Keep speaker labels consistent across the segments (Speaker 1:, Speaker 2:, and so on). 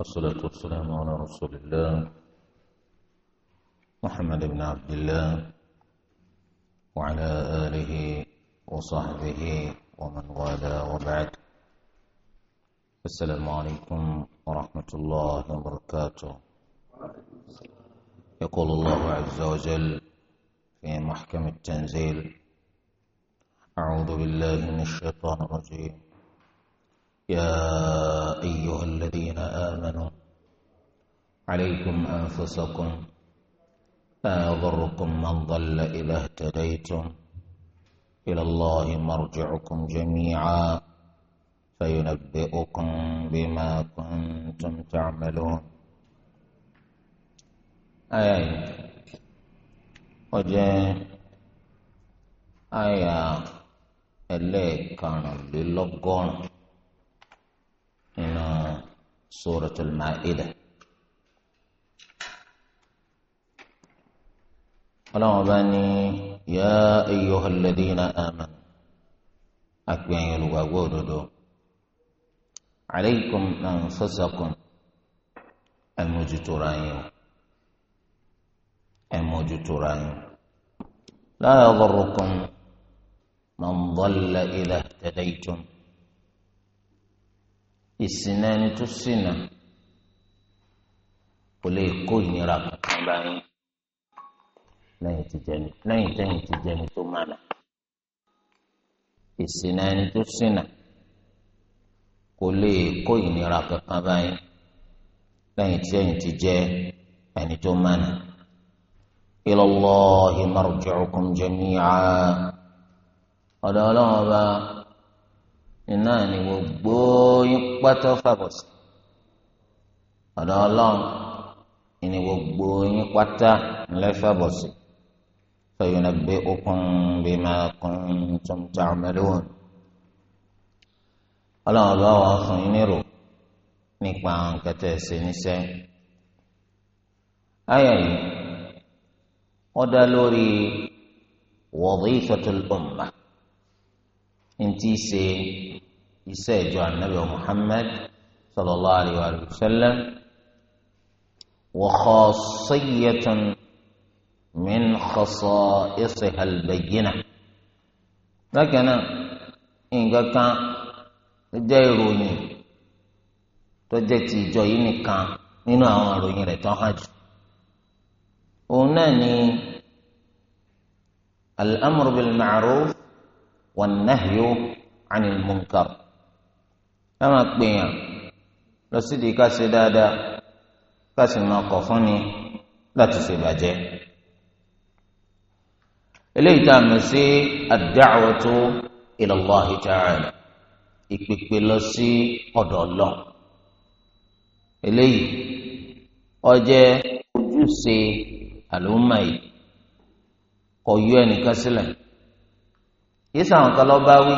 Speaker 1: والصلاة والسلام على رسول الله محمد بن عبد الله وعلى آله وصحبه ومن والاه وبعد السلام عليكم ورحمة الله وبركاته يقول الله عز وجل في محكم التنزيل أعوذ بالله من الشيطان الرجيم يا أيها الذين آمنوا عليكم أنفسكم لا يضركم من ضل إذا اهتديتم إلى الله مرجعكم جميعا فينبئكم بما كنتم تعملون آية وجاء آية اللي كان للغون nínú Suratul Ma'idah. ọlọ́run bá ní yá ayyuhal ladhina amanu àpèyàn olùgbàgbọ́ òdodo alaykum anfusakum ẹ̀mójútóra yín o ẹ̀mójútóra yín la yadurrukum man dalla idha ihtadaytum ìṣìnà ẹni tó ṣìnà kò lè kó ìnira kankan bá yín lẹ́yìn tí jẹni lẹ́yìn tẹ́yìn tí jẹni tó mànà ìṣìnà ẹni tó ṣìnà kò lè kó ìnira kankan bá yín lẹ́yìn tí ti jẹ́ ẹni tó mànà. ila Allahi marji'ukum jami'a ọ̀dọ̀ ọlọ́run iná ni gbogbo yín pátá fàbọ̀ sí ọ̀dọ̀ ọlọ́run ìní gbogbo yín pátá ńlẹ́fàbọ̀ sí sọ̀yìnà gbé okùn bí máa kún tuntun àmàlẹ́wọ̀n ọlọ́run ọba wa fún nírò nípa nǹkan tẹ̀ ṣe níṣẹ́ yìí wọ́n dá lórí wadifatul ummah ntí ṣe يسجوا النبي محمد صلى الله عليه وآله وسلم وخاصية من خصائصها البينة لكن إن قلت ديروني تجتي جويني كان من روني لتحج أناني الأمر بالمعروف والنهي عن المنكر táwọn pèèyàn lọ sídìí ká ṣe dáadáa ká sì máa kọ̀ fún ni láti ṣe bàjẹ́ eléyìí tá a mọ̀ sí ad-da'watu ila Allah ta'ala ìpèpè lọ sí ọ̀dọ̀ Ọlọ́run eléyìí ó ojúṣe àlùmọ̀ yìí kò yọ ẹnìkan sílẹ̀ yìí kan lọ bá wí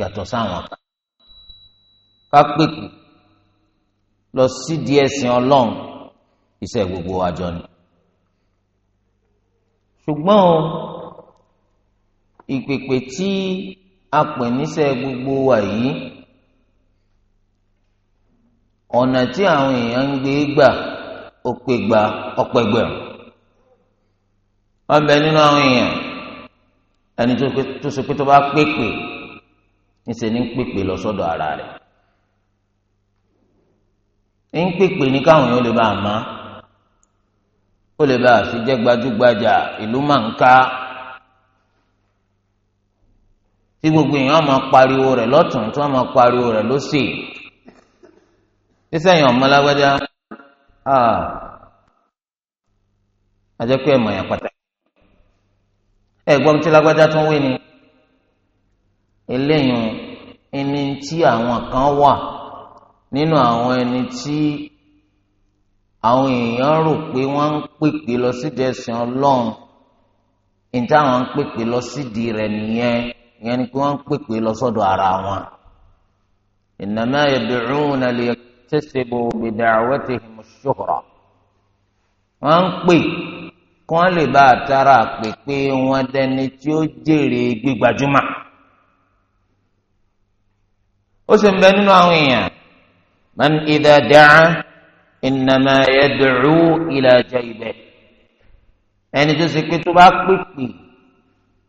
Speaker 1: yàtọ̀ sáwọn kan kápẹ́kù lọ sídìí ẹ̀sìn ọlọ́run iṣẹ́ gbogbo àjọ ni. ṣùgbọ́n o ìpèpè tí a pè níṣẹ́ gbogbo wa yìí ọ̀nà tí àwọn èèyàn ń gbé gbà ó pé gba ọ̀pẹ̀gbẹ̀rún. wọ́n bẹ nínú àwọn èèyàn ẹni tó sọ pé tó bá pèpè níṣẹ́ ní pèpè lọ sọ́dọ̀ ara rẹ̀ ń pèpè ní káwọn yóò lè bá a má ó lè bá a fi jẹ́ gbajúgbajà ìlú máa ń ká tí gbogbo èèyàn máa pariwo rẹ̀ lọ́tún tí wọ́n máa pariwo rẹ̀ lọ́sì sísẹ́yìn ọ̀mọlágbájá àjẹpẹ́ ẹ̀mọ̀ yẹn pàtàkì ẹ̀gbọ́n tí lágbájá tún wí ni eléyìí ẹni tí àwọn kan wà nínú àwọn ẹni tí àwọn èèyàn rò pé wọ́n ń pèpè lọ sídìí ẹ̀sìn ọlọ́run ní táwọn ń pèpè lọ sídìí rẹ̀ nìyẹn ìyẹn ni pé wọ́n ń pèpè lọ sọ́dọ̀ ara wọn. innama yad'una liyaktasibu bida'watihim ash-shuhra wọ́n ń pè kí wọ́n lè bá àtàrà pè pé wọ́n dẹni tí ó jèrè gbígbajúmọ̀ ó sì ń bẹ nínú àwọn èèyàn. من إذا دعا إنما يدعو إلى جيبه ẹni tó ṣe pé tó bá pèpè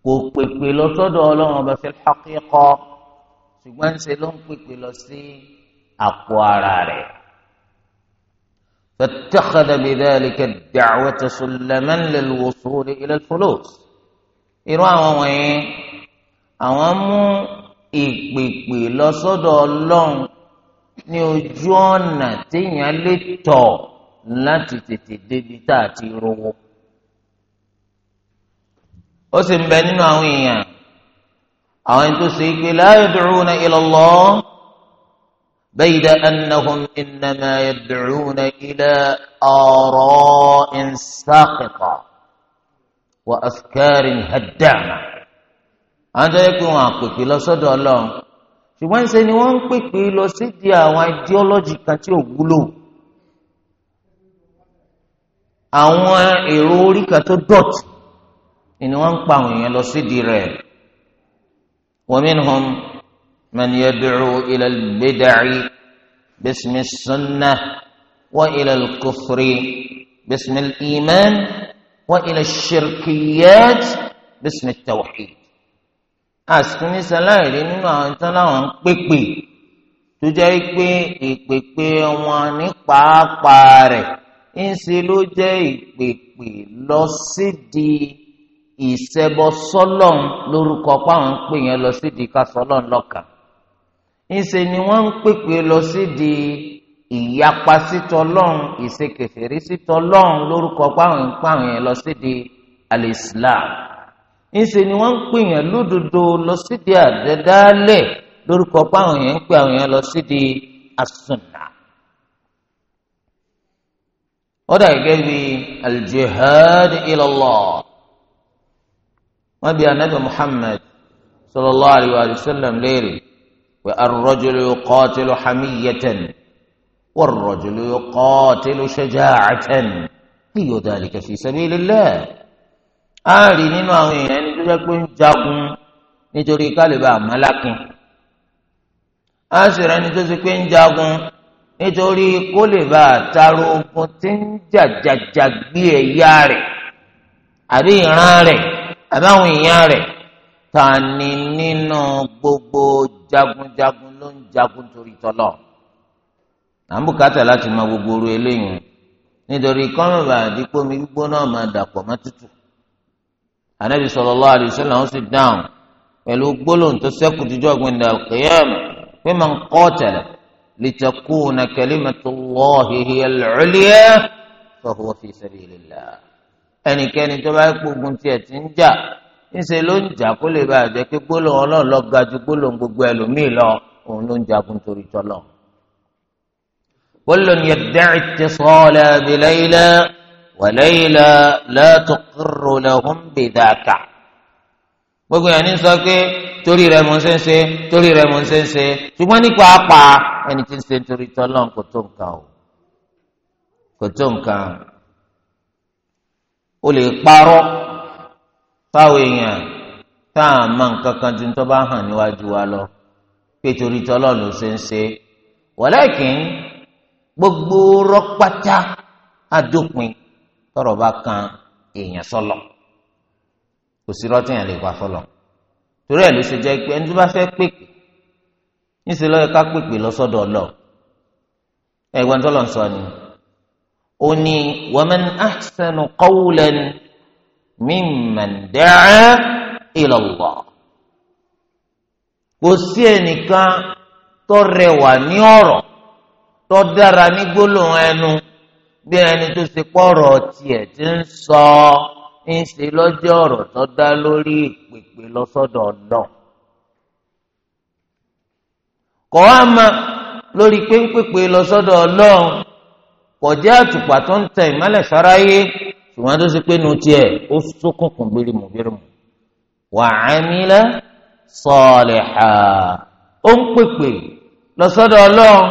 Speaker 1: kò pèpè lọ sọ́dọ̀ Ọlọ́run ọba fi xọkíkọ ṣùgbọ́n ń ṣe ló ń pèpè lọ sí àpò ara rẹ̀. فاتخذ بذلك الدعوة سلما للوصول إلى الفلوس irú àwọn wọ̀nyí àwọn mú ìpèpè lọ sọ́dọ̀ Ọlọ́run ní ojú ọ̀nà téèyàn lè tọ̀ láti tètè débi tá a ti rówó. ó sì ń bẹ nínú àwọn èèyàn àwọn ẹni tó ṣe pé la yad'una ila Allah bayda annahum innama yad'una ila ara'in saqita wa afkarin haddama. àwọn tó yẹ kí wọn àpèpè lọ sọ́dọ̀ Ọlọ́run. ṣùgbọ́n ń ṣe ni wọ́n ń pèpè lọ sídìí àwọn ideology kan tí ò wúlò àwọn èrò orí kan tó dọ̀tí ni wọ́n ń pa àwọn èèyàn lọ sídìí rẹ̀ wa minhum man yad'u ila al-bid'i bismi sunnah wa ila al-kufri bismi al-iman wa ila ash àsìkò ní sẹláìrí nínú àwọn tán láwọn ń pèpè tó jẹ́ pé ìpèpè wọn ní pàápàá rẹ̀ ńṣe ló jẹ́ ìpèpè lọ sídìí ìṣẹbọ sọ́lọ́run lórúkọ páwọn ń pè yẹn lọ sídìí ká sọ́lọ́run lọ́kàn ńṣe ni wọ́n ń pèpè lọ sídìí ìyapa sítọ lọ́run ìṣekèfèrí sítọ lọ́run lórúkọ páwọn ń pàwọn yẹn lọ sídìí alẹ́ islam ńṣe ni wọ́n ń pè yàn lódodo lọ sídìí àdẹ́dálẹ̀ lórúkọ pé àwọn yẹn ń pè àwọn yẹn lọ sídìí àsùnà. wọ́n dà gẹ́gẹ́ bí al-jihad ilallah wọ́n bí anabi Muhammad sallallahu alayhi wa sallam léèrè pé ar-rajulu yuqatilu hamiyatan war-rajulu yuqatilu shaja'atan ayyu dhalika fi sabilillah á rí nínú àwọn èèyàn ẹni tó jẹ́ pé ń jagun nítorí kálíbà àmàlákin á sì rẹ ẹni tó ṣe pé ń jagun nítorí kó lè bá àtàrò ogun tí ń jàjàjà gbé ẹ̀yà rẹ̀ àbí ìran rẹ̀ àbí àwọn èèyàn rẹ̀ ta ni nínú gbogbo jagunjagun ló ń jagun torí tọ́lọ̀ à ń bùkátà láti mọ gbogbo oru eléyìí nítorí kọ́mọ̀bà àdìpọ̀ mi gbígbóná máa dàpọ̀ má tútù anabi sallallahu alaihi wasallam ó sì dáhùn pẹ̀lú gbólóhùn tó sẹ́kù jíjọ́ gbẹ̀ndà al-qiyam pé man qatala litakuna kalimatullahi hiya al-ulya
Speaker 2: fa huwa fi sabilillah
Speaker 1: ẹnikẹ́ni tó bá gbógun tiẹ̀ ti ń jà ńṣe ló ń jà kó lè bá a jẹ́ pé gbólóhùn ọlọ́run lọ ga ju gbólóhùn gbogbo ẹlòmíì lọ òun ló ń jagun torí tọ́lọ̀. kullun yadda'i ittisala bilayla wàlẹ́yìnlá látọkọrọ lẹ́hùn bìdáàkà gbogbo yẹn ní sọ pé torí rẹ mò ń sẹ́nsẹ́ torí rẹ mò ń sẹ́nsẹ́ ṣùgbọ́n ní pàápàá ẹni tí ń ṣe torí tọ́lọ́n kò tó nǹkan o kò tó nǹkan o lè parọ́ fáwọn èèyàn tá a máa nǹkan kan ju tó bá hàn níwájú wa lọ pé torí tọ́lọ́n ló sẹ́nsẹ́ wàlẹ́kìn gbogbo rọ́pátá adópin tọ́rọ̀ bá kan èèyàn sọlọ kò sí rọtí yẹn lè pa fọlọ torí ẹ̀ ló ṣe jẹ́ pé ẹni tó bá fẹ́ pèpè níṣẹ́ ló yẹ ká pèpè lọ sọ́dọ̀ ọlọ ẹ̀gbọ́n tó lọ sọ ni ó ní waman ahsanu qawlan mimman da'a kò sí ẹnìkan tó ní ọ̀rọ̀ tó ní gbólóhùn ẹnu bí ẹni tó ṣe pọ̀rọ̀ tiẹ̀ ti ń sọ ń ṣe lọ́jọ́ ọ̀rọ̀ tó dá lórí ìpèpè lọ́sọ̀dọ̀ náà. kọ́ á ma lórí pé ń pèpè lọ́sọ̀dọ̀ ọlọ́run kò jẹ́ àtùpà tó ń tẹ ìmọ́lẹ̀ sáráyé ṣùgbọ́n tó ṣe pé nu tiẹ̀ ó ṣókùnkùn gbérimù gbérimù. wa amila saliha ó ń pèpè lọ́sọ̀dọ̀ ọlọ́run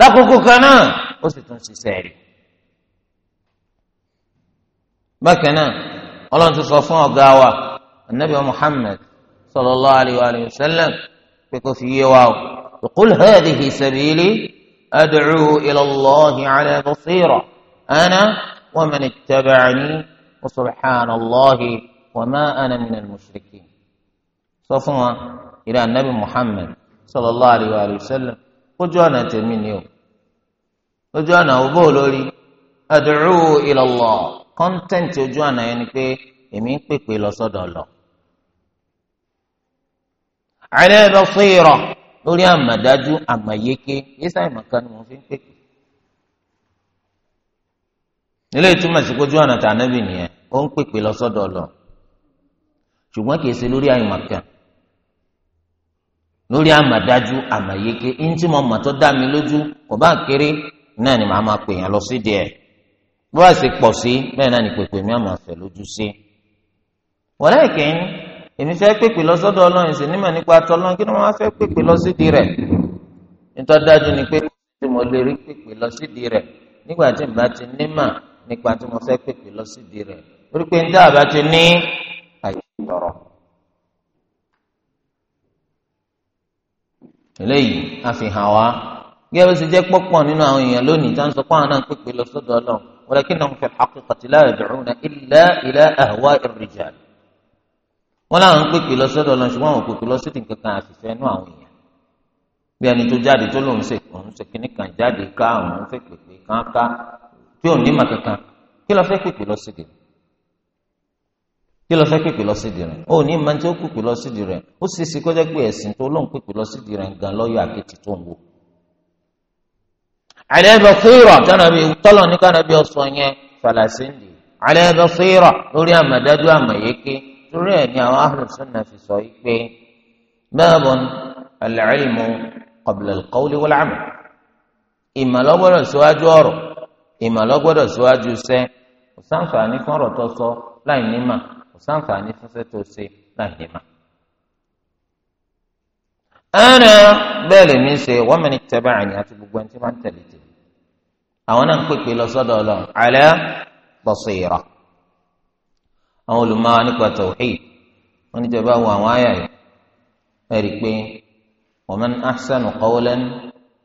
Speaker 1: lákòókò kan náà ó sì tún ṣiṣẹ́ rí bákan náà ọlọ́run ti sọ fún ọ̀gá wa anabi muhammed sallallahu alayhi wa alihi wa sallam pé kò fi yé wa o qul hadhihi sabili ad'u ila allahi ala basira ana wa man ittaba'ani wa subhanallahi wa ma ana min al-mushrikin sọ fún wa ìlà anabi muhammed sallallahu alayhi wa alihi wa sallam ojú ọ̀nà tèmi ni o ojú ọ̀nà òbó lórí ad'u ila allah. kọntentị ojú àná yẹn ni pé èmi ń pèpè lọ sọ́dọ̀ lọ. ala basira lórí àmàdájú àmàyéké yéṣà ìmọ̀kan ni mo fi ń pèpè. n'ile ìtumọ̀ sí kojú àná tà nábì nìyẹn ó ń pèpè lọ lọ ṣùgbọ́n kìí ṣe lórí lórí àmàdájú àmàyéké tí mo mọ̀ tó dá mi lójú kò bá kéré bó wá sí pọ̀ sí bẹ́ẹ̀ náà ni pèpè mi àmọ̀ àfẹ́ lójú sí. walakin èmi fẹ́ pèpè lọ sọ́dọ̀ ọlọ́run sì nímọ̀ nípa tọ́lọ́n kí ni wọ́n á fẹ́ pèpè lọ sídìí rẹ̀ nítorí dájú ni pé tí mo lè rí pèpè lọ sídìí rẹ̀ nígbà tí ìgbà ti nímọ̀ nípa tí mo fẹ́ pèpè lọ sídìí rẹ̀ orí pé níta àbá ti ní àyè tọrọ gẹ́gẹ́ bó ṣe jẹ́ pọ́pọ̀ nínú àwọn èèyàn lónìí tá à ń sọ fún àwọn náà ń pèpè lọ sọ́dọ̀ ọlọ́run walakinnahum fil haqiqati la yad'una illa ila ahwa'ir rijal wọ́n láwọn ń pèpè lọ sọ́dọ̀ ọlọ́run ṣùgbọ́n àwọn pèpè lọ sídìí kankan àṣìṣe inú àwọn èèyàn bí ẹni tó jáde tó lòun ṣe òun ṣe kíní kan jáde ká òun fẹ́ pèpè kan ká tí òun ní mà kankan kí lọ fẹ́ pèpè lọ sídìí kí lọ ní mà tí ó pèpè lọ sídìí rẹ̀ ó sì ṣe kọjá pé ẹ̀sìn tó lóun pèpè lọ sídìí rẹ̀ gan lọ́yọ̀ àkẹ́tì tó ń wò alẹ́ bẹ fúyìrọ̀ tánàbí tọ́lọ̀ ní kánàbí ọ̀sán yẹn falasindi alẹ́ bẹ fúyìrọ̀ lórí àmàdájú àmàyéké torí ẹ̀ ní àwọn ahlùsùnà fi sọ yìí pé báàbọ̀n alẹ́rìmù kọ̀bìlẹ̀ kọ́wúlẹ̀ wọlé àmì ìmọ̀lọ́gbọ́dọ̀ síwájú ọ̀rọ̀ ìmọ̀lọ́gbọ́dọ̀ síwájú sẹ́ kò sáǹfààní fún ọ̀rọ̀ tó sọ láì nímà kò sáǹfààní fún àwọn náà ń pèpè lọ sọ́dọ̀ Ọlọ́run ala basira àwọn olùmọ̀ọ́ nípa tauhid wọ́n ní tẹ́lẹ̀ bá wọ àwọn àyà yìí ẹ̀ rí i pé wa man ahsanu qawlan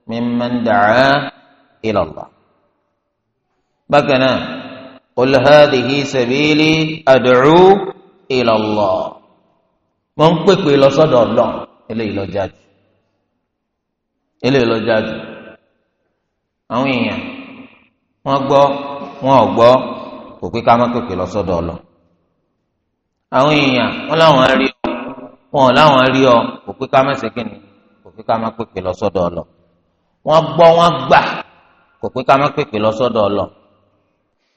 Speaker 1: mimman da'a ila Allah bákan náà qul hadhihi sabili ad'u ila Allah mo ń pèpè lọ sọ́dọ̀ Ọlọ́run eléyìí lọ jáde eléyìí lọ jáde àwọn èèyàn wọ́n gbọ́ wọn ò gbọ́ kò pé ká má pèpè lọ sọ́dọ̀ ọ lọ. àwọn èèyàn wọn láwọn rí ọ wọn ò láwọn rí ọ kò pé ká má ṣèké ni kò pé ká má pèpè lọ sọ́dọ̀ ọ lọ. wọ́n gbọ́ wọ́n gbà kò pé ká má pèpè lọ sọ́dọ̀ ọ lọ.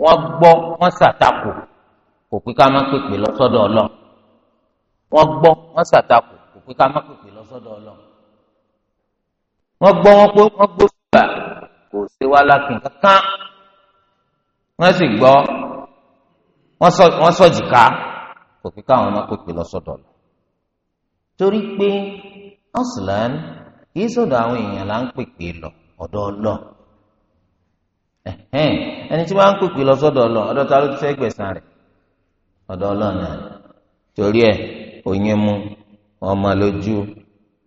Speaker 1: wọ́n gbọ́ wọ́n ṣàtakò kò pé ká má pèpè lọ sọ́dọ̀ ọ lọ. wọ́n gbọ́ wọ́n ṣàtakò kò pé ká má pèpè lọ sọ́dọ̀ ọ lọ. wọ́n gbọ́ wọ́n pé wọ́n gbó sùgbà kò sí wàhálà kìnkankan. wọ́n sì gbọ́ wọ́n sọ̀jìká kò fi káwọn ọmọ pèpè lọ́sọ̀dọ̀ lọ. torí pé ọ̀sùlán kìí sọ̀dọ̀ àwọn èèyàn là ń pèpè lọ ọdọ ọlọ́ ẹni tí wọ́n ń pèpè lọ ọ̀dọ̀ ta ló ti torí oyin mu ọmọ lójú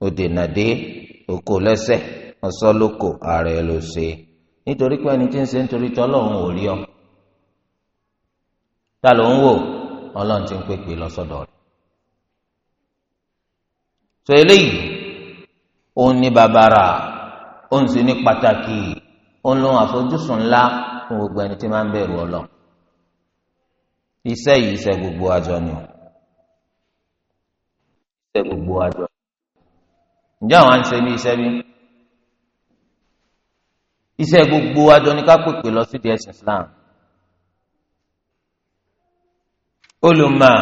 Speaker 1: òdènàdé òkò ààrẹ ló ta ló ń wò ọlọ́run ti ń pèpè lọ́sọ̀dọ̀ rẹ̀ tó eléyìí òun ní bàbàrà òun sì ní pàtàkì òun lòun àfojúsùn ńlá fún gbogbo ẹni tí máa ń bẹ̀rù ọlọ́run iṣẹ́ yìí iṣẹ́ gbogbo àjọ ni o iṣẹ́ gbogbo àjọ ǹjẹ́ àwọn à ń ṣe bí iṣẹ́ bí iṣẹ́ gbogbo àjọ ni ká pèpè lọ sí di ẹ̀sìn Islam. olùmọ̀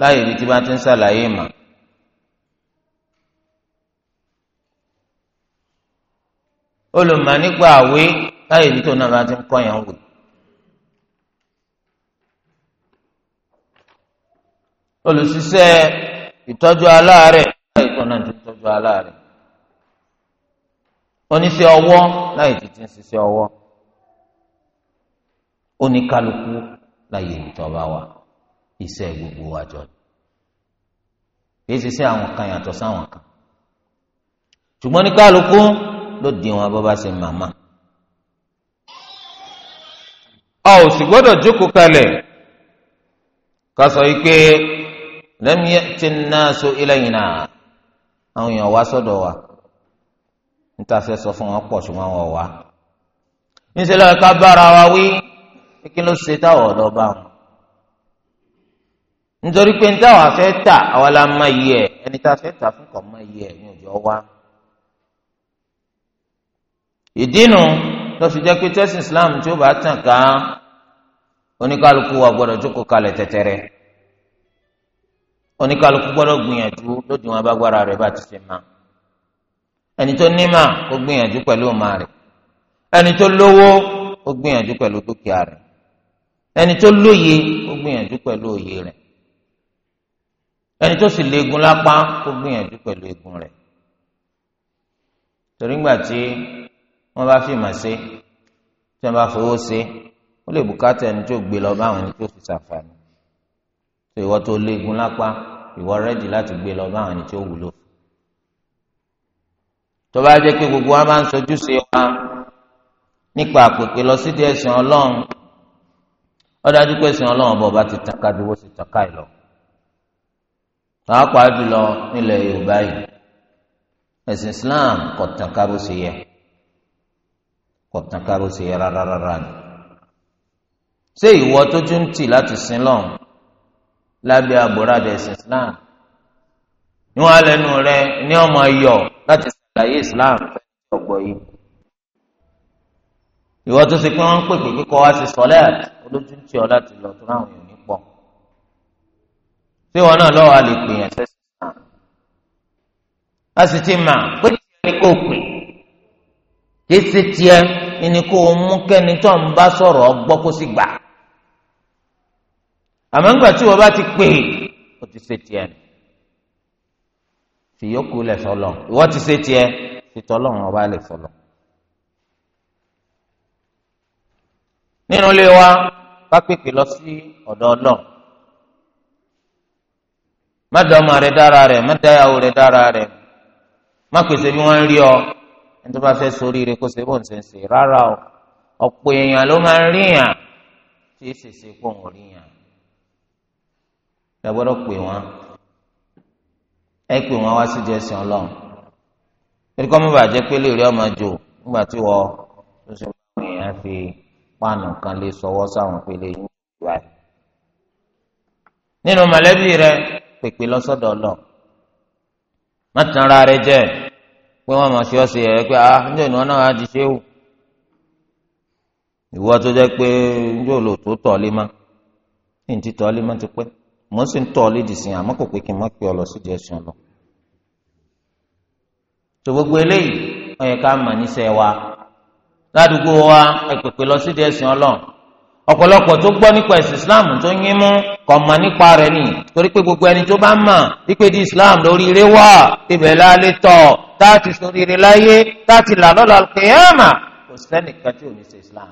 Speaker 1: láyé ibi tí bá ti ń ṣàlàyé mọ̀. olùmọ̀ nípa àwé láyé ibi tó náà bá ti ń kọ́ yẹn wò. olùṣiṣẹ́ ìtọ́jú aláàárẹ̀ láyé tó náà ti ń tọ́jú aláàárẹ̀.
Speaker 2: oníṣẹ́ ọwọ́
Speaker 1: láyé tó ti ń ṣiṣẹ́ ọwọ́. oníkálukú láyé ibi tó bá wà. iṣẹ́ gbogbo wa jọ kìí ṣe àwọn kan yàtọ̀ sáwọn kan ṣùgbọ́n ní kálukú ló di wọn bọ́ bá ṣe ọ ò sì gbọ́dọ̀ jókòó kalẹ̀ ká sọ yìí pé lam ya'tin-nasu ilayna àwọn èèyàn wá sọ́dọ̀ wa níta fẹ́ sọ fún wọn pọ̀ ṣùgbọ́n wọn wá níṣẹ́ lọ́wọ́ ká bára wa wí nítorí pé ní táwọn afẹ́ tà àwa la máa yí ẹ ẹni tá a fẹ́ tà fún kàn máa yí ẹ ní òjò wa. ìdínú tó fi jẹ́ pé tẹ́sí Islam tí ó bá tàn ká oníkálukú wa gbọ́dọ̀ jókòó kalẹ̀ tẹ́tẹ́rẹ́ oníkálukú gbọ́dọ̀ gbìyànjú lódì wọn abágbára rẹ̀ bá ti ṣe máa ẹni tó nímà ó gbìyànjú pẹ̀lú ọmọ rẹ̀ ẹni tó lówó ó gbìyànjú pẹ̀lú dúkìá rẹ̀ ẹni tó lóye ó gbìyànjú pẹ̀lú òye rẹ̀ ẹni tó sì léegun lápá kó gbìyànjú pẹ̀lú eegun rẹ̀ torí ńgbà tí wọ́n bá fìmọ̀ sí tí wọ́n bá fowó sí ó lè bùkátà ẹni tó gbé lọ báwọn ẹni tó fi ṣàǹfààní tó ìwọ tó léegun lápá ìwọ rẹ́dì láti gbé lọ báwọn ẹni tó wúlò tó bá jẹ́ pé gbogbo wa máa ń sojú sí wa nípa àpèpè lọ sí díẹ̀ ọlọ́run ó dájú pé sìn ọlọ́run bọ̀ bá ti tàn ká bí wọ́n ti tàn ká ìlọ́run pàápàá jùlọ nílẹ̀ yorùbá yìí ẹ̀sìn islam kò tàn ká bó ṣe yẹ kò tàn ká bó ṣe yẹ rárá rárá ni ṣé ìwọ tó tún tì láti sin lọ lábẹ́ àbúradà ẹ̀sìn islam níwọ̀n alẹ́nu rẹ ní ọmọ ayọ̀ láti ṣàlàyé islam fẹ́ẹ́ ọgbọ yìí ìwọ tó ṣe pé wọ́n ń pèpè kíkọ́ wá sí sọ́lẹ́ẹ̀tì olójú ń tì láti lọ tó ráwọn èèyàn pé wọn náà lọ́wọ́ a lè pè yàn sẹ́sìn náà a sì ti mà pé tiẹ̀ ni kò pè kí ṣe tiẹ̀ ni kò mú kẹ́ni tó ń bá sọ̀rọ̀ ọgbọ́ kó sì gbà àmọ́ ńgbà tí wọ́n bá ti pè ó ti ṣe tiẹ̀ ni fìyókù lẹ̀ sọlọ ìwọ ti ṣe tiẹ̀ fìtọ́lọ́run ọba lẹ̀ sọlọ. nínú ilé wa bá pèpè lọ sí ọ̀dọ̀ ọlọ́run má da ọmọ rẹ dára rẹ má da ìyàwó rẹ dára rẹ má pèsè bí wọ́n ń rí ọ ẹni tó bá fẹ́ sórí rẹ kó ṣe bó ń ṣe ń rárá o ọ̀pọ̀ èèyàn ló máa ń ríyàn tí èsì ṣe pọ̀ ń ríyàn ẹ gbọ́dọ̀ pè wọ́n ẹ pè wọ́n wá sí jẹ́sìn ọlọ́run torí kọ́ mọ́ bàjẹ́ pé lè rí ọmọ jò nígbà tí wọ́n tó ṣe máa ń èèyàn fi páànù kan lè sọwọ́ sáwọn pélé yín ìwà
Speaker 2: nínú mọ̀lẹ́bí rẹ.
Speaker 1: pèpè lọ́sọ̀dọ̀ lọ. má tan ara rẹ jẹ pé wọn mọ̀ sí ọ̀sẹ̀ yẹ pé ah ìnáwó náà di ṣé wù. ìwọ tó jẹ́ pé níjọ́ lò tó tọ̀ lé ma ní ti tọ̀ lé ti pẹ́ mo sì ń tọ̀ àmọ́ kò pé kí n má pè ọ lọ sídìí ẹ̀sìn tó gbogbo eléyìí wọ́n yẹ ká wa ládùúgbò wa ẹ lọ sídìí ẹ̀sìn ọlọ́run ọ̀pọ̀lọpọ̀ tó gbọ́ nípa ẹ̀sìn islam tó yín mú kọ̀ mọ̀ nípa rẹ̀ nì torí pé gbogbo ẹni tó bá mọ̀ wípé di islam lóríire wà ibẹ̀ lálẹ́ tọ̀ táàtì sóríire láyé táàtì làlọ́lá kìyàmà kò sẹ́nìkan tí ò ní ṣe islam.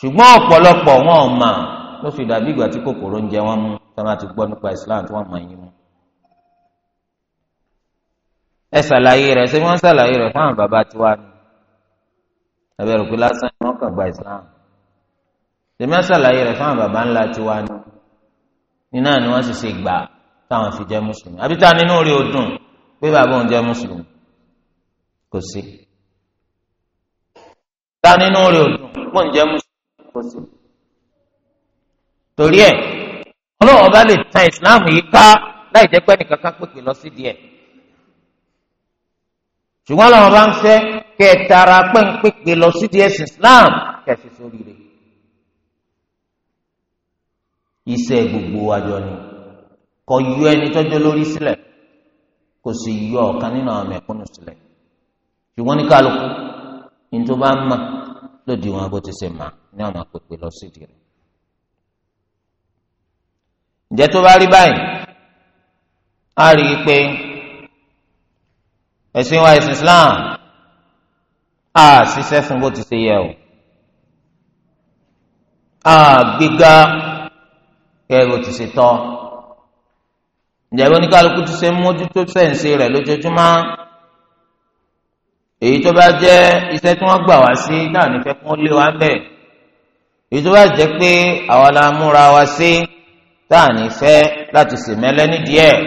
Speaker 1: ṣùgbọ́n ọ̀pọ̀lọpọ̀ wọn ò mà ló fi dàbí ìgbà tí kòkòrò ń jẹ wọn mú tí wọn ti gbọ́ nípa islam tí wọ́n mọ̀ yín mú. ẹ ṣàlàyé rẹ̀ ṣé wọ́n ṣàlàyé rẹ̀ fáwọn bàbá tiwa ni ẹbẹ̀rù pé lásán ni wọ́n kàn gba islam tèmi àṣàlàyé rẹ̀ fáwọn baba ńlá tiwa ni nínú àná wọ́n sì ṣe gbà táwọn fi jẹ́ mùsùlùmí àbí tá nínú rí o dùn pé bàbá òun jẹ́ mùsùlùmí kò sí tá nínú rí o pé òun jẹ́ mùsùlùmí kò sí torí ẹ̀ ọlọ́run ọba lè tan islam yìí ká láì jẹ́ pé ẹnìkan kan pèpè lọ sí díẹ̀ ṣùgbọ́n ọlọ́run bá ń fẹ́ kẹtara pẹ́ńpẹ́pẹ́ lọ sí díẹ̀ sí Islam kẹsì sórí rẹ̀ iṣẹ́ gbogbo àjọ ni kò yọ ẹni tọ́jú lórí sílẹ̀ kò sì yọ ọ̀kan nínú àwọn mẹ̀kúnnù sílẹ̀ ṣùgbọ́n ní kálukú ní tó bá ń mà lòdì wọn bó ti ṣe mà ní àwọn àpèpè lọ sí ìdí
Speaker 2: ǹjẹ́ tó bá rí báyìí
Speaker 1: a rí i pé ẹ̀sìn wa ẹ̀sìn Islam a ṣiṣẹ́ fún bó ti ṣe yẹ o a gbéga kẹ́ bó ti ṣe tọ́ ìjẹ́bí oníkálukú ti ṣe mójútó sẹ́ǹsì rẹ̀ lójoojúmọ́ èyí tó bá jẹ́ iṣẹ́ tí wọ́n gbà wá sí náà nífẹ̀ẹ́ kún lé wa bẹ́ẹ̀ èyí tó bá jẹ́ pé àwa la múra wa sí táà nífẹ̀ẹ́ láti ṣèmẹ́lẹ́ nídìí ẹ̀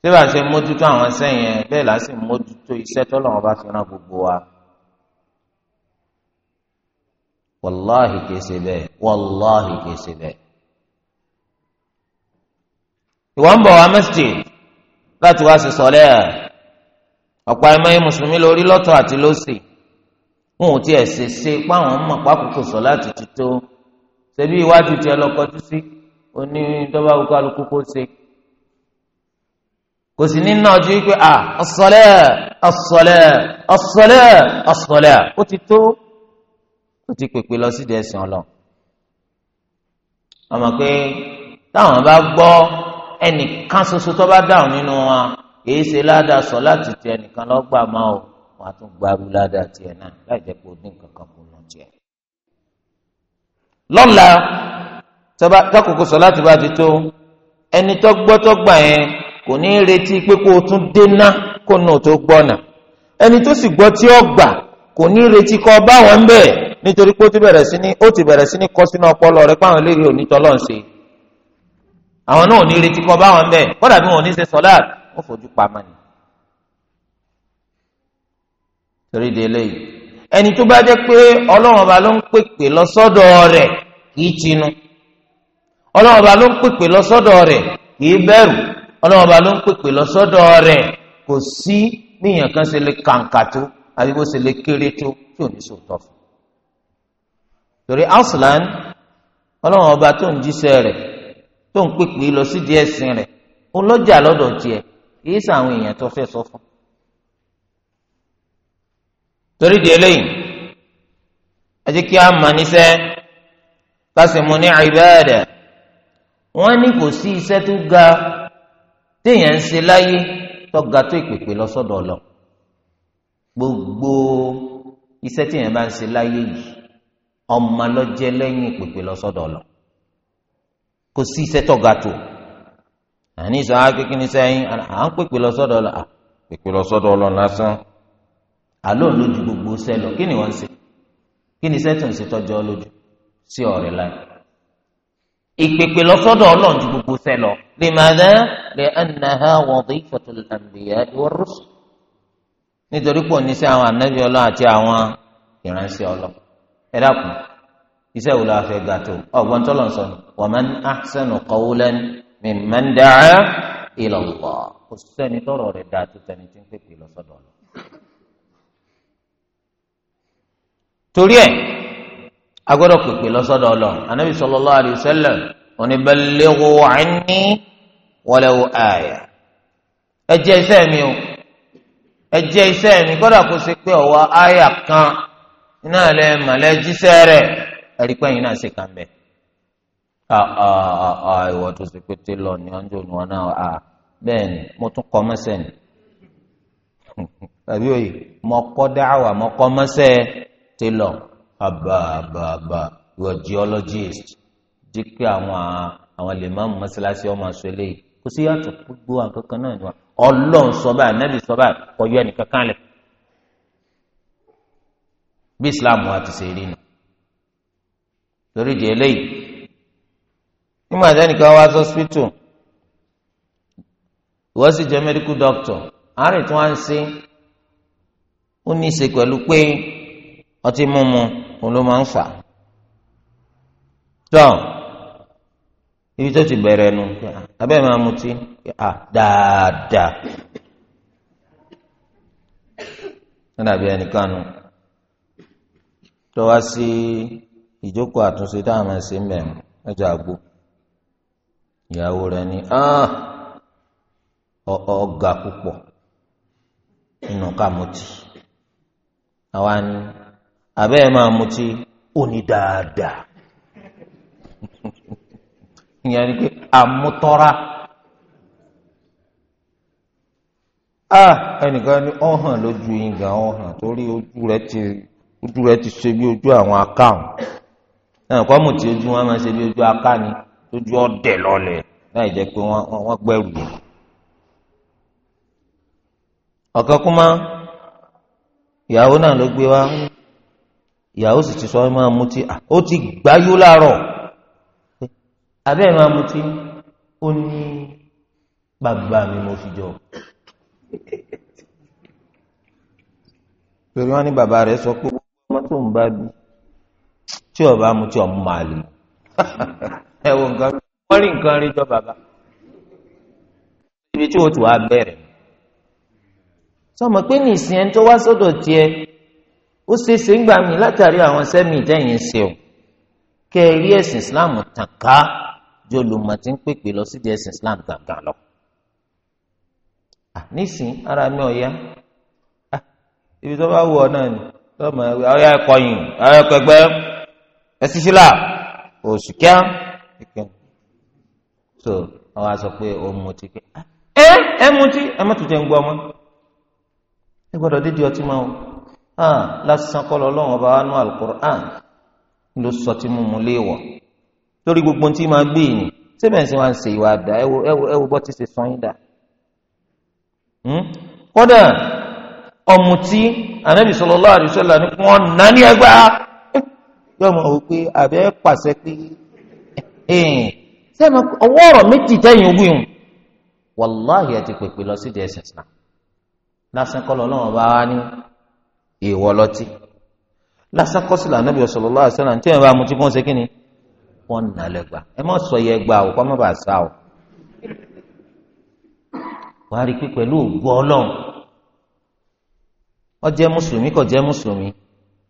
Speaker 1: tí bá ṣe mójútó àwọn sẹ́yìn ẹ̀ bẹ́ẹ̀ la mójútó iṣẹ́ tọ́lọ́run bá fi rán gbogbo wa. wàláhì kesebe wallahi bẹ́ẹ̀ wàláhì kìí ń bọ̀ wá masjid láti wá sí sọ̀rẹ́ ẹ̀ ọ̀pọ̀ ẹ̀mọ́yé mùsùlùmí lórí lọ́tọ̀ àti lọ́sì wọn ò tiẹ̀ ṣe ṣe páwọn mọ̀ pákòkò sọ láti tito. ṣebí iwájú tiẹ̀ lọ kọjú sí oní dọ́bà kálukú kó ṣe kò sí ní náà ju wípé à as-salat as-salat ó ti tó. tó ti pèpè lọ sídìí ẹ̀sìn ọlọ ọmọ pé táwọn bá gbọ́ ẹnìkan ṣoṣo tó bá dáhùn nínú wọn kìí ṣe ládàá sọ láti tẹ ẹnìkan lọ́gbà máa o wọn á tún gbarú ládàá tiẹ̀ náà láì jẹ́ pé o dín kankan kó lọ tiẹ̀. lọ́la tọkùnkù sọ láti bá ti tó ẹni tó gbọ́ tó gbà yẹn kò ní retí pé kó o tún dé ná kó nù tó gbọ́ nà ẹni tó sì gbọ́ tí ó gbà kò ní retí kọ́ bá wọn bẹẹ nítorí pé ó ti bẹrẹ sí ní ó ti bẹrẹ sí ní kọ́ sínú ọpọlọ rẹ pé àwọn eléyìí ò ní tọ́lọ́ ń ṣe àwọn náà ò ní retí kọ́ bá wọn bẹẹ kọ́dà bí wọn ò ní ṣe sọ́lá ó fojú pamọ́ ni. torí de eléyìí ẹni tó bá jẹ́ pé ọlọ́run ọba ló ń pèpè lọ sọ́dọ̀ rẹ̀ kì í tinú ọlọ́run ọba ló ń pèpè lọ sọ́dọ̀ rẹ̀ kì í bẹ̀rù ọlọ́run ọba ló ń pèpè lọ sọ́dọ̀ rẹ̀ kò sí níyàn kan ṣe lè kàǹkà tó àbí bó ṣe lè kéré tó tí ò ní sòótọ́ fún torí aslan ọlọ́run ọba tó ń jíṣẹ́ rẹ̀ tó ń pèpè lọ sí díẹ̀ sin rẹ̀ ó lọ́jà lọ́dọ̀ tiẹ̀ kìí sàwọn èèyàn tó fẹ́ sọ fún torí di eléyìí ẹ jẹ́ kí a mọ̀ níṣẹ́ ká sì mú ní ìbáàdà wọ́n ní kò sí iṣẹ́ tó ga téèyàn ń ṣe láyé tó ga tó ìpèpè lọ sọ́dọ̀ Ọlọ́run gbogbo iṣẹ́ tí yẹn bá ń ṣe láyé yìí ọmọ lọjẹ lẹ́yìn pèpè lọsọdọ lọ kò sí iṣẹ́ tọga tó àní sọ á ah, kékeré ní sẹ́yìn à ń pèpè lọsọdọ lọ pèpè lọsọdọ lọ lásán àlọ lójú gbogbo sẹ lọ kí ni wọ́n ṣe kí ni iṣẹ́ tó ń ṣe tọjọ lójú sí ọ̀rẹ́ láyé ìpèpè lọsọdọ Ọlọ́run ju gbogbo sẹ lọ lè máa lè ẹnna ha wọdí ìfọtò làǹdìyà ìwọ rúṣù nítorí pò ní sí àwọn ànábì ọlọ́ àti àwọn ìránṣẹ́ ọlọ́ ẹ dákun iṣẹ́ wo la fẹ́ ga tó ọgbọ́n tó lọ sọ wa man ahsanu qawlan mimman da'a ila Allah kò sẹ́ni tọrọ rẹ̀ dáa tó tẹni tí ń pèpè lọ́sọ̀dọ̀ lọ. torí ẹ̀ agbọ́dọ̀ pèpè lọ́sọ̀dọ̀ lọ anabi sallallahu alayhi wa sallam òní ballighu anni walau aya ẹ jẹ́ iṣẹ́ mi o ẹjẹ iṣẹ́ mi kódà kó ṣe pé ọwọ àyà kan iná lẹ màlẹ jíṣẹ́ rẹ̀ ẹrípẹ yìí náà ṣe kàn bẹ. Ah, ah, ah, ìwọ tó ṣe pété lọ ní ọjọ́ òní wọn náà à bẹ́ẹ̀ ni mo tún kọ mọ́sẹ̀ ni tàbí òye mo kọ́ dáwà mo kọ́ mọ́sẹ̀ télọ̀ àbàbàbà ìwọ geologist jí pé àwọn àwọn lè má mú mọ́sálásí ọmọ àṣọ eléyìí kò sí yàtọ̀ gbogbo àǹkankan náà ni wọn. ọlọ́run sọba ànábì sọba kò ẹnìkan kan lẹ̀ bí islam wa ti ṣe rí nu torí di eléyìí nígbà tí ẹnìkan wá sì jẹ́ medical doctor àárẹ̀ tí wọ́n ń ṣe ó ní í ṣe pẹ̀lú pé ọtí mímu ibi tó ti bẹ̀rẹ̀ nu abẹ́ máa mutí à dáadáa nídàbí ẹnìkan nu tó wá sí ìjókòó àtúnṣe táwọn máa ṣe ń bẹ̀ àgbo ìyàwó rẹ̀ ni ọ̀gá púpọ̀ nínú ká mutí àwa ni abẹ́ ìyẹn ni pé àmútọ́ra a ah, ẹnìkan ní ọ̀hàn lójú yín gan ọ̀hàn torí ojú rẹ ti ojú rẹ ti ṣe bí ojú àwọn akáwọn náà kọ́ tí ojú wọn máa ṣe bí ojú akáni ojú ọ̀dẹ̀ lọ́lẹ̀ láì jẹ́ pé wọ́n gbẹ̀rù ọ̀kan kú máa ìyàwó náà ló gbé wá ìyàwó sì ti sọ ọ́ máa ah, ó ti láàárọ̀. abẹ́ ẹ̀ máa mutí ó ní bàbá mi mo fi jọ torí wọn ní bàbá rẹ̀ sọ pé ọmọ tó ń bá bí tí ọba mutí ọmọ máa lè ẹ wo nǹkan wọn rí nǹkan rí jọ bàbá ibi tí o tù wá bẹ̀rẹ̀ sọmọ pé nìsín ẹni tó wá sọ́dọ̀ tiẹ̀ ó ṣeéṣe ń gbà mí látàrí àwọn sẹmí ìtẹyìn ṣe o kẹ ẹ rí ẹ̀sìn Islam tàn ká ju olùmọ̀ tí ń pèpè lọ sí ẹ̀sìn Islam gàngàn lọ. nísìn ara mi ọ̀ya ibi tó bá wù ọ náà ni lọ́mọ ọ̀ya ẹ̀kọ́ yìí ọ̀ya ẹ̀kọ́ ẹgbẹ́ ẹ̀sìn sílà oṣù kíá so àwọn aṣọ pé o mutí pé ẹ ẹ mutí ẹ má tún jẹ ń gbọ́ ọmọ ẹ gbọ́dọ̀ dídí ọtí máa ń lásán kọ́ lọ́wọ́ ọba wa nú Al-Qur'an ló sọ tí mo mú léèwọ̀. torí gbogbo tí ma gbé yìí síbẹ̀ sí máa ń ṣe ìwà àdá ẹwọ bọ́ ti ṣe sàn yín dà. Hmm? kódà ní wọ́n nà ẹgbà yóò wò pé àbẹ́ pàṣẹ pé sẹ́mi ọwọ́ ọ̀rọ̀ méjì ogún yìí wàláhì ẹ ti pèpè lọ sí dss náà lásán bá ní lásán bá mutí fún ṣe kí ni. wọn nà lẹgba ẹ má sọ yẹ gba o kọ́ má bàa sá o wàá rí pé pẹ̀lú ògbó ọlọ́run ó jẹ́ mùsùlùmí kò jẹ́ mùsùlùmí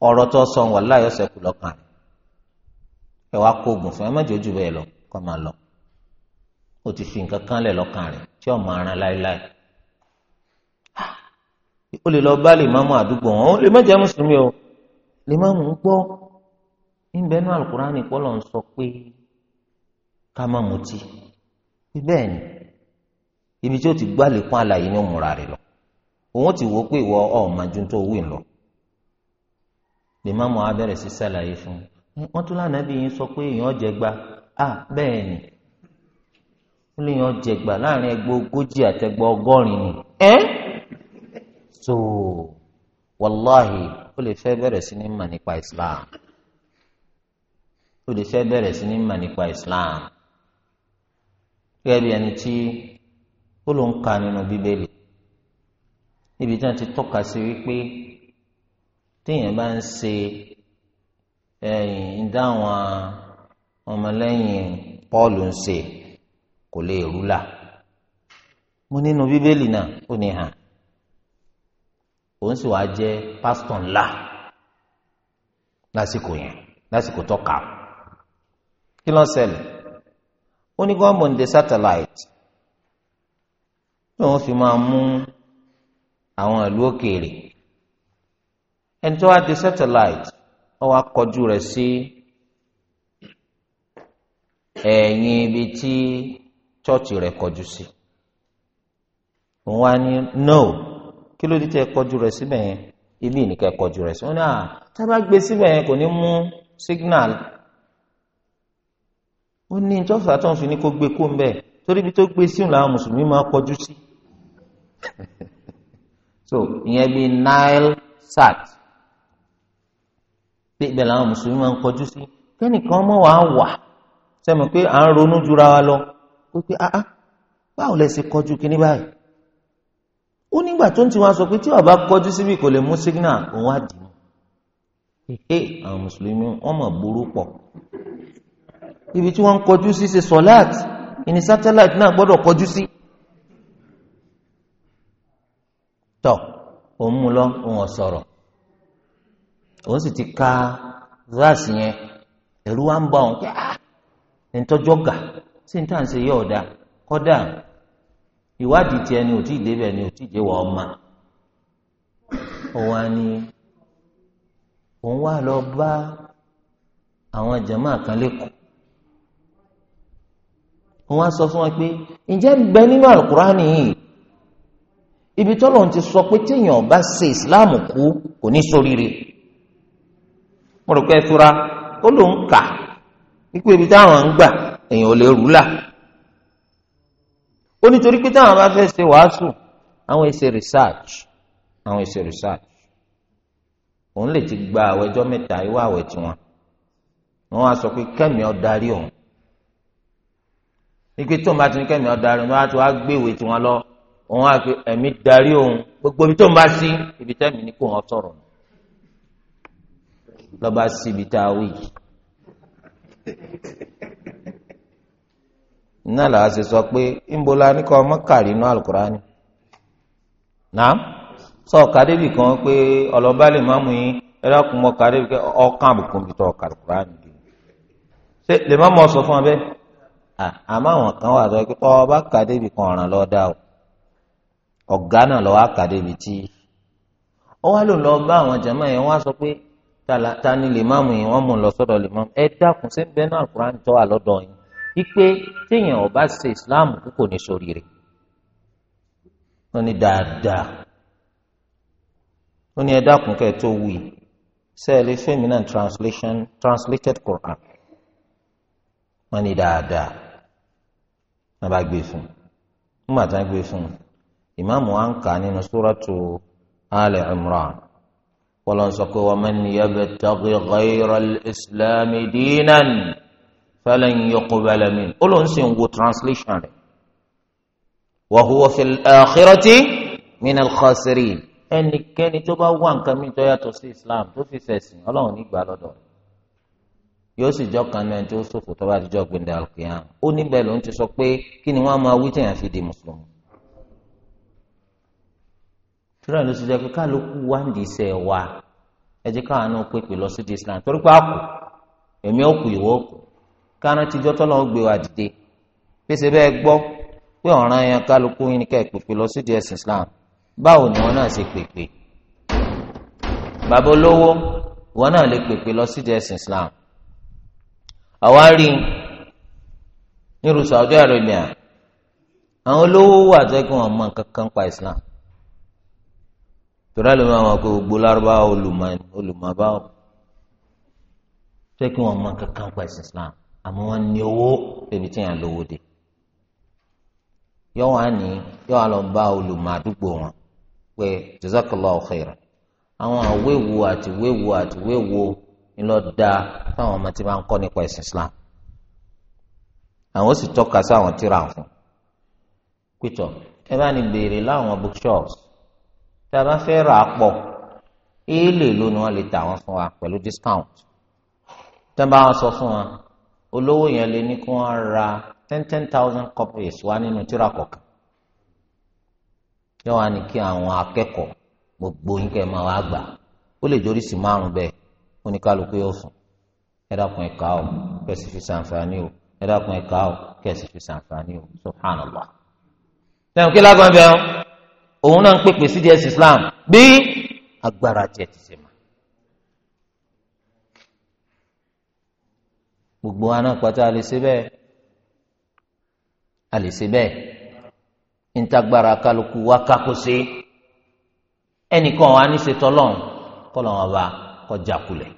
Speaker 1: ọ̀rọ̀ tó sọ wọn láyọ̀ sẹ́kù lọ́kàn rẹ̀ ẹ wá kó oògùn fún ẹ má jòjú bẹ́ẹ̀ lọ kọ́ máa lọ o ti fi nǹkan kan lẹ̀ lọ́kàn rẹ̀ tí ọ̀ máa láéláé o ah! lè lọ bá lè má mú àdúgbò wọn o lè má jẹ́ mùsùlùmí o lè má mú gbọ́ níbẹ̀ nínú alukurani pọ́lọ̀ ń sọ pé ká má mutí bẹ́ẹ̀ ibi tí ó ti gbálẹ̀ kún àlàyé ní òmùra rẹ̀ lọ òun ti wò pé ìwọ ọ̀ọ́mọdún tó lọ lèmọ́mọ́ á bẹ̀rẹ̀ sí sàlàyé fún un wọ́n lánàá bí yín sọ pé èèyàn jẹ gba à bẹ́ẹ̀ ni ó lè yàn jẹ so wàláhì ó lè fẹ́ bẹ̀rẹ̀ sí Islam. ó lè fẹ́ bẹ̀rẹ̀ sí ní mà Islam gẹ́gẹ́ bí ẹni tí ó ló ń ka nínú bíbélì níbi tí wọ́n ti tọ́ka sí wípé téèyàn bá ń ṣe ẹ̀yìn dáwọn ọmọlẹ́yìn Pọ́ọ̀lù ń ṣe kò lè rú là mo nínú bíbélì náà ó ní hàn òun sì wá jẹ́ pásítọ̀ ńlá lásìkò yẹn lásìkò kí ló ń ṣẹlẹ̀ ó ní gọ́ọ̀mù ndé satellite tí wọ́n fi máa mú àwọn ìlú òkèèrè ẹni tó wá dé satellite wọ́n wá kọjú rẹ̀ sí ẹ̀yìn ibi tí chọ́ọ̀chì rẹ̀ kọjú sí òun wá ní no kí ló dé tẹ́ kọjú rẹ̀ síbẹ̀ yẹn ibi ìníkẹ́ kọjú rẹ̀ sí wọ́n ní à ah, tá a bá gbé síbẹ̀ yẹn kò ní mú signal ó ní ìjọba tó ń fi ní kó gbé kó ń bẹ torí ibi tó gbé síun làwọn mùsùlùmí máa kọjú sí so ìyẹn bíi nile sat pé ibẹ̀ làwọn mùsùlùmí máa ń kọjú sí kẹ́nìkan mọ̀ wá wà sẹ́mi pé à ń ronú jura wa lọ pé pé ah, ah báwo lẹ ṣe kọjú kíní báyìí ó nígbà tó ń tiwọn sọ pé tí ọba kọjú síbi kò lè mú signal òun á dì í àwọn mùsùlùmí wọn mọ̀ burú pọ̀ ibi tí wọ́n kọjú sí ṣe sọ̀láàt ìní satellite náà gbọ́dọ̀ kọjú sí. tọ́ òun mú lọ òun ọ̀sọ̀rọ̀ òun sì ti ka gíláàsì yẹn ẹ̀rú wa ń bá òun ẹ̀ ń tọ́jọ́ gà sí ní tàǹsì ìwádìí tiẹ̀ ni ni wà ọmọ òun á ní òun bá àwọn wọn wá sọ fún wa pé ǹjẹ́ ń bẹ nínú alukurani yìí ibi tọ́lọ̀ ti sọ pé téèyàn bá ṣe islam kú kò ní ṣoríire mo rò pé ẹ tura ó ló ń kà wípé ibi táwọn ń gbà èèyàn ò lè rú là ó nítorí pé táwọn bá fẹ́ ṣe wàásù àwọn èsè research àwọn èsè research òun lè ti gba àwẹjọ mẹ́ta ìwà àwẹ tiwọn wọn wá sọ pé kẹmi darí òun wípé tó ń bá ti ní kẹ́mi ọ̀darí wọn á ti wá gbéwèé tiwọn lọ òun á fi ẹ̀mí darí òun gbogbo ibi tó ń bá sí ibi tẹ́mi ní kò wọ́n sọ̀rọ̀ lọ́ba sí ibi tá a wí. iná làá ṣe sọ pé ńbola ní kọ́ mọ́kàrí inú àlùkùránì náà sọ kàdébì kan pé ọlọ́ba lè má mú yín ẹ lọ́kùnrin mọ́ kàdébì kan ọ̀kan àbùkù mi tọ́ àlùkùránì ṣe lè má mọ́ sọ fún ọ bẹ́ẹ̀ àmọ́ àwọn kan wà tó pé ọba kàdébi kan ọ̀ràn lọ dá o ọ̀gá náà lọ́wọ́ kàdébi tí ó wá lò lọ bá àwọn jàmá yẹn wọ́n á sọ pé ta ni lèmáàmù yìí wọ́n mú un lọ sọ́dọ̀ lèmáàmù ẹ dákun ṣé bẹ́ẹ̀ náà Kùránì tó wà lọ́dọ̀ yín wípé téèyàn ọba ṣe Islam kúkò ní sórí rẹ̀ wọ́n ní dáadáa wọ́n ní ẹ dákun kẹ́ tó wù yìí sẹ́ẹ̀lì fẹ́mi náà translation translated Quran wọ́n ní dáadáa wọn bá gbé fún un nígbà tí wọn gbé fún un ìmáàmù wa ń kà nínú suratu ali imran wọ́n lọ sọ pé wa man yabtaghi ghayra al-islami dinan falan yuqbala min ó ló ń sìn wo translation rẹ̀ wa huwa fil akhirati min al-khasirin ẹnikẹ́ni tó bá wà nǹkan mi tó yàtọ̀ sí islam tó fi ṣẹ̀sìn ọlọ́run nígbà lọ́dọ̀ rẹ̀. yóò sì jọ kan náà tó ṣòfò tó bá dijọ́ gbẹ̀ndẹ̀ àlùkìyàn ó níbẹ̀ ló ń ti sọ pé kí ni wọ́n máa wí tẹ̀yàn fi di mùsùlùmí. tura ló ti jẹ́ pé kálukú wá ń di iṣẹ́ wa ẹ jẹ́ káwọn náà pèpè lọ sí di Islam torí pé àkù èmi ò kù ìwọ kù káwọn ti jọ́ tọ́lọ́ gbé wa dìde pèsè bẹ́ẹ̀ gbọ́ pé ọ̀ràn yẹn kálukú yín ni ká lọ sí di ẹ̀sìn Islam báwo ni náà ṣe bàbá olówó náà lè lọ sí di ẹ̀sìn Islam àwárí nírú Saudi Arabia àwọn olówó wà tó kí wọn mọ kankan pa Islam torí àlùmọ́ àwọn akọ gbogbo lárúbáwá olùmọ̀báwò tó kí wọn mọ kankan pa Islam àmọ́ wọn ní owó ebi tí yàn lówó dé yọ wá ní yọ wá bá olùmọ̀ àdúgbò wọn pé jazakallahu khairan àwọn àwéwo àti wéwo àti wéwo iná dáa fáwọn ọmọ tí wọ́n ń kọ́ nípa ẹ̀sìn Islam àwọn ó sì tọ́ka sáwọn tíra fún pítọ̀ ẹ bá ní béèrè láwọn bookshops tá a bá fẹ́ rà á pọ̀ èèlè ló ni wọ́n lè tà wọ́n fún wa pẹ̀lú discount tá a bá wọn sọ fún wa olówó yẹn lè ní kí wọ́n ra ten ten thousand copies wá nínú tíra kọ̀ọ̀kan yóò wá ní kí àwọn akẹ́kọ̀ọ́ gbogbo yín kẹ́ máa wá gbà ó lè jórí sí márùn bẹ́ẹ̀ oníkálukú yóò fún ẹ dákun ẹ kà ó kẹsì fi ṣàǹfààní o ẹ dákun ẹ kà kẹsì fi ṣàǹfààní o subhanallah. sẹ́yìn kí lágbọ́n bẹ́ẹ̀ òun náà ń pèpè sí díẹ̀ sí islam bí agbára tiẹ̀ ti ṣe mọ́. gbogbo wa náà pátá a lè ṣe bẹ́ẹ̀ a lè ṣe bẹ́ẹ̀ ntagbara kálukú wa kakó ṣe ẹnìkan wa ní ṣe tọ́lọ́n kọ́lọ́n ọba kọjá kulẹ̀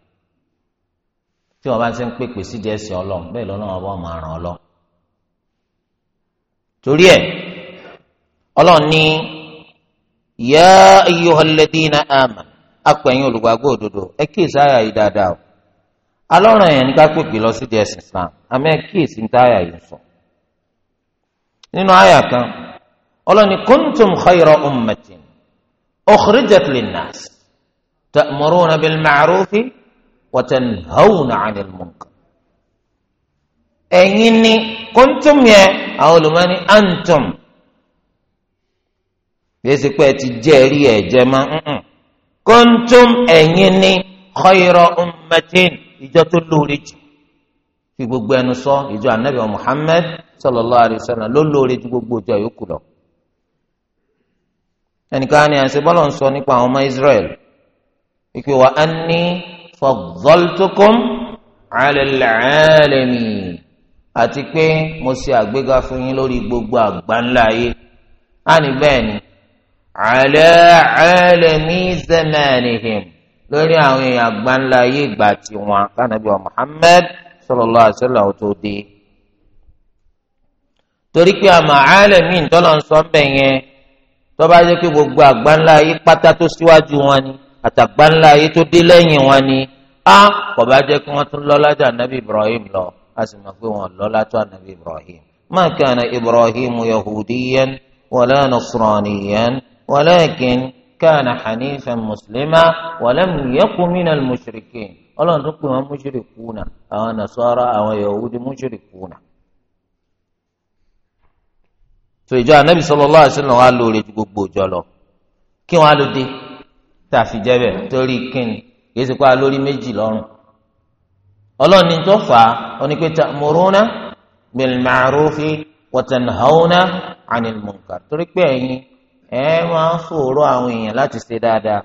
Speaker 1: tí wọn bá ti ń pèpè sídìí ẹsẹ Ọlọ́run bẹ́ẹ̀ lọ́nà ọba ọmọ àràn ọlọ torí ẹ Ọlọ́run ní yá ayyuhalladhina amanu apẹ̀yìn olùgbàgbọ́ òdodo ẹ kíyèsí àyà yìí dáadáa o alọ́run ẹ̀yàn ní ká pèpè lọ sídìí ẹsẹ Islam àmì ẹ kíyèsí ní táyà yìí sọ nínú àyà kan Ọlọ́run ní kuntum khayra ummatin ukhrijat linnas ta'muruna bil ma'rufi watanhawna 'anil munkar ẹ̀yin ni kóńtùm yẹn àwọn olùmọ́ni antum gbèsè pé ẹ ti jẹ́ rí ẹ̀ jẹ́ má kóńtùm ẹ̀yin ni khayra ummatin ìjọ tó lóore jù fi gbogbo ẹnu sọ ìjọ anabi Muhammad sallallahu alayhi wa sallam ló lóore ju gbogbo ìjọ yòókù lọ ẹnìkan ni àṣẹ bọ́lọ̀ ń sọ nípa àwọn ọmọ Israel ìpè wà á ní faddaltukum ala al-alamin àti pé mo ṣe àgbéga fún yín lórí gbogbo àgbáńlá ayé á ní bẹ́ẹ̀ ni ala alami zamanihim lórí àwọn èèyàn àgbáńlá ayé ìgbà tiwọn kánàbí wa Muhammad sallallahu alaihi wasallam tó dé torí pé àmọ́ alami ntọ́lọ́ ń sọ bẹ́ẹ̀ yẹn tó bá yẹ gbogbo àgbáńlá ayé pátá tó síwájú wọn ni àtàgbáńlá ayé tó dé lẹ́yìn wọn ni a kò bá jẹ́ kí wọ́n tún lọ́lá ju ànábì ibrahim lọ a sì mọ̀ pé wọ́n lọ́lá tó ànábì ibrahim ma kana ibrahim yahudiyan wala nasraniyan walakin kana hanifan muslima walam yakun minal mushrikin ọlọ́run tó pè wọ́n mushrikuna àwọn nasara àwọn yahudi mushrikuna so ìjọ anabi sallallahu alaihi wasallam wa lóore gbogbo ìjọ lọ kí wọn á lò dé tá a fi jẹ́ bẹ̀ torí kíni kì í sì pa lórí méjì lọ́rùn ọlọ́ọ̀ni tó fà á ó ní pé ta'muruna bil ma'rufi wa tanhauna 'anil munkar torí pé ẹ̀yin ẹ máa ń fòòró àwọn èèyàn láti ṣe dáadáa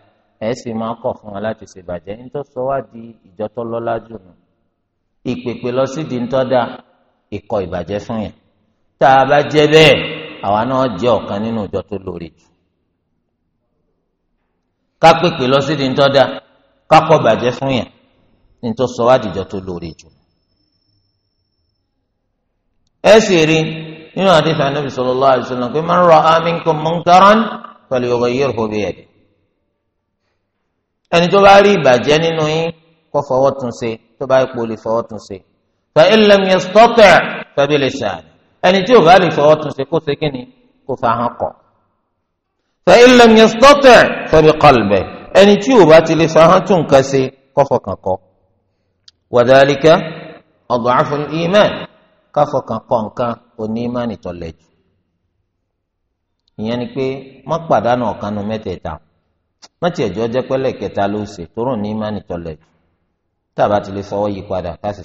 Speaker 1: ẹ sì máa kọ̀ fún wọn láti ṣe bàjẹ́ ní sọ wá di ìjọ tó lọ́lá jù nù ìpèpè lọ sí di ńtọ́ da ìkọ̀ ìbàjẹ́ fún yẹn tá a bá jẹ́ bẹ́ẹ̀ àwa náà jẹ́ ọ̀kan nínú ìjọ tó lóore jù ká pèpè lọ sí di ń tọ́da ká kọ́ bàjẹ́ fún yẹn ní tó sọ wá dìjọ tó lóore jù. ẹ sì rí nínú àdìsí Ànábì sallallahu alaihi wasallam pé man ra'a minkum munkaran falyughayyirhu biyadihi. ẹni tó bá rí ìbàjẹ́ nínú yín kó fọwọ́ tún ṣe tó bá ipò lè fọwọ́ tún ṣe. fa in lam yastati' fa bilisani ẹni tí ò bá lè fọwọ́ tún ṣe kó ṣe kí kó fa hàn kọ̀. fa in lam yastati' fa ẹni tí ò bá ti lè fahán tún nǹkan ṣe kọ́fọ̀kàn kọ́ wa dhalika ad'afu al-iman káfọ̀kàn kọ́ nǹkan òní ìmánì tọ̀lẹ̀ jù ìyẹn ni pé má pàdánù ọ̀kan mẹ́tẹ̀ẹ̀ta má tiẹ̀ jọ jẹ́ pẹ́lẹ́ kẹta ló ṣe tó rùn ní ìmánì jù ti lè fọwọ́ yí padà ká sì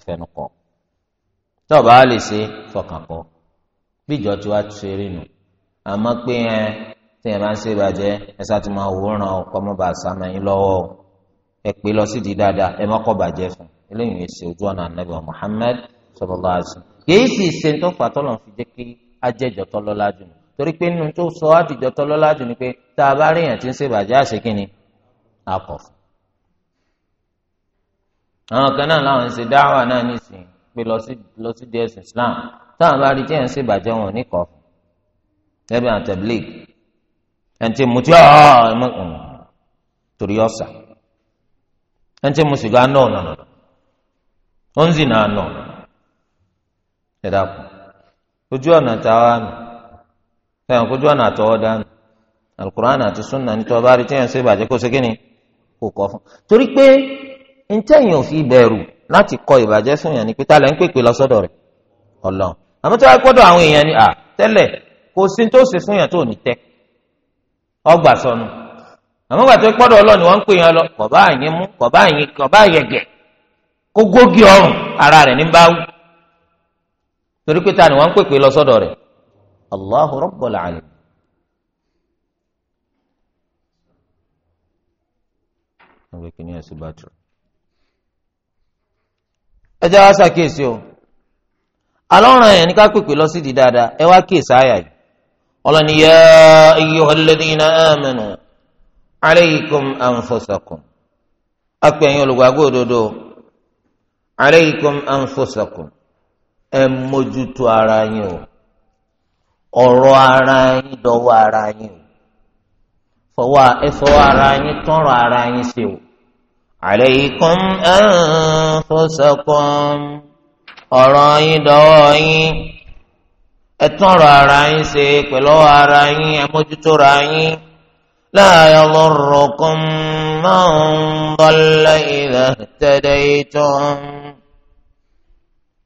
Speaker 1: kọ́ tí yẹn bá ń ṣe ìbàjẹ́ ẹ sá ti máa wòran ọkọ mọba àsámà yín lọ́wọ́ ẹ pé lọ sídìí dáadáa ẹ mọkọ bàjẹ́ fún eléyìí ṣe ojú ọ̀nà ànábì Muhammad sallallahu alaihi wasallam kìí sì ṣe tó fà tọ́lọ̀ fi jẹ́ kí ajẹ́jọ́ tọ́lọ́lá jù ní torí pé nínú tó sọ àtijọ́ tọ́lọ́lá jù ní pé tá a bá rí èèyàn tí ń ṣe ìbàjẹ́ àṣekínni á kọ̀ fún. àwọn kan náà làwọn ń ṣe dáhùn náà nísìnyí pé lọ sí díẹ̀ Islam táwọn bá rí tí èèyàn ṣe ìbàjẹ́ wọn ní kọ̀ fún. lẹ́bí àwọn ẹnití mu tí ọ torí ọsà ẹnití mu sìgá nọ nọ ó ń na nọ ẹ ojú ọ̀nà táwa nù fẹ́ràn kójú ọ̀nà àtọwọ́ dánù alukur'an àti sunna ní tọ́ba rí tíyẹn ṣe bàjẹ́ kó ṣe kí ni kò kọ́ fún torí pé ntẹ́yìn ò fi bẹ̀rù láti kọ ìbàjẹ́ fún pé tálẹ̀ ń pèpè rẹ̀ gbọ́dọ̀ ni à tẹ́lẹ̀ kò sí tó ṣe fún yàn tó ní ọgbà sọnù àmọ́ gbàtọ́ pọ́dọ̀ ọlọ́ọ̀ni wọ́n ń pè yẹn lọ kọ̀bá àyín mú kọ̀bá àyín kọ̀bá ara rẹ̀ ní torí pé ta ni wọ́n ń pèpè lọ sọ́dọ̀ rẹ̀ Allahu Rabbul Alamin. ẹ jẹ́ wá o yẹn ní ká pèpè lọ sídìí dáadáa ẹ ọlọ́ni yá ayyuhal ladhina amanu alaykum anfusakum akpẹ̀yìn olùgbàgbọ́ òdodo alaykum anfusakum ẹ mójútó ara yín o ọ̀rọ̀ ara yín dọ̀wọ́ ara yín o fọwọ́ ẹ ara yín tọ́rọ̀ ara yín ṣe o alaykum anfusakum ọ̀rọ̀ yín dọ̀wọ́ yín ẹtún ọ̀rọ̀ ara yín ṣe pẹ̀lú ara yín ẹmójútó ara yín la yadurrukum man dalla idha ihtadaytum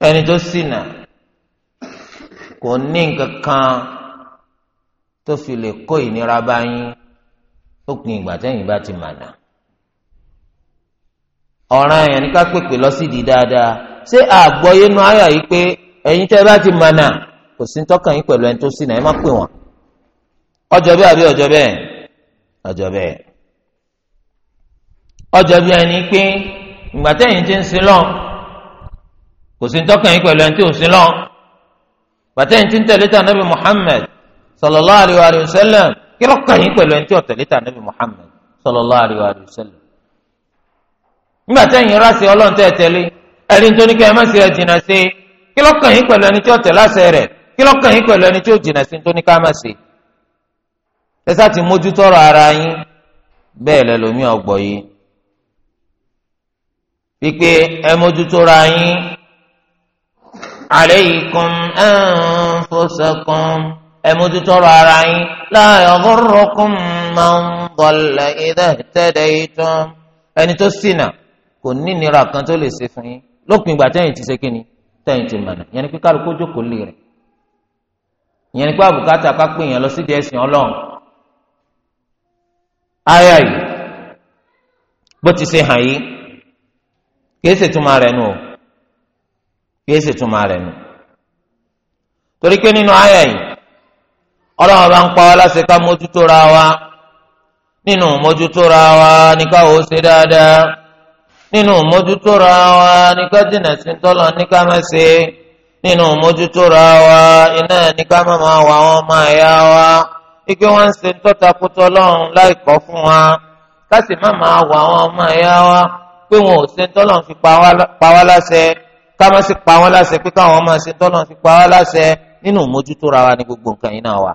Speaker 1: ẹni tó ṣìnà kò ní nǹkan kan tó fi lè kó ìnira bá yín ó pin ìgbà tẹ́yìn bá ti mànà ọ̀ràn yẹn ni ká pèpè lọ sídìí dáadáa ṣé àgbọ́yé nu ayà yìí pé ẹ̀yin tẹ́ bá ti mànà. kò sí tọkàn yín pẹ̀lú ẹni tó ṣìnà ẹ má pè wọ́n ọjọ́ bẹ́ẹ̀ àbí ọjọ́ bẹ́ẹ̀ ọjọ́ bẹ́ẹ̀ ọjọ́ ẹni pé ìgbà tẹ́yìn ti ń sin lọ kò pẹ̀lú ẹni tó sin lọ ti tẹ̀lé Muhammad sallallahu alayhi wa sallam kí yín pẹ̀lú ẹni tó Muhammad sallallahu alayhi wa sallam kẹ́ ẹ má jìnnà sí kí kí lọ́kàn yín pẹ̀lú ẹni tí ó jìnà sí tó ní ká má ṣe ẹ sá ti mójútó ọ̀rọ̀ ara yín bẹ́ẹ̀ lẹ lómi ọgbọ̀ yìí wípé ẹ mójútó ra yín alaykum anfusakum ẹ mójútó ọ̀rọ̀ ara yín la yaghurrukum man dalla idha ihtadaytum ẹni tó ṣìnà kò ní ìnira kan tó lè ṣe fún yín lópin ìgbà tẹ́yìn ti ṣe kí ni tẹ́yìn ti mọ̀nà yẹn ni pé kálukú jókòó lè rẹ̀. ìyẹn ni pé àbùkátà ká ìyẹn lọ sídìí ẹ̀sìn ọlọ́run ayé bó ti ṣe hàn yìí kìí rẹ̀ nù o kìí máa rẹ̀ nù torí pé nínú ayé yìí ọlọ́run bá ń pa ká mójútó ra wa nínú mójútó ra wa ní ká ṣe nínú mójútó ra wa iná ní ká má máa wà wọn máa yá wa wípé wọn ń ṣe tọ́takútọ́ lọ́run láìkọ́ fún wa ká sì má máa wà wọn máa yá wa pé wọn ò ṣe tọ́lọ́run fi pa wá láṣẹ ká má sì pa wọn láṣẹ pé káwọn máa ṣe tọ́lọ́run fi pa wá láṣẹ nínú mójútó ra wa ní gbogbo nǹkan yìí náà wà.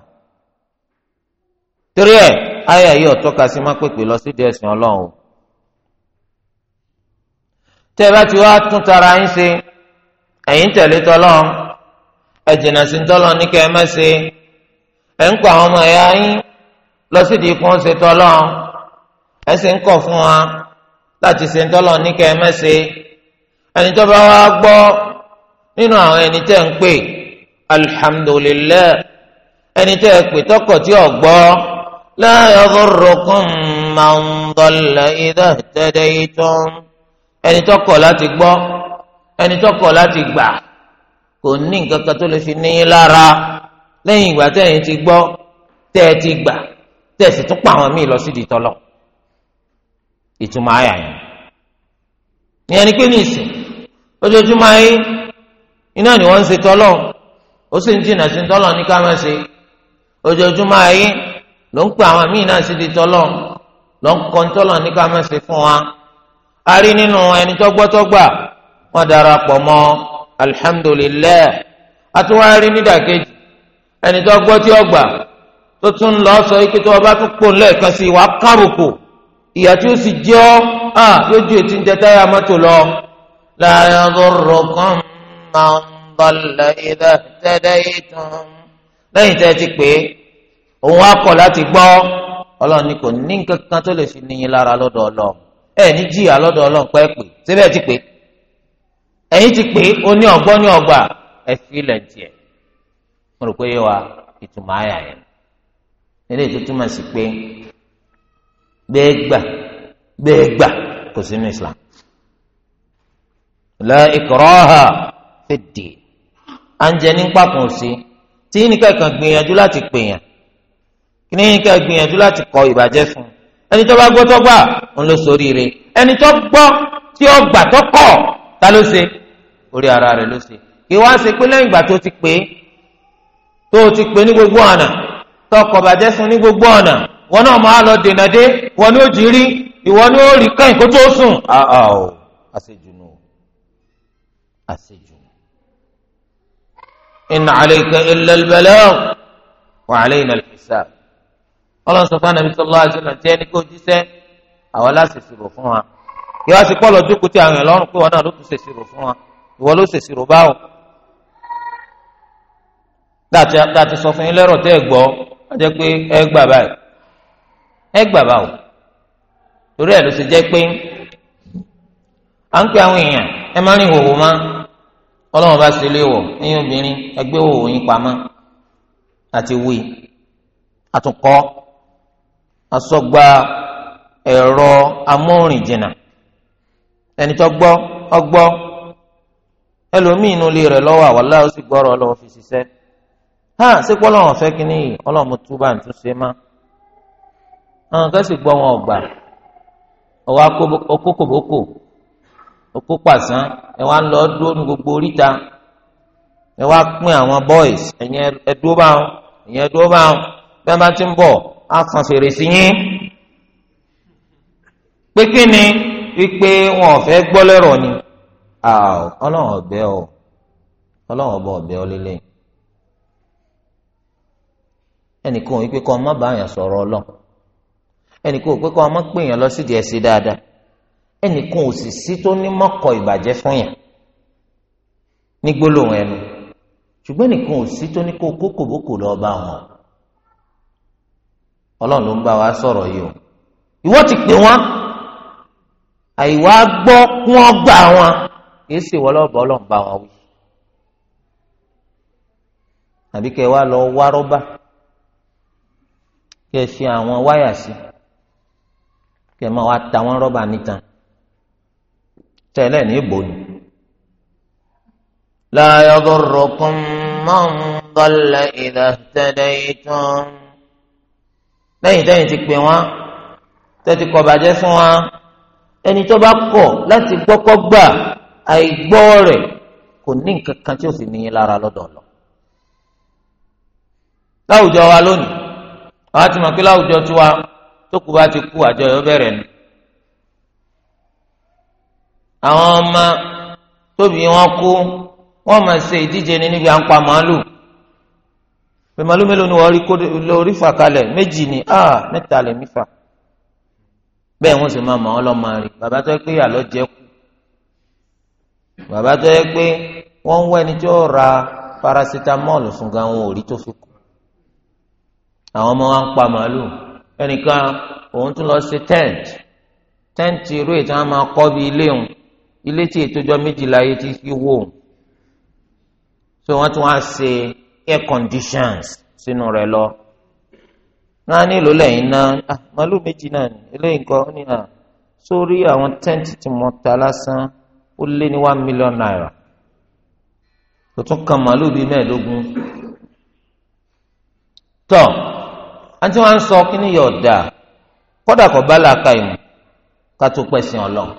Speaker 1: torí ẹ ayé yìí ọ̀tọ́ka sí má pèpè lọ sí díẹ̀ sìn ọlọ́run o tẹ́ ẹ bá ti wá tún tara yín ṣe ẹ̀yin tẹ̀lé tọ́lọ́ ẹ jìnnà sí tọ́lọ́ ní kẹ́ ẹ má ṣe ẹ̀ ń kọ́ àwọn ọmọ ẹ̀yà yín lọ sídìí kún ṣe tọ́lọ́ ẹ̀ sì ń kọ̀ fún wa láti ṣe tọ́lọ́ ní kẹ́ ẹ má ẹni tó bá wá gbọ́ nínú àwọn ẹni tẹ́ ń pè alhamdulillah ẹni tẹ́ ẹ pè tọkọ̀ tí ò gbọ́ la yadurrukum man dalla idha ihtadaytum ẹni tọkọ̀ láti gbọ́ ẹni tó kọ̀ láti gbà kò ní nǹkan kan tó lè fi ní lára lẹ́yìn ìgbà tẹ̀yìn ti gbọ́ tẹ́ ẹ ti gbà tẹ́ ẹ sì tún pa àwọn míì lọ sídìí tọ́lọ́ ìtumọ̀ ayà yẹn ní ẹni pé ní ìsìn ojoojúmọ́ ayé iná ni wọ́n ń ṣe tọ́lọ́ ó sì ń jìnnà sí tọ́lọ́ ní ká máa ṣe ojoojúmọ́ ayé ló ń pè àwọn míì náà sídìí tọ́lọ́ ló ń kọ́ tọ́lọ́ ní ká ṣe fún wa a rí nínú ẹni tó gbọ́ tó gbà wọ́n darapọ̀ mọ́ alihamudulilayi àtúwárí nídàkejì ẹni tó gbọ́ tí ó gbà tó tún lọ sọ ike tó o bá tún pò lẹ́ẹ̀kan sí wàá kárùkù ìyà tí ó sì jẹ́ ọ́ à yóò ju ètí ń jẹ táyà mọ́tò lọ. la yadurrukum man dalla idha ihtadaytum lẹ́yìn tẹ́ ti pé òun á kọ̀ láti gbọ́ ọlọ́run ni kò ní nǹkan kan tó lè fi níyìn lára lọ́dọ̀ ọlọ́run ní jìyà lọ́dọ̀ ọlọ́run pẹ́ ti pé ẹ̀yin ti pè é o ní ọgbọ́n ní ọgbà ẹ filẹ̀ tiẹ̀ mo rò pé yé wa ìtumọ̀ àyà yẹn nílé tó túmọ̀ sí pé bẹ́ẹ̀ gbà bẹ́ẹ̀ gbà kò sínú Islam la ikraha fìdí à ń jẹ ní pàkùn sí tí ní kankan gbìyànjú láti pèèyàn kí ní kankan gbìyànjú láti kọ ìbàjẹ́ fún ẹni tó bá gbọ́ tó gbà ń lọ sóríire ẹni tó gbọ́ tí ó gbà tó kọ̀ ta ló ṣe orí ara rẹ̀ ló ṣe kí wá ṣe pé lẹ́yìn ìgbà tó ti pè tó ti pè ní gbogbo ọ̀nà tọkọ̀ bàjẹ́ sun ní gbogbo ọ̀nà wọn náà máa lọ dènà dé wọn ni ó jí rí ìwọ ni ó rí kẹ́yìn kó tó sùn. Ah, ah, o oh. àṣejù nù àṣejù nù. in alayka illa wa ala al-hisab. ọlọ́run sọ fún anabi sallallahu alaihi wasallam kó jíṣẹ́ àwọn kí ti pọ̀ lọ ìwọ ló ṣèṣì rò láti sọ fún lẹ́rọ̀ tẹ́ ẹ gbọ́ ọ jẹ́ pé ẹ gbà báyìí ẹ gbà báwò torí ẹ̀ ló ṣe jẹ́ pé à ń pe àwọn èèyàn ẹ má rìn hòhò má ọlọ́run bá ṣe ẹ̀yin obìnrin ẹgbẹ́ yín àti wí asọgba ẹ̀rọ ẹni tó ẹlòmíì inú ilé rẹ̀ lọ́wọ́ àwọlá ó sì gbọ́rọ̀ ọlọ́wọ́ fi ṣiṣẹ́ hàn sípò ọlọ́wọ́ fẹ́ kí níyì ọlọ́mọ túbà ń tún ṣe má àwọn kan sì gbọ́ wọn ọ̀gbà ọwọ́ okókòbókò okó pàṣán ẹ wá ń lọ dúró ní gbogbo oríta ẹ wá pín àwọn boys ẹ̀yìn ẹ̀dúró bá wọn ẹ̀yìn ẹ̀dúró bá wọn bí wọ́n bá ti ń bọ̀ á kan fèrèsé yín pé kí ni wípé wọn ò gbọ́ lẹ́rọ̀ ni. ọlọ́run ọ̀bẹ ọ ọlọ́run ọba ọ̀bẹ ọ lélẹ̀ ẹnìkan ò pé kọ́ ọ má bá yàn sọ̀rọ̀ ọlọ́ ẹnìkan ò pé kọ́ ọ má pè yàn lọ sídìí ẹ̀ sí dáadáa ẹnìkan ò sì sí tó ní mọ́kọ ìbàjẹ́ fún yàn ní gbólóhùn ẹnu ṣùgbọ́n ẹnìkan ò sí tó ní kó kókòbókò lọ́ọ́ bá wọn ọlọ́run ló ń bá wa sọ̀rọ̀ yìí o ìwọ ti pè wọn, àìwá gbọ́ kún ọgbà wọn. kìí sì wọ́n lọ́bọ̀ ọlọ́run bá wọn wí àbí kẹ́ wá lọ wá rọ́bà kẹ́ ṣe àwọn wáyà sí kẹ́ máa wá ta wọ́n rọ́bà níta tẹ́lẹ̀ ní ìbò ni. la yadurrukum man dalla idha ihtadaytum lẹ́yìn tẹ́yìn ti pè wọ́n tẹ́tí kọ̀ bàjẹ́ fún wọn ẹni tó bá kọ̀ láti gbọ́kọ́ gbà àìgbọ́ rẹ̀ kò ní nǹkan kan tí ó sì níyìn lára lọ́dọ̀ lọ. láwùjọ wa lónìí àwa ti mọ̀ pé láwùjọ tiwa tó kù bá ti kú àjọyọ̀ bẹ̀rẹ̀ ni. àwọn ọmọ tóbi wọn kú wọn máa ṣe ìdíje ní níbi à ń pa màálù pé màálù mélòó ni wọ́n rí kó lórí fà kalẹ̀ méjì ni ah, mẹ́ta lè mí fà bẹ́ẹ̀ wọ́n sì máa mọ̀ ọ́ lọ́ọ́ máa bàbá tó pé àlọ́ jẹ́ kú bàbá tó yẹ pé wọ́n ń wá ẹni tó ra paracetamol fún gan wọn ò tó fi kú àwọn ọmọ wa ń pa màálù ẹnìkan òun tún lọ ṣe tent tent irú ètò àwọn máa kọ́ bí ilé òun ilé tí ètòjọ́ méjìlá yẹ ti fi wò so wọ́n tún wá ṣe air conditions sínú rẹ̀ lọ náà nílò lẹ́yìn náà ah, màálù méjì náà ni eléyìí nǹkan ó ní à ah, sórí àwọn tẹ́ǹtì tí mo ta lásán ó lé ní one million naira tó tún kan màálù bíi mẹ́ẹ̀ẹ́dógún tọ́ àti wọn sọ kí ni yóò dáa kódà kò bá làákà ìmù ká tó pẹ̀sìn ọlọ́run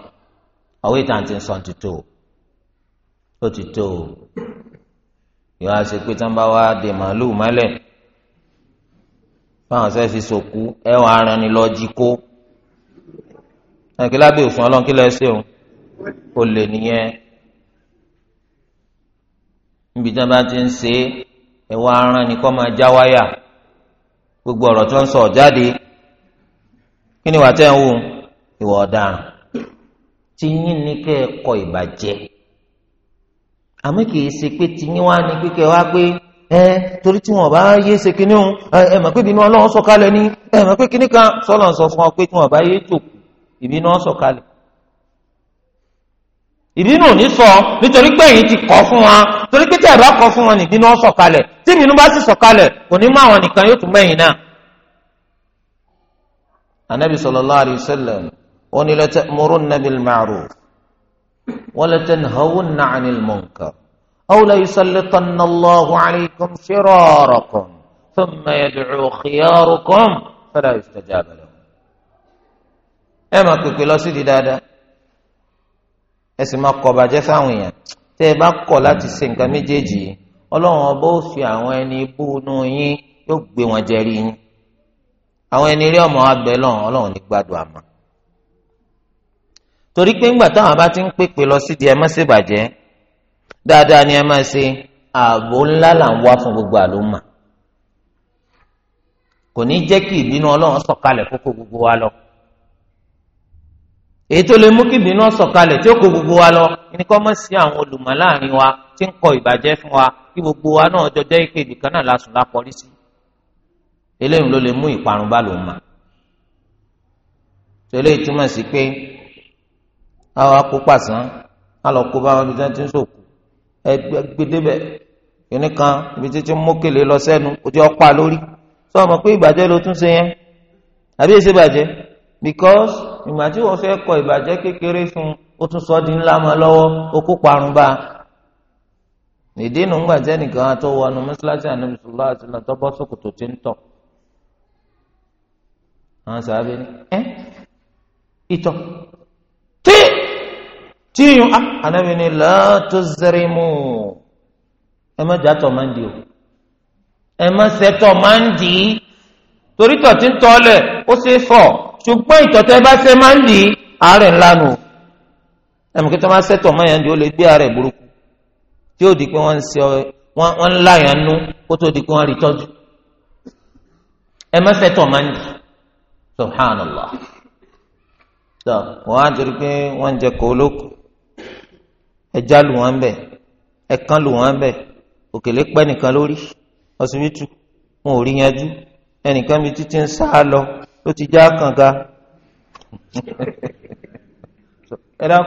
Speaker 1: ọ̀wé ìtàn ti ń sọ ti tó ó ti tó o yóò á ṣe pé tí wọn bá wá dè màálù mọ́lẹ̀ báwọn ṣe fi sòkú ẹ wàá lọ jí kó ẹnìkí lábẹ́ òfin ọlọ́run kí lẹ́ẹ̀ ṣe òun. kò lè nìyẹn níbi tí wọn bá ti ń ṣe ẹwà aràn ni kọ́ máa já wáyà gbogbo ọrọ tí ń sọ jáde kí ni wàá tẹ̀ ń wò ìwà ọ̀daràn tiyín ni kẹ́ ẹ kọ ìbàjẹ́ àmọ́ kì í ṣe pé tiyín wá ní pé wá pé ẹ torí tí wọn bá yé ṣe kinní o ẹ mọ̀ pé ìbínú ọlọ́run sọ̀kalẹ̀ ni ẹ mọ̀ pé kinní kan sọ́lọ̀ ń sọ fún ọ pé tí wọn bá yé jòkó ìbínú ọ̀sọ̀kalẹ̀ ìbínú ò ní sọ nítorí pé èyí ti kọ́ fún wọn torí pé tí ẹ bá kọ́ fún wọn nìbínú ó sọ̀kalẹ̀ tí ìbínú bá sì sọ̀kalẹ̀ kò ní mú àwọn nìkan yóò tún mẹ́yìn náà. anabi sallallahu alayhi wa sallam ó ní la ta'murunna bil ma'ruf wa la tanhawunna 'anil munkar aw la yusallitanna Allahu 'alaykum shirarakum thumma yad'u khiyarukum ẹ máa pèpè lọ sí di dáadáa ẹ sì máa kọ̀ bàjẹ́ sáwọn èèyàn tẹ́ ẹ bá kọ̀ láti ṣe nǹkan méjèèjì yìí ọlọ́run ọba ó fi àwọn ẹni bú inú yín yóò gbé wọn jẹrí yín àwọn ẹni rí ọmọ abẹ lọ́run ọlọ́run ní gbádùn àmọ́ torí pé ńgbà táwọn bá ti ń pèpè lọ sídi ẹ má bàjẹ́ dáadáa ni ẹ máa ṣe ààbò ńlá là ń wá fún gbogbo àlómà kò ní jẹ́ kí ìbínú ọlọ́run sọ̀kalẹ̀ kókó gbogbo wa lọ èyí tó lè mú kí ìbínú ọ̀sọ̀kalẹ̀ tí ó kó gbogbo wa lọ ní kọ́ mọ̀ sí àwọn olùmọ̀ láàrin wa tí ń kọ ìbàjẹ́ fún wa kí gbogbo wa náà jọjọ́ ìpè nìkan náà lásùn lápọ̀rí sí eléyìí ló lè mú ìparun bá lòun mà tẹ́lẹ̀ ìtumọ̀ sí pé àwọn akópàṣán alọ́kó bá wọn bí wọ́n ti ń sòkò ẹgbẹ́dẹ́bẹ̀ kìnnìkan ibi títí mókèlè lọ sẹ́nu kò tí lórí sọ because ìgbà tí wọ́n fẹ́ kọ ìbàjẹ́ kékeré fún ó tún sọ di ńlá máa lọ́wọ́ ó kó parun bá a. ìdí inú ńgbà jẹ́ nìkan àtọ wọnú mọ́ṣáláṣí ànábì sallallahu alaihi wasallam tó bọ́ ń tọ̀. àwọn sàábẹ́ ni ẹ́ ìtọ̀ tí tí yun á ah, ànábì ni la tuzrimu ẹ má jàtọ̀ máa ń di o ẹ má sẹ́tọ̀ máa ń di torí tí ń tọ́ lẹ̀ ó ṣe fọ̀ ṣùgbọ́n ìtọ̀tẹ́ bá ṣe máa ń dì í àárẹ̀ ńlá nù ẹ̀mí kí tó máa ṣètò ọmọ yẹn ó lè gbé àárẹ̀ burúkú tí ó di pé wọ́n ń ṣe wọ́n ń láyàn nú kó tó di pé wọ́n rí tọ́jú ẹ má ṣètò ọmọ yẹn subhanallah tó wọ́n á torí pé wọ́n ń jẹ kó olóko ẹja lù wọ́n bẹ̀ ẹ̀kan lù wọ́n bẹ̀ òkèlè pẹ́ nìkan lórí ọsibítù wọn ò rí yanjú ẹnìkan bíi títí ń sá lọ ó ti já kànga ẹ dá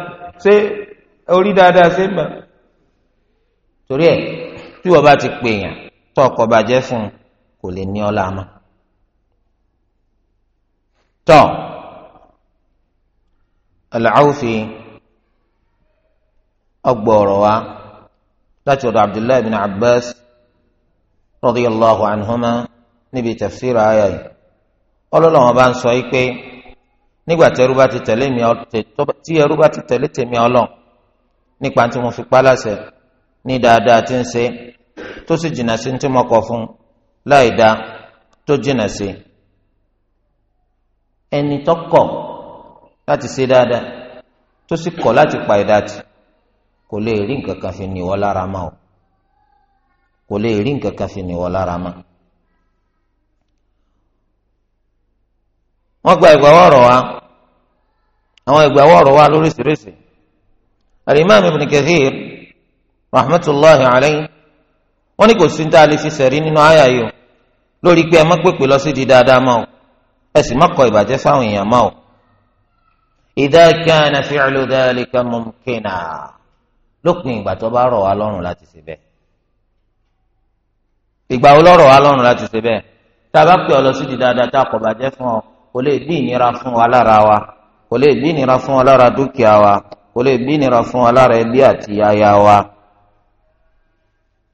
Speaker 1: ṣé orí dáadáa ṣe ń bẹ torí ẹ tí wọ́n bá ti pèèyàn tó ọkọ̀ bàjẹ́ fún un kò lè ní ọlá mọ́ tọ́ Al-Awfi wa láti ọ̀dọ̀ Abdullahi bin Abbas radiyallahu anhuma níbi tafsir ayah ọlọ́lọ́wọ́n bá ń sọ yìí pé nígbà tí ẹrú bá ti tẹ̀lé tèmi ọlọ́n nípa tí mo fi pálásẹ̀ ní dáadáa tí ń ṣe tó sì jìnnà sí tí mo kọ̀ fún láì dá tó jìnnà sí ẹni tó kọ̀ láti ṣe dáadáa tó sì kọ̀ láti pa ẹ̀dá tì kò lè rí nǹkan kan fi nìwọ́ lára mọ́ kò lè rí nǹkan kan fi nìwọ́ lára mọ́. wọn gba ìgbàwọ́ ọ̀rọ̀ wa àwọn ìgbàwọ́ ọ̀rọ̀ wa lóríṣiríṣi alimami ibn kathir rahmatulahi alayhi wọn ni kò sí níta lè fi sẹ̀rí nínú àyà yìí o lórí pé ẹ má pèpè lọ sí di dáadáa máa o ẹ sì má kọ ìbàjẹ́ sáwọn èèyàn máa o. idha kana fi'lu dhalika lópin ìgbà tó bá rọ̀ wá lọ́rùn láti ṣe bẹ́ẹ̀. ìgbà wo lọ́rọ̀ wá lọ́rùn láti kò lè bí ìnira fún wa lára wa kò lè bí ìnira fún wa lára dúkìá wa kò lè bí ìnira fún wa lára ẹbí àti aya wa.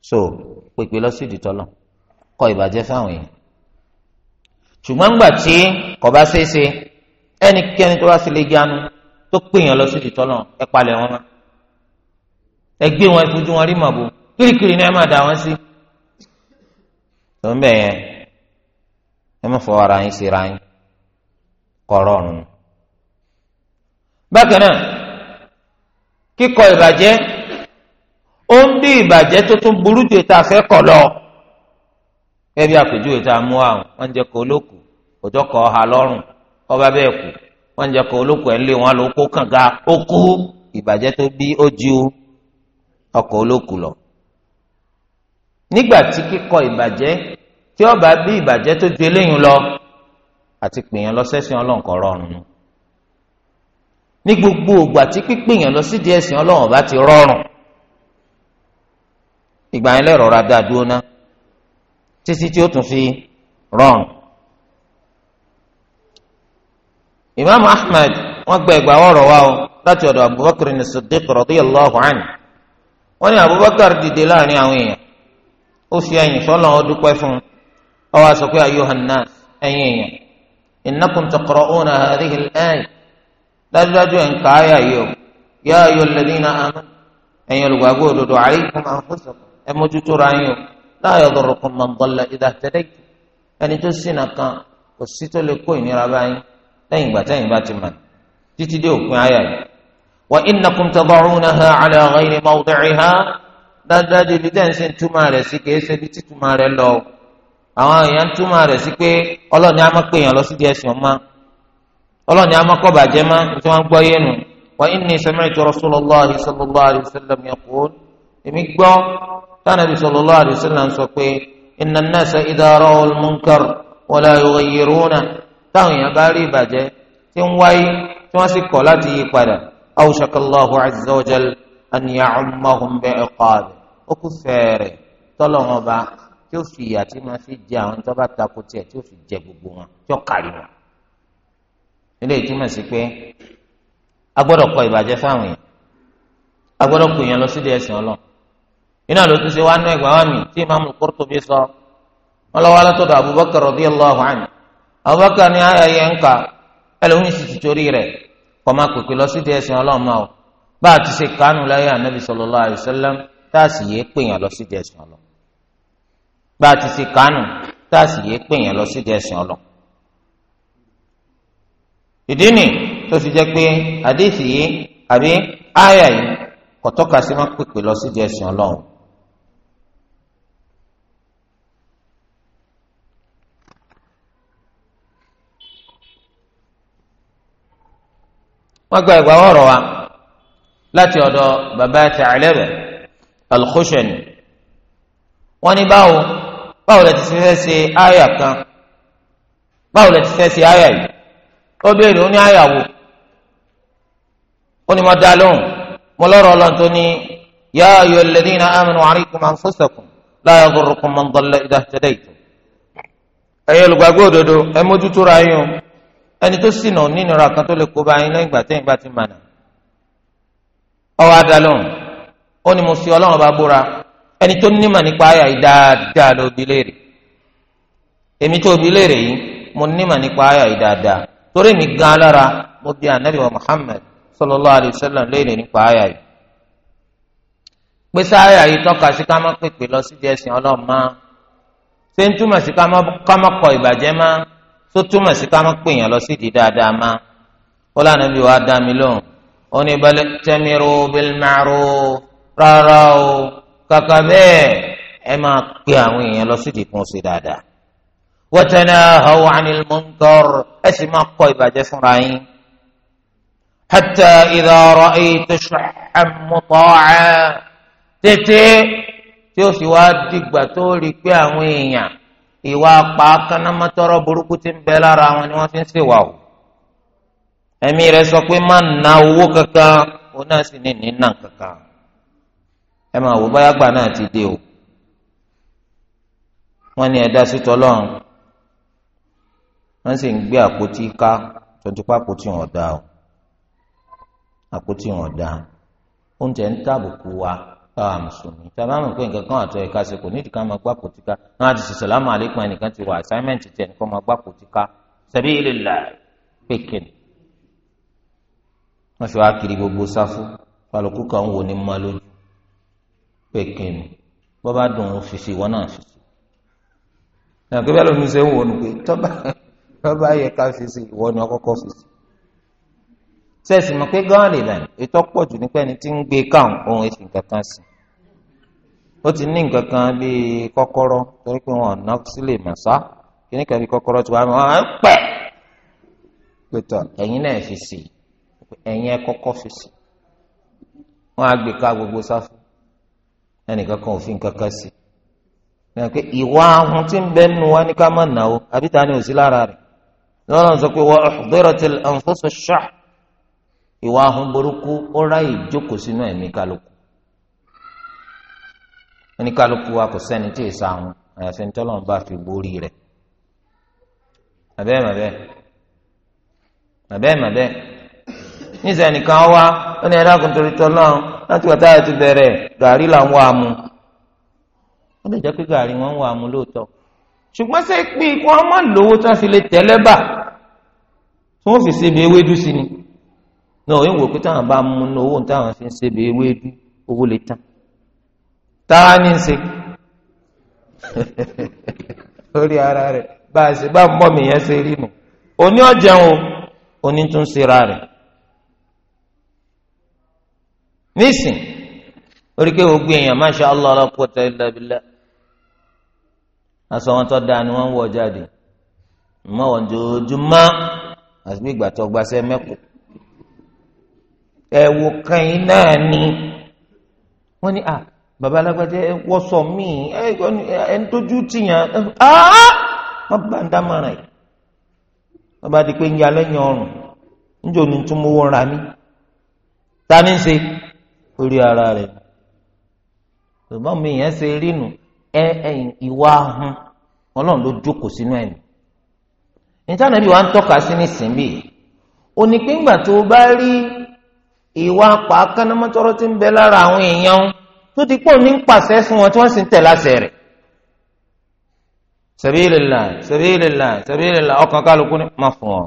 Speaker 1: so pèpè lọ sí ìdìtọ́lọ̀ kọ ìbàjẹ́ fáwọn èèyàn ṣùgbọ́n ńgbà tí kò bá ṣeé ṣe ẹnikẹ́ni tó bá ṣe lè jánu tó pè yàn lọ sí ìdìtọ́lọ̀ ẹ palẹ̀ wọn mọ́ ẹ gbé wọn ìfojú wọn rí màbo kirikiri ni ẹ máa dà wọn sí. tó ń bẹ̀ yẹn ẹ má fọ ara yín sí ra yín. kọ̀rọ̀rùn. bákan náà kíkọ ìbàjẹ́ ó ń bí ìbàjẹ́ tó tún burú ju ètò lọ. ẹbí àpèjúwe tá mú àwọn wọ́n ń kó olókù òjò kọ́ ọ̀hà lọ́rùn kù kó ó kú ọkọ̀ lọ. nígbà tí kíkọ tí àti pèèyàn lọ sẹ́sìn ọlọ́run kọ́ rọrùn nu ní gbogbo ògbà tí pípèèyàn lọ sídìí ẹ̀sìn ọlọ́run ọba ti rọrùn ìgbà yẹn lẹ́rọ̀ ra dúró ná títí tí ó tún fi rọrùn. imaamu ahmed wọ́n gba ẹgbàá láti ọ̀dọ̀ abubakar ní ní abubakar dìde láàrin àwọn èèyàn ó fi ọdún ọ wá إنكم تقرؤون هذه الآية دجاج إنكايا يوم يا أيها الذين آمنوا أن يلقاقول عليكم أنفسكم أمجتر أن لا يضركم من ضل إذا اهتديتم يعني تسنى كان قصيت لكوين رباين تنبا تنبا تمن تتديوكم آية وإنكم تضعونها على غير موضعها دجاج لدنس تمارسي كيسا بتتمارسي àwọn èèyàn ń túmọ̀ rẹ̀ sí pé ọlọ́ọ̀ni á máa pè èèyàn lọ sí díẹ̀ sùn mọ́ ọlọ́ọ̀ni á máa kọ́ bàjẹ́ mọ́ tí wọ́n ń gbọ́ yẹnu wa inni sami'tu rasulullahi sallallahu alayhi wa sallam yaqul èmi gbọ́ tánàbí sallallahu alayhi wa sọ pé inna an-nasa idha ra'u al-munkar wa la táwọn tí ó fi ìyà tí máa fi jẹ àwọn tó bá takò tiẹ̀ tí ó fi jẹ gbogbo wọn tí ó kárí wọn.
Speaker 2: nílé ìtumọ̀ sí pé
Speaker 1: a gbọ́dọ̀ kọ ìbàjẹ́ fáwọn èèyàn a gbọ́dọ̀ kọ èèyàn lọ sídìí ẹ̀sìn ọlọ́run iná ló tún ṣe wá nú ẹgbàá mi tí Imam Qurtubi sọ wọn lọ wá látọ̀dọ̀ Abubakar radiyallahu anhu Abubakar ní ayé yẹn ń kà ẹlòmíín sì ti torí rẹ̀ kọ́ máa pèpè lọ sídìí ẹ̀sìn ọlọ́run máa bá a ti ṣe kánú láyé Ànábì sallallahu alaihi wasallam tá a sì yé pèèyàn lọ sídìí ẹ̀sìn ọlọ́run bá a ti ṣe kánù tá a sì yé pè yẹn lọ sídìí ẹ̀sìn ọlọ. ìdí nì tó fi jẹ́ pé àdéhìí yìí àbí áyà yìí kò sí máa pèpè lọ sídìí ẹ̀sìn ọlọ́run. wọ́n gba ìgbà ọ̀rọ̀ wa láti ọ̀dọ̀ bàbá Ta'alaba al-Khushani wọ́n ní báwo báwo lẹ ti fẹ́ ṣe àyà kan báwo lẹ ti fẹ́ ṣe àyà yìí ó béèrè ó ní àyà wò ó ní mo dá lóhùn mo lọ́rọ̀ ọlọ́run tó ní yá ayọ̀ lẹ́dínà amanu alaykum anfusakum la yadurrukum man dalla idha ihtadaytum ẹ̀yin olùgbàgbọ́ òdodo ẹ mójútó ra yín o ẹni tó ṣìnà nínira kan tó lè kó bá yín lẹ́yìn ìgbà tẹ́yìn mànà ọwọ́ ẹni tó nímọ̀ nípa àyà yìí dáadáa ló bi léèrè èmi tó bi léèrè yìí mo nímọ̀ nípa àyà yìí dáadáa torí mi gan alára mo bi ànábì wa Muhammad sallallahu alayhi wa sallam léèrè nípa àyà yìí pèsè àyà yìí tọ́ka sí ká má pèpè lọ sí díẹ̀ sìn ọlọ́run má ṣé ń túmọ̀ sí ká má kọ ìbàjẹ́ má tó túmọ̀ sí ká má pèèyàn lọ sí ìdí dáadáa má ó lànà bí wàá dá mi lóhùn ó ní balẹ̀ tẹ́mi ro bílmàrú rárá o kàkà bẹ́ẹ̀ ẹ máa pe àwọn èèyàn lọ sí ìdìkún ṣe dáadáa wa tanahaw 'anil munkar ẹ sì máa kọ ìbàjẹ́ fúnra yín hatta idha ra'aytu shuhhan muta'an tètè tí ó sì wá dìgbà tó rí pé àwọn èèyàn ìwà pàákànnàmọ́tọ́rọ burúkú ti ń bẹ lára wọn ni wọ́n fi ń ṣèwà o ẹ̀mí rẹ̀ sọ pé má na owó kankan òun náà sì ní nínà kankan ẹ máa wò báyà gbà náà ti dé o wọ́n ní ẹ̀dá sítọ lọrun wọ́n sì ń gbé àpótí ká tọdúpá àpótí wọn dá o àpótí wọn dá oúnjẹ ń tàbùkù wa káwa mùsùlùmí tàbá mọ̀ pé nǹkan kan àtọ̀ ẹ̀ka ṣe kò nídìí ká máa gbá àpótí ká náà ti sọ̀sọ̀ láàmú àlékún ẹnìkan ti wọ assignment tiẹ̀ nìkan máa gbá àpótí ká sabilillah pékin wọ́n fi wá kiri gbogbo sáfù balùkù kan wò ní mọ́ lójú pé kíni bọ́ bá dùn ún fìsì ìwọ náà fìsì náà kí bẹ́ẹ̀ lómi ṣe ń wò ó pé tọ́ba tọ́ba yẹ ká fìsì ìwọ ni ọkọ́kọ́ fìsì sẹ́ẹ̀sì mọ̀ pé gán lè lẹ́nu ètò pọ̀ jù nípa ẹni tí ń gbé káwọn ohun èsì nǹkan kan sí ó ti ní nǹkan kan bíi kọ́kọ́rọ́ torí pé wọn ọ̀nà sílẹ̀ màsá kíní kan bíi kọ́kọ́rọ́ tí wọ́n á ń pẹ̀ pẹ̀tọ̀ ẹ̀yin náà fi sí ẹ̀yin ẹ̀ kọ́kọ́ fi á gbé ká gbogbo sáfù ẹnìkan kan òfin kankan sí i pé ìwà ahun tí ń bẹ nù wá ní ká má nà ó àbí ta ni ò sí lára rẹ̀ lọ́rọ̀ sọ pé wọ́n uhdiratil anfus shah ìwà ahun burúkú ó ráyè jókòó sínú ẹ̀mí kálukú ẹni kálukú wa kò sẹ́ni tí ì sa ahun àyàfi ń tọ́lọ́run bá fi borí rẹ̀ àbẹ́ẹ̀ màbẹ́ẹ̀ àbẹ́ẹ̀ màbẹ́ẹ̀ níṣẹ́ nìkan wá ó ní ẹ̀dá kan torí tọ́lọ́run láti wọ́n táyà ti bẹ̀rẹ̀ gàrí là ń wá mu ó lè jẹ́ pé gàrí wọn ń wá mu lóòótọ́ ṣùgbọ́n ṣé pé kí wọ́n má lówó tó fi lè tẹ́lẹ̀ bà tí wọ́n fi ṣebi ewédú sí ni náà ìwò pé táwọn bá mú owó táwọn fi ń ṣebi ewédú owó lè tán táwa ní ṣe lórí ara rẹ̀ bá a ṣe bá mọ́ mi yẹn ṣe rí nu oní ọ̀jẹun oní tún ṣe ra rẹ̀. nísìn orí pé gbogbo èèyàn masha Allah la quwwata illa aṣọ wọn tó dáa ni wọ́n wọ jáde mọ́ wọn jòjúmọ́ àti bí ìgbà tó ni a bàbá alágbájá ẹ wọ́sọ̀ míì ẹ tìyàn bá ń yìí bá di pé ń yalẹ́ yan ọrùn orí ara rẹ̀ ṣùgbọ́n mi yẹn ṣe rí nu ẹ ẹ ìwà ahun ọlọ́run ló jókòó sínú ẹ̀mí nítorí bí wàá ń tọ́ka sí nísìnyí ó ní pé ńgbà tó bá rí ìwà pàákánnámọ́tọ́rọ́ tí ń bẹ lára àwọn èèyàn tó ti pọ̀ ní pàṣẹ fún wọn tí wọ́n sì ń tẹ̀ láṣẹ rẹ̀ sabilillah sabilillah sabilillah ọkàn kálukú ni má fún ọ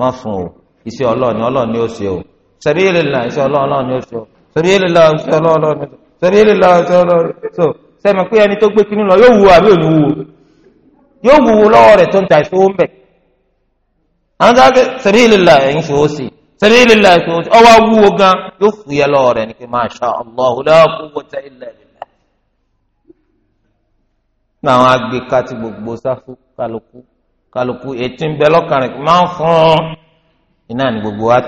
Speaker 1: má fún ọ iṣẹ́ ọlọ́ọ̀ni ọlọ́ọ̀ni ó ṣe o sabilillah iṣẹ́ ọlọ́ọ̀ni ó ṣe o torí èlé lọ ṣe ọlọ́ọ̀lọ́ ni torí èlé lọ ṣe ọlọ́ọ̀lọ́ so sẹ́mi pé ẹni tó gbé kinní lọ yóò wúwo àbí òní wúwo yóò wúwo lọ́wọ́ rẹ̀ tó ń ta ìṣòwò ń bẹ̀ àwọn tó ń gbé sẹ́mi èlé lọ ẹ̀yìn ṣòwò sí i sabilila ìṣòwòsí ọwọ awúwo gan yóò fúyẹ́ lọ́wọ́ rẹ̀ ní kí masha allah la quwwata illa billah. ní àwọn agbèká ti gbogbo sáfù kálukú kálukú ètí ń bẹ máa ń fún un iná ní gbogbo wa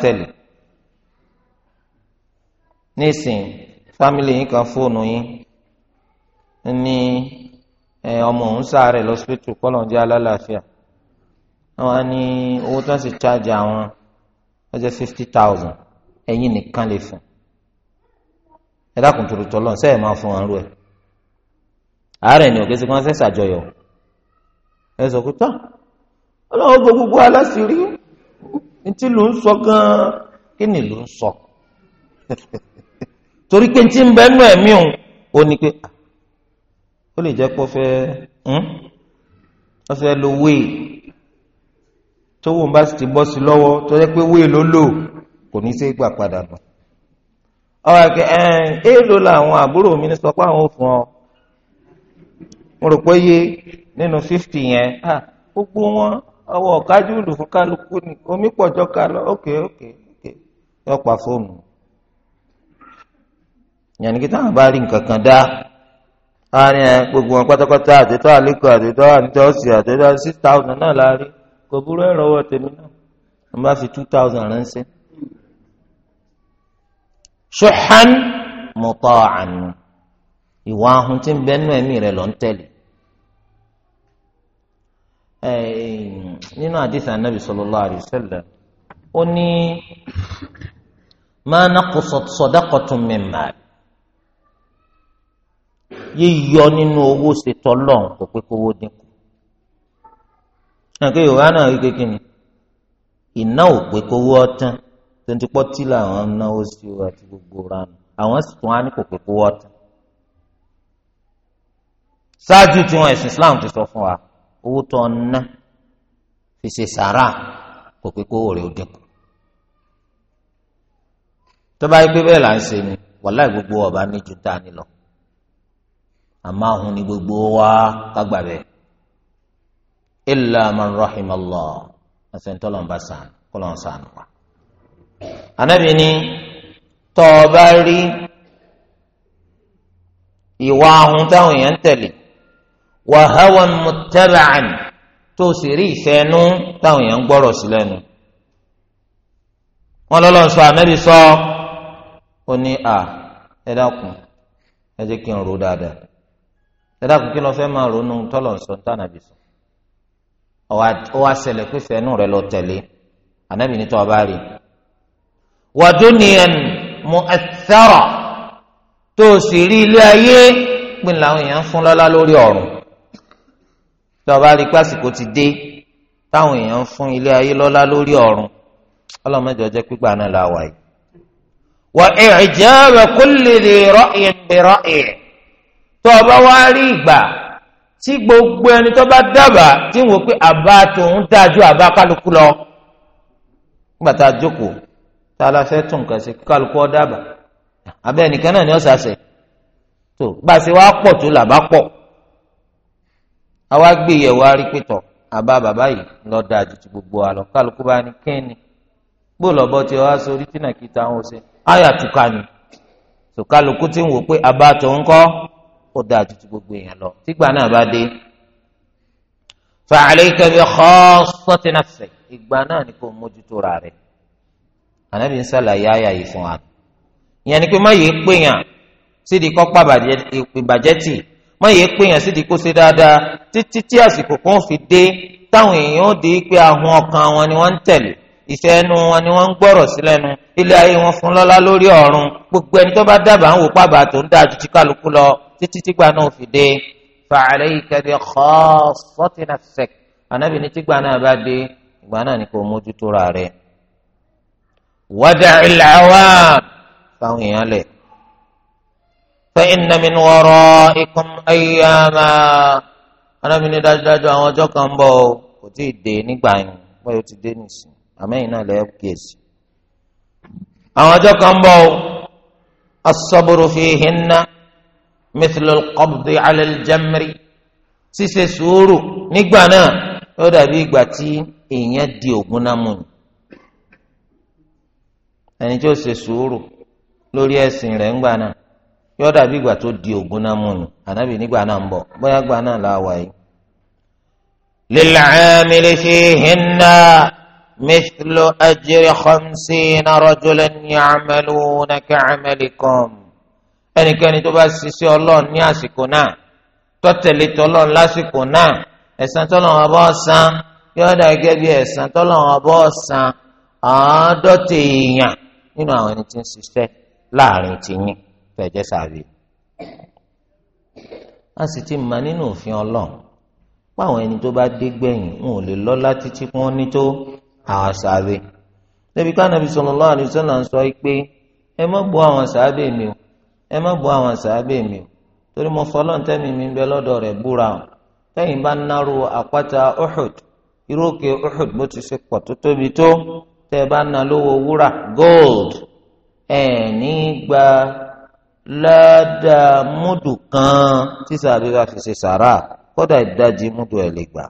Speaker 1: nísìn fámìlì yín kan fóònù yín ní ọmọ òun sáré lọ́sípítù kọ́lọ́njẹ́ alálàáfíà wọ́n ní owó tó ń sì chájà àwọn ọjọ́ fifty thousand ẹ̀yin nìkan lè fún ẹ dákun tòrò sẹ́yìn máa fún wọn rú ẹ̀ àárẹ̀ ni òkè sí kí wọ́n fẹ́ ṣàjọyọ̀ ẹ sọ pé tán ọlọ́run bò gbogbo aláṣìírí ntí ló ń sọ gan-an kí ni ló ń sọ. torí pé tí ń bẹ nú ẹ̀mí o ò ní pé ah, ó lè jẹ́ pé ó fẹ́ hmm? ó fẹ́ lo wéè tówó bá sì ti bọ́ sí lọ́wọ́ tó jẹ́ pé wéè ló lò kò ní í ṣe é gbà padà nù. ọ̀rọ̀ àgbẹ̀ ẹ̀ èèlò làwọn àbúrò mi ní sọ pé àwọn ò fún ọ mo rò pé yé nínú fifty yẹn ah, gbogbo wọn ọwọ́ ọ̀kájú lù fún kálukú ni omi pọ̀jọ́ ká lọ ókè ókè ókè yọ̀pá fóònù. ìyẹn ni kí táwọn bá rí nǹkan kan dá ẹ gbogbo wọn kò burú tèmi náà fi two thousand ṣùhán mọ̀tọ́ àánú ìwà ahun tí ń ẹ̀mí rẹ̀ lọ́n tẹ̀lé. nínú àdìsá nàbì ó ní yíyọ nínú owó ṣètọ́ lọ́hùn kò pé kówó dínkù. ẹnìkan yorùbá náà rí kékeré iná ò pé kówó ọtán tó ń ti pọ́ làwọn náwó sí o àti gbogbo ranu àwọn sì tún á ní kò pé kówó ọtán. ṣáájú tí wọn ẹ̀sìn Islam ti sọ fún wa owó tó ń ná fi ṣe sàrà kò pé kówó rẹ̀ ó dínkù. tó bá pé bẹ́ẹ̀ là ń ṣe ni wàláì gbogbo ọba ní ju tá a ní lọ. àmọ́ àhun ni gbogbo wa kágbà bẹ́ẹ̀ illa man rahimallah asẹ́ntọ́lọ́ ń bá sàn sàn wa. anábì ni tọ́ ọ bá rí ìwà ahun táwọn èèyàn ń tẹ̀lé wa hawan muttaba'an tó sì rí sọ sọ ó ní à ẹ tẹ́lá kò kí lọ fẹ́ máa ronú tọ́lọ̀ sọ tánàbì sọ ọ wá ṣẹlẹ̀ pé fẹ́nu rẹ lọ tẹ̀lé ànábì ní tọ́ba rí wàdúnìyàn mu'aththara tó o sì rí ilé ayé pin làwọn èèyàn ń fún lọ́lá lórí ọ̀run tọ́ba rí pásìkò ti dé táwọn èèyàn ń fún ilé ayé lọ́lá lórí ọ̀run ọlọ́mọdé ọjọ́ pípa náà la yìí wà ẹ̀ ẹ̀ jẹ́ rẹ̀ kulli dhi ra'yin tó o bá wá rí ìgbà tí gbogbo ẹni tó bá dábàá tí wọ́n pé àbá tòun dájú àbá kálukú lọ nígbà tá a jókòó tá a la fẹ́ tún nǹkan sí kálukú ọ dábàá abẹ́ nìkan náà ni ó sàṣẹ tó bá a ṣe wá pọ̀ tó làbá pọ̀ a wá gbé yẹ̀wò arípìtọ̀ àbá bàbá yìí lọ dájú ti gbogbo wa lọ kálukú bá ní kíni gbólọ̀bọ tí wàá sórí tí nàkìtà ń wọ́sẹ̀ ayà túká ni tó kálukú ti ń wò pé àbá tòun kọ́ ó dáa ju ti gbogbo èèyàn lọ tígbà náà bá dé fa alayka bi khassati nafsik ìgbà náà ni kò mójútó ra rẹ̀ ànábì ń sàlàyé àyà yìí fún wa ìyẹn ni pé má yéé péyàn sídìí kọ́ pa ìbàjẹ́ tì má yéé péyàn sídìí kó ṣe dáadáa títí tí àsìkò kan fi dé táwọn èèyàn ó di pé ahun ọkàn wọn ni wọ́n ń tẹ̀lé ìfẹ́ ẹnu wọn ni wọ́n ń gbọ́rọ̀ sí lẹ́nu ilé ayé wọn fún lọ́lá lórí ọ̀run gbogbo ẹni tó bá dábàá ń wò pàbà tó ń dáa ju ti kálukú lọ títí tígbà náà fi dé fàálẹ́ ìkẹ́dẹ́ khaassatina nafsak ànábì ní tígbà náà bá dé ìgbà náà ni kò mójútó ra rẹ̀ wada' al-awam fáwọn èèyàn lẹ̀ fa inna min wara'ikum ayyama ànábì ní dájúdájú àwọn ọjọ́ kan bọ̀ kò tí àmẹ́yìn náà lẹ́yìn kíyèsí. àwọn ọjọ́ kan bọ̀ ọ́ asọ́bùrù fihinna mithlul qabdi ala al-jamri ṣíṣe sùúrù nígbà náà ó dàbí ìgbà tí èèyàn di ògùn náà mú ni ẹni tí ó ṣe sùúrù lórí ẹ̀sìn rẹ̀ ńgbà náà yóò dàbí ìgbà tó di ògùn náà mú ni ànábì nígbà náà ń bọ̀ bóyá gbà náà là wà yìí. lil aamili fihinna. مثل أجر خمسين رجلا يعملون كعملكم ẹnikẹ́ni tó bá ṣiṣẹ́ ọlọ́run ní àsìkò náà tọ́tẹ̀lé tọ́lọ́run lásìkò náà ẹ̀san tọ́lọ́run ọba ọ̀sán yóò dà gẹ́gẹ́ bí ẹ̀san tọ́lọ́run ọba ọ̀sán àádọ́tì èèyàn nínú àwọn ẹni tí ń ṣiṣẹ́ láàrin tìyín fẹ̀jẹ̀ sàbí. a sì ti mọ̀ nínú òfin ọlọ́run pé àwọn ẹni tó bá dé gbẹ̀yìn wọn ò lè lọ́lá títí kí wọ́n ní tó àwọn sàbẹ débi ká nàbí sallallahu alaihi wasallam sọ pé ẹ má bú àwọn sàbẹ mi o ẹ má bú àwọn sàbẹ mi o torí mo fọlọ́ ntẹ́mi mi bẹ lọ́dọ̀ rẹ̀ búra o tẹ́yìn bá náró àpáta Uhud irú òkè Uhud bó ti ṣe pọ̀ tó tóbi tó tẹ́ bá ná lówó wúrà gold ẹ̀ ní gba ládàá múdù kan tí sàbẹ bá fi ṣe sàrà kódà ìdajì múdù ẹ̀ lè gbà.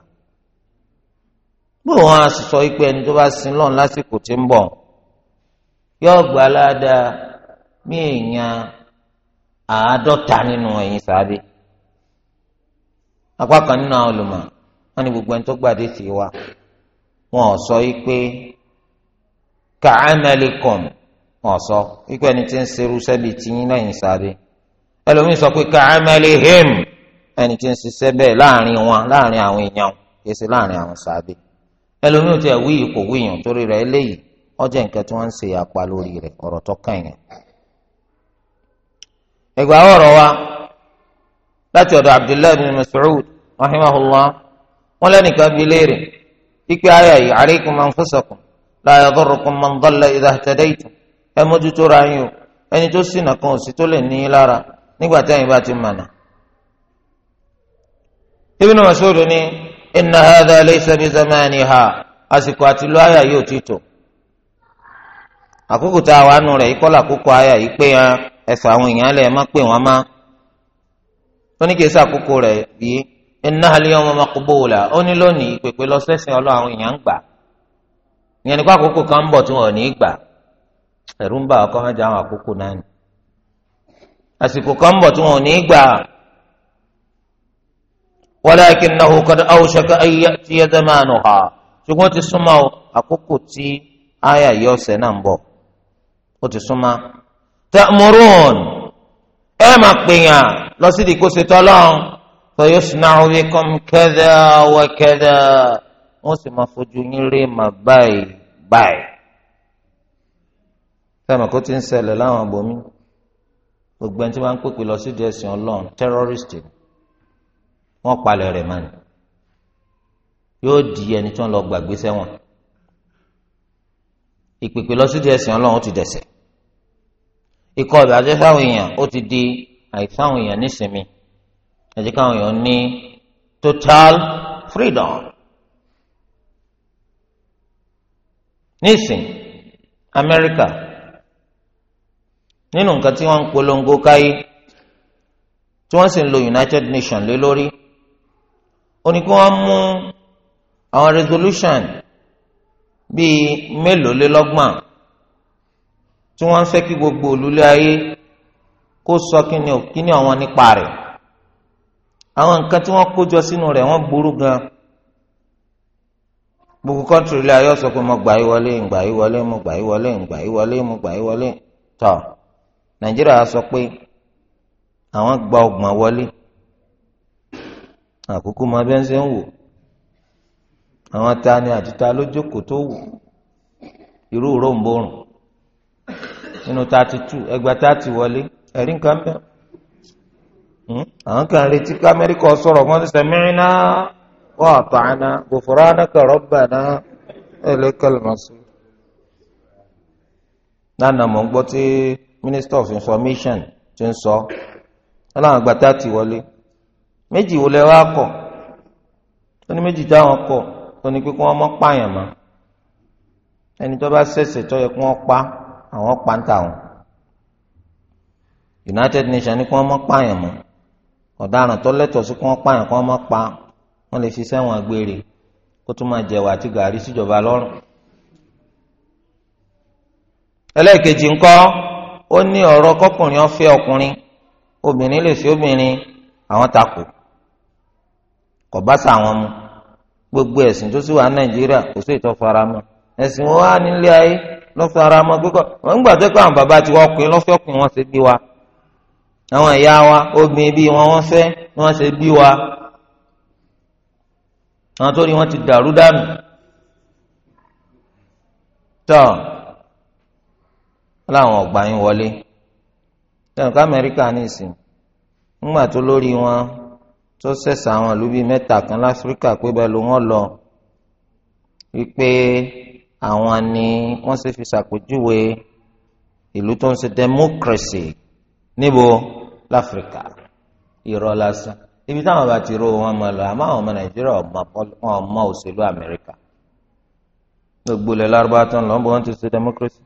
Speaker 1: bó wọn a sọ ikpe ẹni tó bá sin lọ́n lásìkò tí ń bọ̀ yóò gbà ládàá bí èèyàn àádọ́ta nínú wọn ni gbogbo ẹni tó gbàdé sí wa wọn ò sọ pé kàámẹ́lìkọ̀m wọn sọ pé ẹni tí ń serú sẹ́bi tìyín lẹ́yìn sáré ẹlòmíín sọ pé kàámẹ́lìhìm ẹni tí ń ṣiṣẹ́ bẹ́ẹ̀ ẹlòmíràn tí a wí yìí kò wíyàn torí nke eléyìí ọjà nǹkan tí wọ́n ń ṣe apá lórí rẹ̀ ọ̀rọ̀ tó kàn yẹn. ẹgbà ọ̀rọ̀ wa láti ọ̀dọ̀ abdullahi bin mas'ud rahimahullah wọn lẹ́nìkan léèrè yìí la yadurrukum man dalla idha ihtadaytum ẹ mójútó ra yín o ẹni tó kan ò sí tó lè ní í inna hadha laysa bi zamaniha àsìkò àti lọ àyà yóò ti tò àkókò tá a wà ikpe rẹ̀ yìí kọ́lá àkókò àyà yìí pé ẹ̀sọ̀ àwọn èèyàn lẹ̀ má pè wọ́n má tó ní kí ẹ̀sọ̀ àkókò rẹ̀ yìí inna al ó ní lónìí pèpè àwọn èèyàn ń gbà ìyẹn nípa àkókò kan ni àsìkò kan ń tí wọn walakinahu qad awshaka an ya'tiya zamanuha ṣùgbọ́n ti súnmọ́ àkókò tí àyà yìí ọ̀sẹ̀ náà ń bọ̀ ó ti súnmọ́. ta'murun ẹ máa pèèyàn lọ sí ìdíkó ṣètò ọlọ́run fa yusna'u bikum kadha wa kadha wọ́n sì máa fojú yín rí mà báyìí báyìí. sẹ́mi kó ti ń ṣẹlẹ̀ láwọn abòmí gbogbo ẹni tí wọ́n ń pèpè lọ sí ìdí ẹ̀sìn ọlọ́run tẹ́rọ́rìstì ni wọ́n palẹ̀ rẹ̀ mọ́ ni yóò di ẹni tó ń lọ gbàgbé sẹ́wọ̀n ìpèpè lọ sídìí ẹ̀sìn ọlọ́run ó ti dẹ̀sẹ̀ ikọ̀ ọ̀dọ̀ ajẹ́ sáwọn èèyàn ó ti di àìsáwọn èèyàn nísìnyí ẹ jẹ́ káwọn èèyàn ní total freedom nísìn Amẹ́ríkà nínú nǹkan tí wọ́n ń polongo káyé tí wọ́n sì ń lo United Nations lé lórí ó ní kí wọ́n mú àwọn resolution bíi mélòó lé lọ́gbọ̀n tí wọ́n ń fẹ́ kí gbogbo olùlé ayé kó sọ kíni kíni àwọn nípa rẹ̀ àwọn nǹkan tí wọ́n kó jọ sínú rẹ̀ wọ́n burú gan gbogbo kọ́ńtìrì lé ayé ó sọ pé mo gbà yí wọlé ń yí wọlé mo gbà yí wọlé ń yí wọlé mo gbà yí wọlé tọ́ nàìjíríà sọ pé àwọn gba ọgbọ̀n wọlé. àkókò máa bẹ́ẹ̀ ṣe ń wò àwọn ni àtúntà lójókòó tó wò irú ròǹbòrùn nínú thirty two wọlé ẹ̀rí nǹkan bẹ́ẹ̀ hmm? àwọn kan retí ti lánàá mọ̀ ń gbọ́ tí minister of information ti ń sọ ọ́ méjì wo lẹ wá kọ ó ní méjì táwọn kọ ó ní pé kí wọn mọ pààyàn mọ ẹni tó bá ṣẹ̀ṣẹ̀ tó yẹ kí wọn pa àwọn pa ń United Nations ní kí wọn mọ pààyàn mọ ọ̀daràn tó lẹ́tọ̀ọ́ sí kí wọn pààyàn kí wọn mọ pa wọn lè fi sẹ́wọ̀n agbére kó tún máa jẹ̀wà àti gàrí síjọba lọ́rùn ẹlẹ́ẹ̀kejì ńkọ́ ó ní ọ̀rọ̀ kọkùnrin ọ̀fẹ́ ọkùnrin obìnrin lè fi obìnrin àwọn takò kò bá sàwọn mu gbogbo ẹ̀sìn tó sì wà ní nàìjíríà kò sí ìtọ́ fara mọ́ ẹ̀sìn wọn wà nílé ayé lọ́fẹ́ ara mọ́ gbẹ́kọ̀ wọ́n ń gbà tó kọ́ àwọn bàbá tí wọ́n pin lọ́fẹ́ ọkùnrin wọn ṣe bí wa àwọn ìyá wa obìnrin bí wọn wọ́n fẹ́ ni wọ́n ṣe bí wa àwọn tó ní wọ́n ti dàrú dànù tọ́ láwọn ọ̀gbà yín wọlé tẹ̀wọ́n amẹ́ríkà ní ìsìn ńgbà tó lórí wọn tó ṣẹ̀ṣẹ̀ àwọn ìlú bíi mẹ́ta kan láfíríkà pé bẹ́ẹ̀ ló wọ́n lọ wípé àwọn ni wọ́n sì fi ṣàpèjúwe ìlú tó ń ṣe democracy níbo láfíríkà irọ́ lásán ibi táwọn bá ti ró wọn máa lọ àmọ́ àwọn ọmọ nàìjíríà wọn ọmọ òṣèlú amẹ́ríkà gbogbo ilẹ̀ lárúbáwá tó ń lọ ti ṣe democracy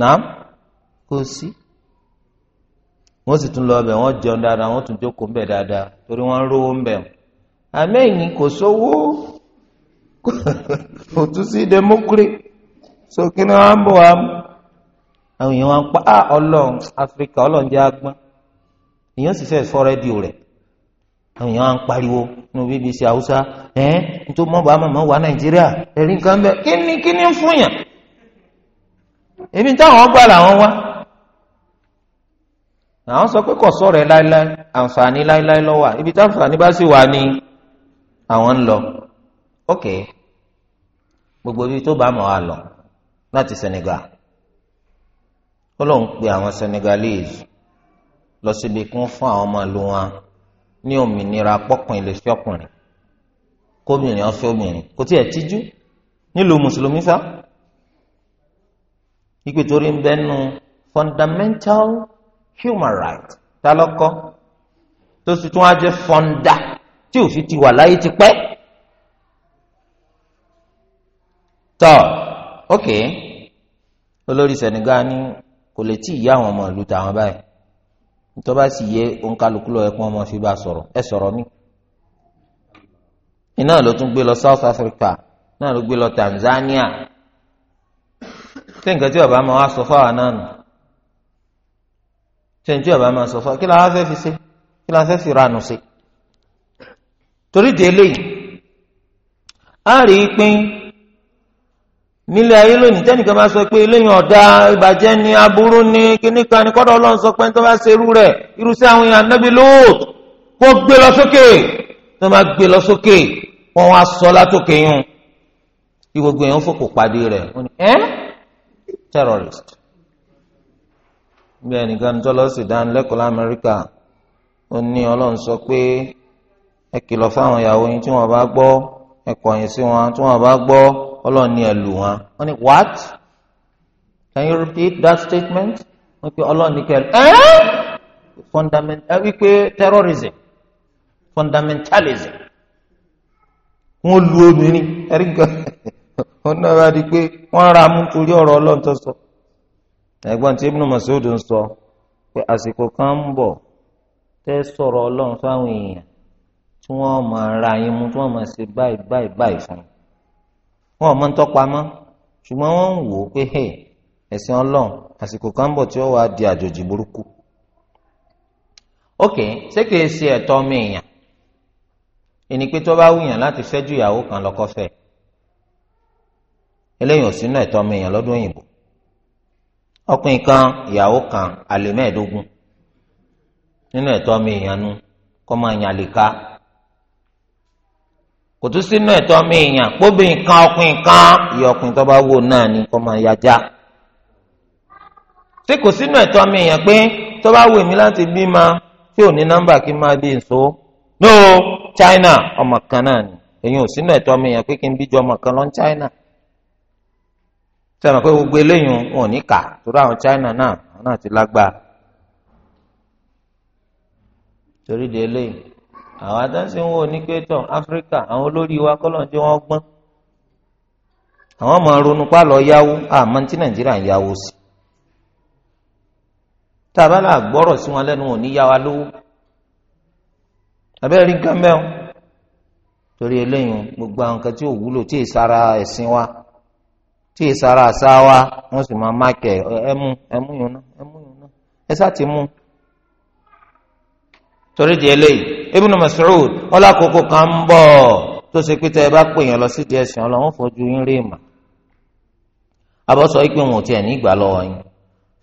Speaker 1: náà kò sí. wọ́n sì tún lọ ọbẹ̀ wọ́n jẹun dáadáa wọ́n tún jókòó ńbẹ̀ dáadáa torí wọ́n ń rówó ńbẹ̀ àmẹ́yìn kò sówó kò tún sí demokiri sókè ni àwọn èèyàn wọn pa ah, ọlọ́run áfíríkà ọlọ́run jẹ́ agbọ́n èèyàn sì fẹ́ fọ́ rédíò rẹ àwọn èèyàn wọn pariwo BBC Haúsá nítorí wà Nàìjíríà nǹkan ń fún yàn èmi táwọn gbà làwọn wá. àwọn sọ pé kò sọ̀rọ̀ ẹ láéláé àǹfààní láéláé ló wà ibi tí àǹfààní bá sì wà ní àwọn ń lọ ok gbogbo ibi tó bá mọ̀ wá lọ láti Senegal ó lóun pe àwọn Senegalese lọ síbi kún fún àwọn ọmọ ìlú wọn ní òmìnira pọ́kùnrin lè fi ọkùnrin kóbìnrin ọ̀fẹ́ obìnrin kò tí ẹ̀ tíjú nílùú mùsùlùmí sá ìpè torí ń bẹ́nu fundamental human right ta lọ́kọ́ tó sì tún wá jẹ́ fọ́ńdà tí òfin ti wà láyé ti pẹ́. tọ́ ok olórí Senegal ní kò lè tí ì yá àwọn ọmọ ìlú tàwọn báyìí nítorí bá sì yẹ òǹkálukú lọ ẹpọn ọmọ fi bá sọ̀rọ̀ ẹ sọ̀rọ̀ mi. iná ló tún gbé lọ South Africa náà ló gbé lọ Tanzania tí nǹkan tí bàbá máa wá sọ fáwọn náà nù sẹ́ńtì ọ̀bá máa sọ fún kí làwọn fẹ́ fi ṣe kí làwọn fẹ́ fi ranù ṣe. torí délé yìí a rí i pín nílé ayé lónìí tẹ́nìkan bá sọ pé eléyìí ọ̀dà ìbàjẹ́ ni aburú ni kíní kan ni kọ́dọ̀ ọlọ́run sọ pé tó bá ṣe irú rẹ̀ irú sí àwọn èèyàn nábì lóòótọ́ kó gbé lọ sókè tó máa gbé lọ sókè wọ́n wá sọ látòkè yún kí gbogbo èèyàn fòkò pàdé rẹ̀ ẹ́ terrorist bí ẹnìkan tó lọ sí ìdánilẹ́kọ̀ọ́ lamẹ́ríkà ó ní ọlọ́run sọ pé ẹ kìlọ̀ fáwọn ìyàwó yín tí wọ́n bá gbọ́ ẹ kọ̀yìn sí wọn tí wọ́n bá gbọ́ ọlọ́run ní ẹ wọn. wọ́n ní what can you repeat that statement? wọ́n pe ọlọ́run ní kẹ́lẹ́ ẹ́ fundament ẹ wípé terrorism fundamentalism wọ́n lu obìnrin ẹ̀rí gan-an ọ̀nà ìwádìí pé wọ́n ra mú torí ọ̀rọ̀ ọlọ́run tó sọ. So ẹ̀gbọ́n tí Ibn Mas'ud ń sọ pé àsìkò kan ń bọ̀ tẹ́ sọ̀rọ̀ Ọlọ́run fáwọn èèyàn tí wọ́n máa ra yín mú tí wọ́n máa ṣe báyìí báyìí báyìí fún un wọ́n máa ń tọpamọ́ ṣùgbọ́n wọ́n ń wò ó pé àsìkò kan ń tí di àjòjì burúkú ok ṣé kìí ṣe ẹ̀tọ́ ọmọ èèyàn ẹni pé tó bá wùyàn láti fẹ́ ìyàwó kan lọ́kọ́ fẹ́ eléyìí ò sínú ọmọ èèyàn ọkùnrin kan ìyàwó kan àlè mẹ́ẹ̀ẹ́dógún nínú ẹ̀tọ́ mi ìyanu kọ́ máa yàn àlè ká kò tún sínú ẹ̀tọ́ mi ìyàn póbìnrin kan ọkùnrin kan ìyà ọkùnrin tó bá wò náà ni kọ́ máa yájá tí kò sínú ẹ̀tọ́ mi ìyàn pé tó bá wù mí láti bí ma tí ò ní nọ́mbà kí n máa bí nso no China ọmọ kan náà ni èyí ò sínú ẹ̀tọ́ mi ìyàn pé kí n bí ju ọmọ kan lọ ní China sẹ́wọ̀n pé gbogbo eléyìí wọn ò ní kà torí àwọn China náà àwọn náà ti lágbára torí de eléyìí àwọn adánsìn wo ní pé Áfíríkà àwọn olórí wa kọ́lọ̀ tí wọ́n gbọ́n àwọn máa ronú pálọ̀ yáwó àmọ́ tí Nàìjíríà ń yáwó sí tàbálà gbọ́rọ̀ sí wọn lẹ́nu òní yá wa lówó abẹ́rẹ́ nǹkan mẹ́wọ́n torí eléyìí gbogbo àwọn kan tí ò wúlò tí ì sara ẹ̀sìn wa tí ìsara àṣà wa wọ́n sì máa máàkì ẹmú ẹmú yìí ná ẹmú yìí ná ti mú. torí di eléyìí Ibn Mas'ud ọlákòókò kan ń bọ̀ tó ṣe pé tẹ ẹ bá pè lọ sí di ẹsìn Ọlọ́run fojú yín rí mà abọ́sọ̀ ìpè wọn ò tiẹ̀ ní ìgbà lọ́wọ́ yín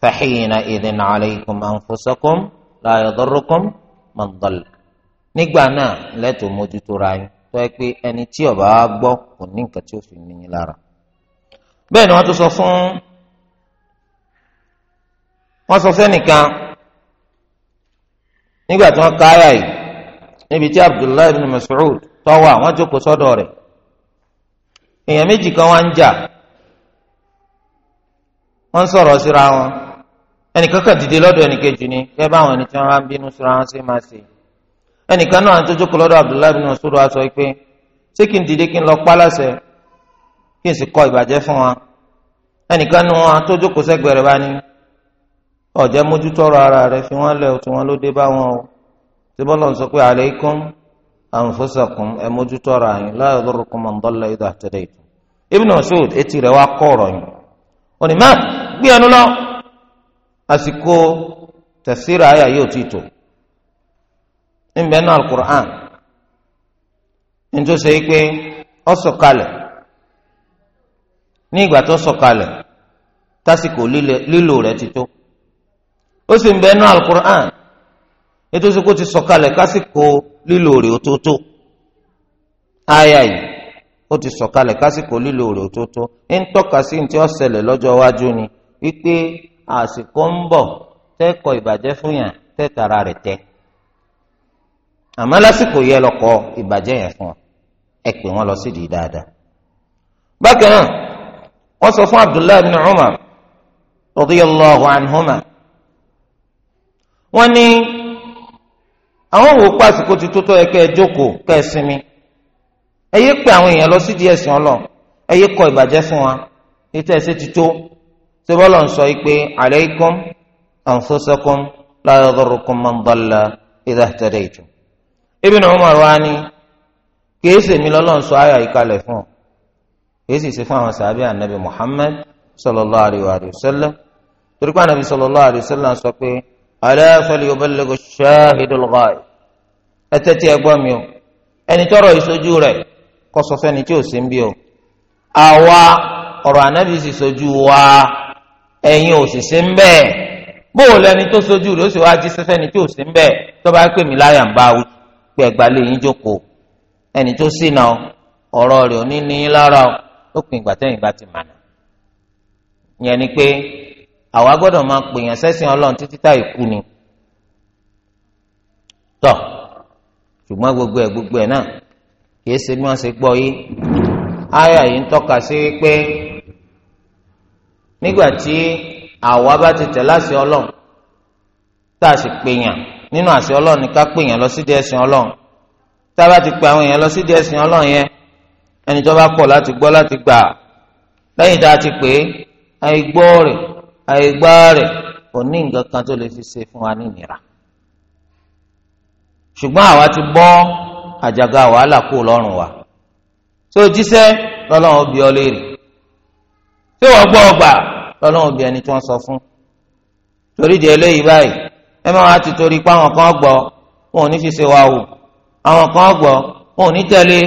Speaker 1: fahina idhin alaykum anfusakum la yadurrukum man dal nígbà náà lẹ́tọ̀ọ́ mójútó ra yín tó yẹ pé ẹni tí gbọ́ kò ní nǹkan tí bẹ́ẹ̀ ni wọ́n tún sọ fún wọ́n sọ fẹ́nìkan nígbà tí wọ́n káyà yìí níbi tí Abdullahi ibn Mas'ud tọ́wà wọ́n jókòó sọ́dọ̀ rẹ̀ èèyàn méjì kan wá ń jà wọ́n ń sọ̀rọ̀ síra wọn ẹnìkan kan dìde lọ́dọ̀ ẹnìkejì ni kẹ́ bá àwọn ẹni tí wọ́n bá ń bínú síra wọn ṣe máa ṣe ẹnìkan náà tó jókòó lọ́dọ̀ Abdullahi ibn Mas'ud wá sọ pé ṣé kí n dìde kí n lọ pa láṣẹ kí èsì kọ ìbàjẹ́ fún wa ẹnìkan nu wọn tó jókòó sẹ́gbẹ̀ẹ́ bá ara rẹ̀ fi wọ́n lẹ̀ tí wọ́n ló dé bá wọn o tí bọ́lá ń sọ pé alaykum anfusakum ẹ mójútọ́rọ̀ àyìn la yadurrukum man dalla idha ihtadaytum Ibn Mas'ud etí rẹ̀ wá kọ́ ọ̀rọ̀ yìí òní má gbé ẹnu lọ àsìkò tafsira yóò ti tò al ní ìgbà tó sọ̀kalẹ̀ tásìkò lílò rẹ̀ ti tó ó sì ń bẹ nú alukur'an ètò ìsìnkú ti sọ̀kalẹ̀ kásìkò lílò rẹ̀ ó tó tó àyà yìí ó ti sọ̀kalẹ̀ kásìkò lílò rẹ̀ ó tó tó ń tọ́ka sí ní tí ó ṣẹlẹ̀ lọ́jọ́ iwájú ni wípé àsìkò ń bọ̀ tẹ́kọ̀ ìbàjẹ́ fún yàn tẹ́tara rẹ̀ tẹ́ àmọ́ lásìkò yẹ lọ́kọ̀ ìbàjẹ́ yẹn fún ọ ẹ pè wọ́n lọ sídìí dáadáa bákan náà wọ́n sọ fún abdullahi bin umar radiyallahu anhuma wọ́n ní àwọn wò pa àsìkò tuntun tó yẹ kẹ́ ẹ jókòó kẹ́ ẹ sinmi ẹ yé pé àwọn èèyàn lọ sí díẹ̀ sí ọlọ ẹ yé kọ ìbàjẹ́ fún wa ètò ẹ̀sẹ̀ ti tó ṣé bọ́lá sọ pé alaykum anfusakum la yadurrukum man dalla idha Umar wa ni kìí sèmi lọ́lọ́ ayọ̀ yìí fún ọ kìí sì ṣe fún àwọn sàbí ànábì Muhammad sallallahu alayhi wa sallam torí pé ànábì sallallahu alayhi wa sallam sọ pé ala falyuballigh ash-shahidul ghaib ẹ tẹ́tí ẹ gbọ́ mi o ẹni tọrọ ìṣojú rẹ̀ kó sọ fẹ́ni tí ò sí ń bí o àwa ọ̀rọ̀ ànábì sì ṣojú wa ẹ̀yin ò sì sí ń bẹ́ẹ̀ bóò lẹni tó ṣojú rẹ̀ ó sì wáá jí sẹ́fẹ́ni tí ò sí ń bẹ́ẹ̀ tó pè mí láyà ń bá wí pé yín jókòó ẹni tó sì náà ọ̀rọ̀ rẹ̀ ò ní ní lára o lópin ìgbà tẹ́yìn bá ti mànà yẹn ni pé àwa gbọ́dọ̀ máa pèèyàn sẹ́sìn ọlọ́run títí táyì kú ni tọ̀ ṣùgbọ́n gbogbo ẹ̀ gbogbo ẹ̀ náà kìí ṣe bí wọ́n ṣe gbọ́ yìí àyà yìí ń tọ́ka sí pé nígbà tí àwa bá ti tẹ̀ láṣẹ ọlọ́run tá a sì pèèyàn nínú àṣẹ ọlọ́run ni ká pèèyàn lọ sídìí ẹ̀sìn ọlọ́run tá a bá ti pe àwọn èèyàn lọ sídìí ẹ̀sìn ọlọ́run yẹn ẹni tó bá kọ̀ láti gbọ́ láti gbà lẹ́yìn tá a ti pè é àìgbọ́ rẹ̀ àìgbá rẹ̀ kò ní nǹkan kan tó lè fi ṣe fún wa ní ìnira ṣùgbọ́n àwa ti bọ́ àjàgà wàhálà kú lọ́rùn wa tó jíṣẹ́ lọ́lọ́run bí ọ léèrè tí wọ́n gbọ́ ọgbà lọ́lọ́run bí ẹni tí wọ́n sọ fún torí di eléyìí báyìí ẹ máa wá ti torí pé àwọn kan gbọ́ wọn ò ní fi ṣe wa wò àwọn kan gbọ́ wọn ò ní tẹ̀lé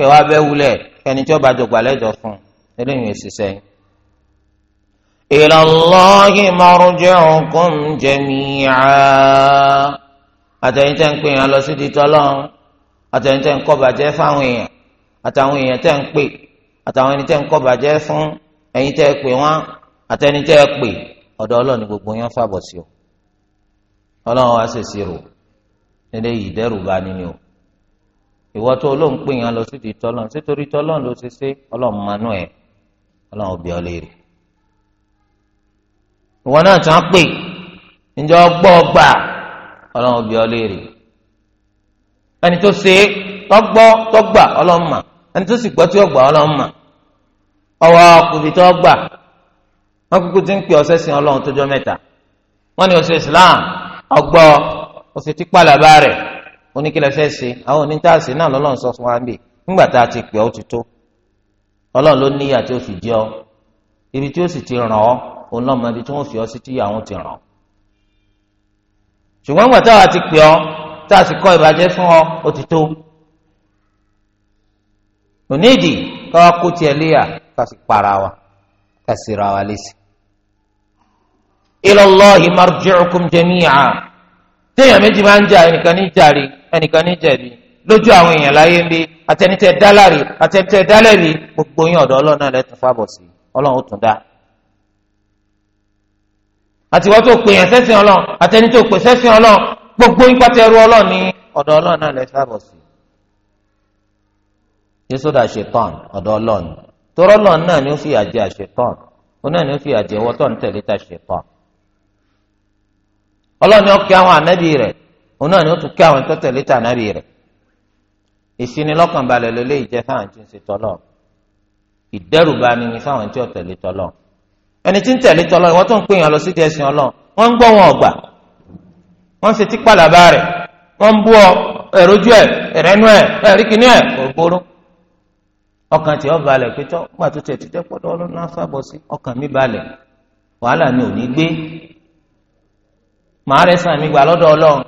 Speaker 1: kẹ wá bẹ́ wulẹ̀ kẹni tí ó bá jọgbà lẹ́jọ́ fún eléyìí èsì sẹ́yìn. ila Allahi marji'ukum jami'a àtẹ̀yìn tẹ́ ń pè yàn lọ sí di tọ́lọ́run àtẹ̀yìn tẹ́ ń kọ́ bàjẹ́ fáwọn èèyàn àtàwọn èèyàn tẹ́ ń pè àtàwọn ẹni tẹ́ ń kọ́ bàjẹ́ fún ẹ̀yin tẹ́ pè wọ́n àtẹni tẹ́ pè ọ̀dọ̀ ọlọ́ọ̀ni gbogbo yẹn fàbọ̀ sí o ọlọ́run wá ṣèṣirò nílé yìí dẹ́rù bá nínú o. ìwọ tó olóhùn pè yàn lọ sídìí tọ́lọ́n sítorí tọ́lọ́n ló ṣe ṣe ọlọ́run manú ẹ̀ ọlọ́run òbí ọ ìwọ náà tán pè ọgbà ọlọ́run òbí ọ ẹni tó ṣe tọ́gbọ́ tọgbà mà ẹni ọgbà mà ọkùnrin tó gbà kúkú ti ń pè sìn tó jọ Islam ọgbọ ọ̀sẹ̀ tí pàlàbà oníkìlẹ̀ fẹ́ ṣe àwọn onítàṣe náà lọ́lọ́run sọ fún wa ń bì tá a ti pè ọ́ ti tó ọlọ́run ló ní ìyà tí ó fi ọ́ ibi tí ó ti ràn ọ́ òun náà mọ ibi tí wọ́n fi ọ́ sí tí ti ràn ọ́ ṣùgbọ́n ńgbà tá a ti pè ọ́ tá a sì kọ́ ìbàjẹ́ fún ọ ó ti tó onídìí káwá kó tiẹ̀ léyà ká sì para wa ká sì ra wa lẹ́sìn. ilallahi marji'ukum téèyàn méjì máa ń jà ẹnìkan ní jàre ẹnìkan ní jẹ̀bi lójú àwọn èèyàn láyé ń bí àtẹnitẹ dálárì àtẹnitẹ dálẹ́bi gbogbo yín ọ̀dọ̀ ọlọ́run náà lẹ́tún fábọ̀ sí ọlọ́run ó tún dá. àtiwọ́ tó pè yàn sẹ́sìn ọlọ́run àtẹnitẹ ò pè sẹ́sìn ọlọ́run gbogbo yín pátá ẹrú ọlọ́run ní ọ̀dọ̀ ọlọ́run náà lẹ́tún fábọ̀ sí. yésùdà ṣetán ọ̀dọ̀ ọlọ́run tọ́rọ́ ọlọ́run náà ni ó fìyà jẹ àṣetán ó náà ni ó fìyà jẹ wọ́tọ́ ń tẹ̀lé ta ṣetán ọlọ́run ni ó kí àwọn ànábì rẹ̀ òun náà ni ó tún kí àwọn tó tà ànábì rẹ̀ ìsinilọ́kànbalẹ̀ lélẹ́yìí jẹ́ tí ń tọ́lọ̀ ni tí ó tẹ̀lé tọ́lọ̀ ẹni tí ń tẹ̀lé tọ́lọ̀ ń pè yàn lọ sí wọ́n ń gbọ́ wọn ọ̀gbà wọ́n ń rẹ̀ wọ́n ń bú ọ ẹ̀rójú ẹ̀ ẹ̀ màá rẹ sàn mí gbà lọ́dọ̀ ọlọ́run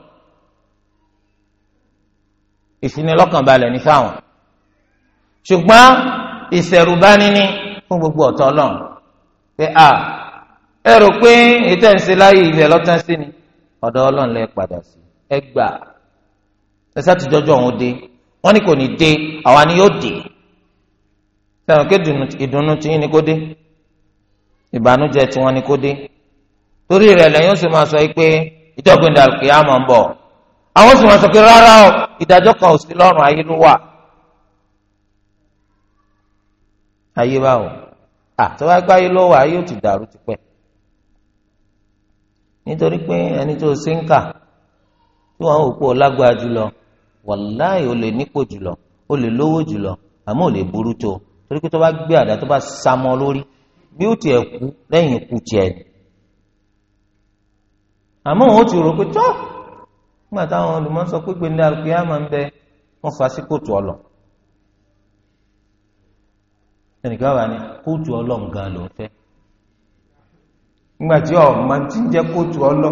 Speaker 1: ìfinilọ́kànbalẹ̀ ní fáwọn ṣùgbọ́n ìṣẹ̀rùbáni ní fún gbogbo ọ̀tọ̀ ọlọ́run pé a ẹ rò pé ètò ẹ̀ǹsẹ̀ láyé ìbẹ̀ lọ́tàn sí ni ọ̀dọ̀ ọlọ́run lẹ padà sí ẹ gbà ẹ sátìjọ́jọ́ òun dé wọ́n ní kò ní dé àwa ni yóò dé sẹ́wọ̀n kí ìdùnnú tí yín ni kó dé ìbànújẹ́ tí ni kó dé torí rẹ̀ lẹ́yìn oṣù máa sọ pé ìjọgbìn dàlùkì á mọ̀ ń bọ̀ àwọn oṣù máa sọ pé rárá o ìdájọ́ kan ò sí lọrùn ayé ló wà. ayé gbáyé ló wà ayé ò ti dàrú nítorí pé ẹni tó ṣe ń kà tí wọn ò lágbára jùlọ wàláì o lè nípò jùlọ o lè lówó jùlọ ò lè burú tó torí àmọ́ òun ti rò pé tó nígbà táwọn olùmọ̀ sọ pé gbẹ̀ndé alùpùpù ń bẹ wọ́n fa sí kóòtù ọlọ ẹnìkan wà ní kóòtù ọlọ nǹkan ló ń fẹ́ nígbà tí ọmọ ti ń jẹ kóòtù ọlọ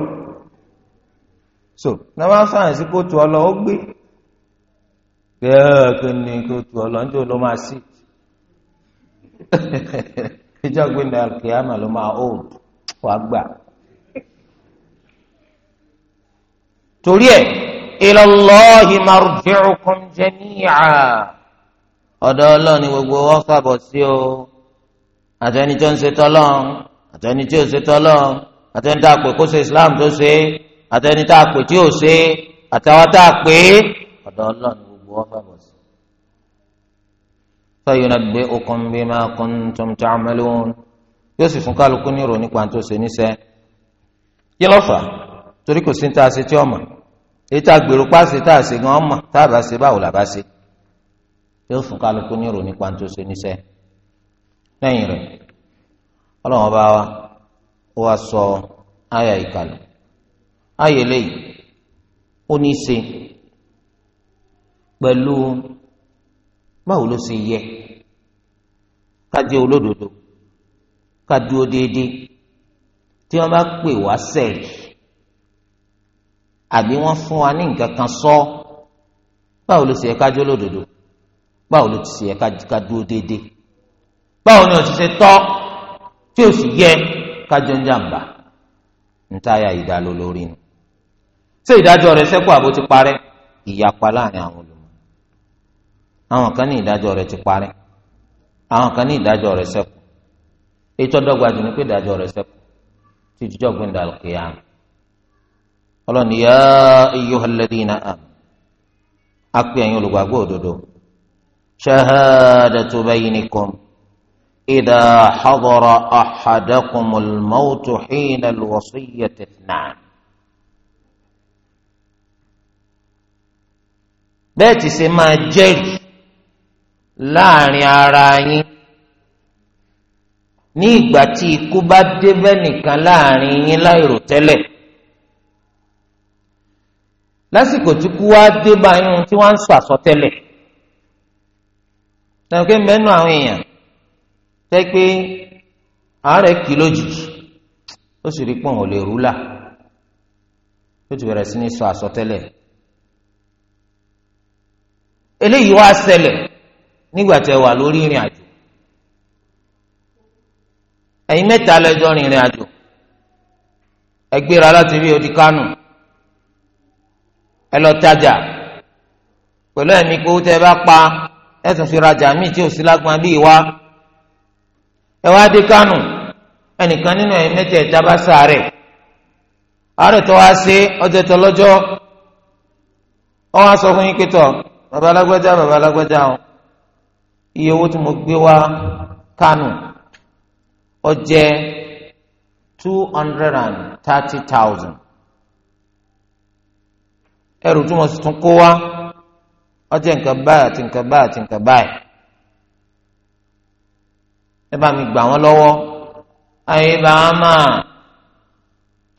Speaker 1: so náà wọ́n sàn sí kóòtù ọlọ ó gbé kẹ́ẹ̀kẹ́ ní kóòtù ọlọ nítorí ló máa sí ìjọba gbẹ̀ndé alùpùpù ló máa hold wàá gbà. torí ẹ ilallahi marji'ukum jami'a ọ̀dọ̀ Ọlọ́run ni gbogbo wọn fàbọ̀ sí o àtẹni tó ń ṣe tọlọ́run àtẹni tí ò ṣe tọlọ́run àtẹni tá a pè kó ṣe islam tó ṣe àtẹni tá a pè tí ò ṣe àtàwọn tá a pè ọ̀dọ̀ Ọlọ́run ni gbogbo wọn fàbọ̀ sí. sayunabbi'ukum bima kuntum ta'malun yóò sì fún kálukú ní ìròyìn pàǹtó ṣe níṣẹ́ kí ló fà á torí kò sí ní tá a ṣe tí ọmọ èyí tá a gbèrò pa ṣe tá a ṣe gan ọmọ tá a bá ṣe báwo là bá ṣe yóò fún kálukú ní ìròyìn nípa tó ṣe níṣẹ́ lẹ́yìn rẹ̀ Ọlọ́run bá wa ó wá sọ àyà ìkàlẹ̀ àyà eléyìí ó ní í ṣe pẹ̀lú báwo ló ṣe yẹ ká jẹ́ olódodo ká dúró déédéé tí wọ́n bá pè wá sẹ́yìn àbí wọ́n fún wa ní nǹkan kan sọ báwo ló sì yẹ ká jó lódodo báwo ló ti sì yẹ ká dúró déédéé báwo ni òtítẹ tọ́ tí ò sì yẹ ká jọ ń jàǹbá ntáyà ìdálò lórí nu
Speaker 2: ṣé ìdájọ́ rẹ̀ ṣẹ́kù àbó ti parẹ́
Speaker 1: ìyapa láàrin àwọn olùmọ̀ àwọn kan ní ìdájọ́ rẹ̀ ti parẹ́ àwọn kan ní ìdájọ́ rẹ̀ ṣẹ́kù ètò ọdọgba jù ní pé ìdájọ́ rẹ̀ ṣẹ́kù títí jọgbìn dàlùkìyàmù ọlọ́ni yá ayyuhal ladina am apẹ ẹ̀yin olùgbàgbọ́ òdodo shahadatu baynikum idha hadara ahadakumul mawtu hina alwasiyyati ithnan. bẹ́ẹ̀ ti ṣe máa jẹ́rìí láàrin ara yín ní ìgbà tí ikú bá dé nìkan láàrin yín láìròtẹ́lẹ̀. La lásìkò tí kú wá dé bá irun tí wọ́n ń sọ àsọtẹ́lẹ̀ náà pé mẹ́nu àwọn èèyàn tẹ́ pé àárẹ̀ kì lójijì ó sì rí pọ́n ò lè rú là ó ti bẹ̀rẹ̀ sí ní sọ àsọtẹ́lẹ̀ eléyìí wá ṣẹlẹ̀ nígbà tẹ́ wà lórí ìrìn àjò ẹ̀yin mẹ́ta lẹ́jọ́ rìnrìn àjò ẹ láti bí odi kánò ẹ lọ tajà pẹ̀lú ẹ̀mí pé ó tẹ́ bá pa ẹ tún fi rajà míì tí ò sí lágbọn bíi wá ẹ wá dé kánò ẹnìkan nínú ẹ̀yin mẹ́tẹ̀ẹ̀ta bá sàárẹ̀ àárẹ̀ tó wá sí ọjọ́ tó lọ́jọ́ ọ wá sọ fún yín pé tọ̀ bàbá alágbájá bàbá alágbájá o iye owó tí mo gbé wá kánò ó two hundred and thirty thousand ẹrù tí mo sì tún kó wá wọ́n jẹ́ nǹkan báyìí àti nǹkan báyìí àti nǹkan báyìí ẹ bá mi gbà wọ́n lọ́wọ́ ayé bá a máa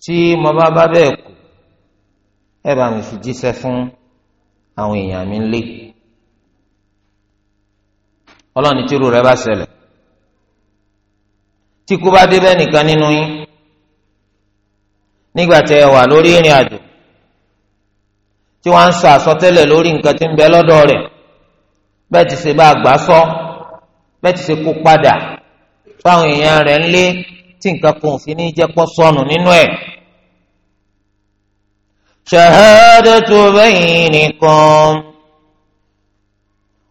Speaker 1: tí mo bá bá bẹ́ẹ̀ kú ẹ bá mi fi jíṣẹ́ fún àwọn èèyàn mi lé ọlọ́ni tí irú rẹ bá ṣẹlẹ̀ tí kú bá dé nìkan nínú yín nígbà tẹ ẹ wà lórí ìrìn àjò tí wọ́n ń sọ àsọtẹ́lẹ̀ lórí nǹkan tí ń bẹ lọ́dọ̀ rẹ̀ bẹ́ẹ̀ ti ṣe bá àgbà sọ bẹ́ẹ̀ ti ṣe kó padà fáwọn èèyàn rẹ̀ ń lé tí nǹkan kan òfin ní jẹ́ pọ́ sọnù nínú ẹ̀. shahadatu baynikum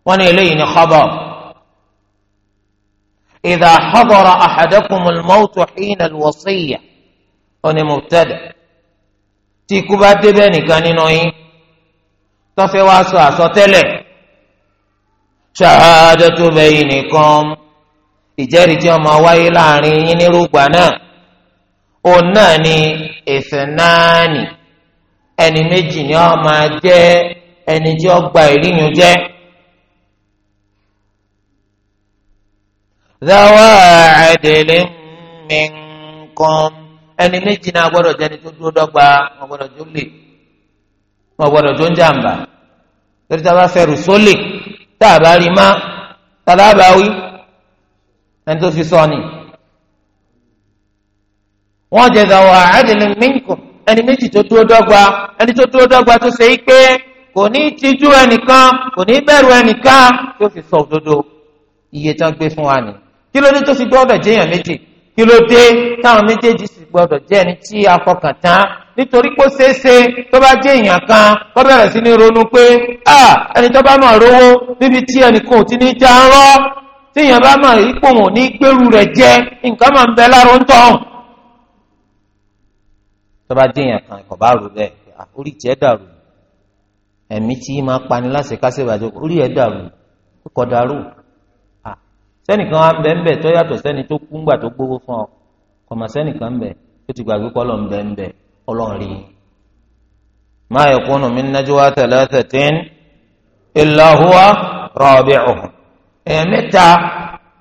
Speaker 1: wọ́n ní eléyìí ní khabar idha hadara ahadakumul mawtu hina alwasiyya ó tí ikú bá débẹ̀ nìkan nínú yín. tọ́fẹ́ wá sọ àsọtẹ́lẹ̀ ṣahadatu nìkan. ìjẹ́rìí tí ọmọ wáyé láàrin yín nírúgba náà òun náà ni nì. ẹni méjì ni ọ máa jẹ́ ẹni tí ó gba ìríyìn jẹ́. dáwọ́ àdèlè minkum ẹni méjì náà gbọ́dọ̀ jẹ́ni tó dúró dọ́gba wọn gbọ́dọ̀ jó lè. wọn gbọ́dọ̀ tó ń jàǹbá torí tá a bá fẹrù sólè tá a bá rí má tá a bá wí ẹni tó fi sọ ni. wọn jẹ zàwọ àádìlẹ mínkù ẹni méjì tó dúró dọ́gba ẹni tó dúró dọ́gba tó ṣe é pé kò ní tijú ẹnìkan kò ní bẹ̀rù ẹnìkan tó fi sọ òdodo iye tán gbé fún wa ni kí ló dé tó fi gbọ́dọ̀ jẹyàn méjì kí ló dé táwọn méjèèjì sì gbọ́dọ̀ jẹ ẹni tí a fọkàn tán nítorí pé ṣeéṣe tó bá jẹ́ èèyàn kan kó bẹ̀rẹ̀ sí ní ronú pé à ẹni tó bá máa rówó níbi tí ẹnìkan ò ti ní já ń rọ́ tí èèyàn bá máa rí pòun ò ní gbèrú rẹ̀ jẹ nǹkan máa ń bẹ lára ń tọ̀hún. tó bá jẹ́ èèyàn kan kò bá rò bẹ́ẹ̀ orí tiẹ̀ dàrú ẹ̀mí tí máa pani láṣẹ káṣẹ́ ìbàjẹ́ orí ẹ̀ dàrú kò dàrú sẹ́nìkan bẹ́ẹ̀ bẹ́ẹ̀ tó yàtọ̀ sẹ́ni tó kú ńgbà tó gbówó fún ọ kọ̀mọ̀ sẹ́nìkan bẹ́ẹ̀ tó ti gbàgbé kọ́ lọ́n bẹ́ẹ̀ bẹ́ẹ̀ ọlọ́run rí i. ma yakunu min najwa thalathatin illa huwa rabi'uhum. èèyàn mẹ́ta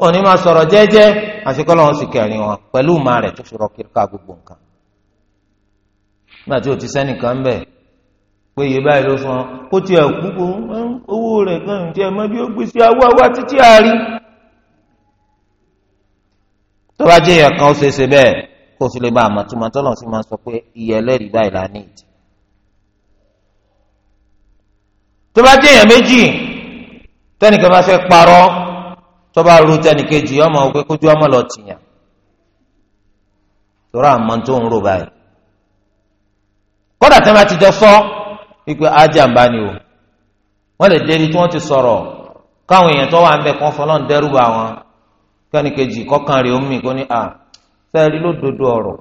Speaker 1: òní máa sọ̀rọ̀ jẹ́jẹ́ àti kọ́lọ́run sì kẹrin wọn pẹ̀lú ìmọ̀ rẹ̀ tó fi rọ kíríkà gbogbo nǹkan. nígbà tí o sẹ́nìkan bẹ̀ pé iye báyìí ló fún ọ kó tiẹ̀ kúkú owó rẹ̀ kan tiẹ̀ mọ bí ó gbé sí awọ́ títí àárín. tó bá jẹ́ èèyàn kan ó ṣeé ṣe bẹ́ẹ̀ kó o fi lè bá àmọ́ tó máa tọ́lọ̀ sí máa sọ pé iye ẹlẹ́rìí báyìí la ní ìdí. tó bá jẹ́ èèyàn méjì tẹ́nìkan bá fẹ́ parọ́ tó bá ru tẹ́nìkejì ọmọ òkè kójú ọmọ lọ tìyàn tó rà àmọ́ tó ń rò báyìí. kódà tí wọ́n ti jọ sọ wípé ajáǹbá ni o wọ́n lè débi tí wọ́n ti sọ̀rọ̀ káwọn èèyàn tó wà ń bẹ kán fọlọ́n dẹ́rù bá wọn kẹ́nìkejì kọ́kànrin kò ní à. sẹ́ẹ̀rí lódodo ọ̀rọ̀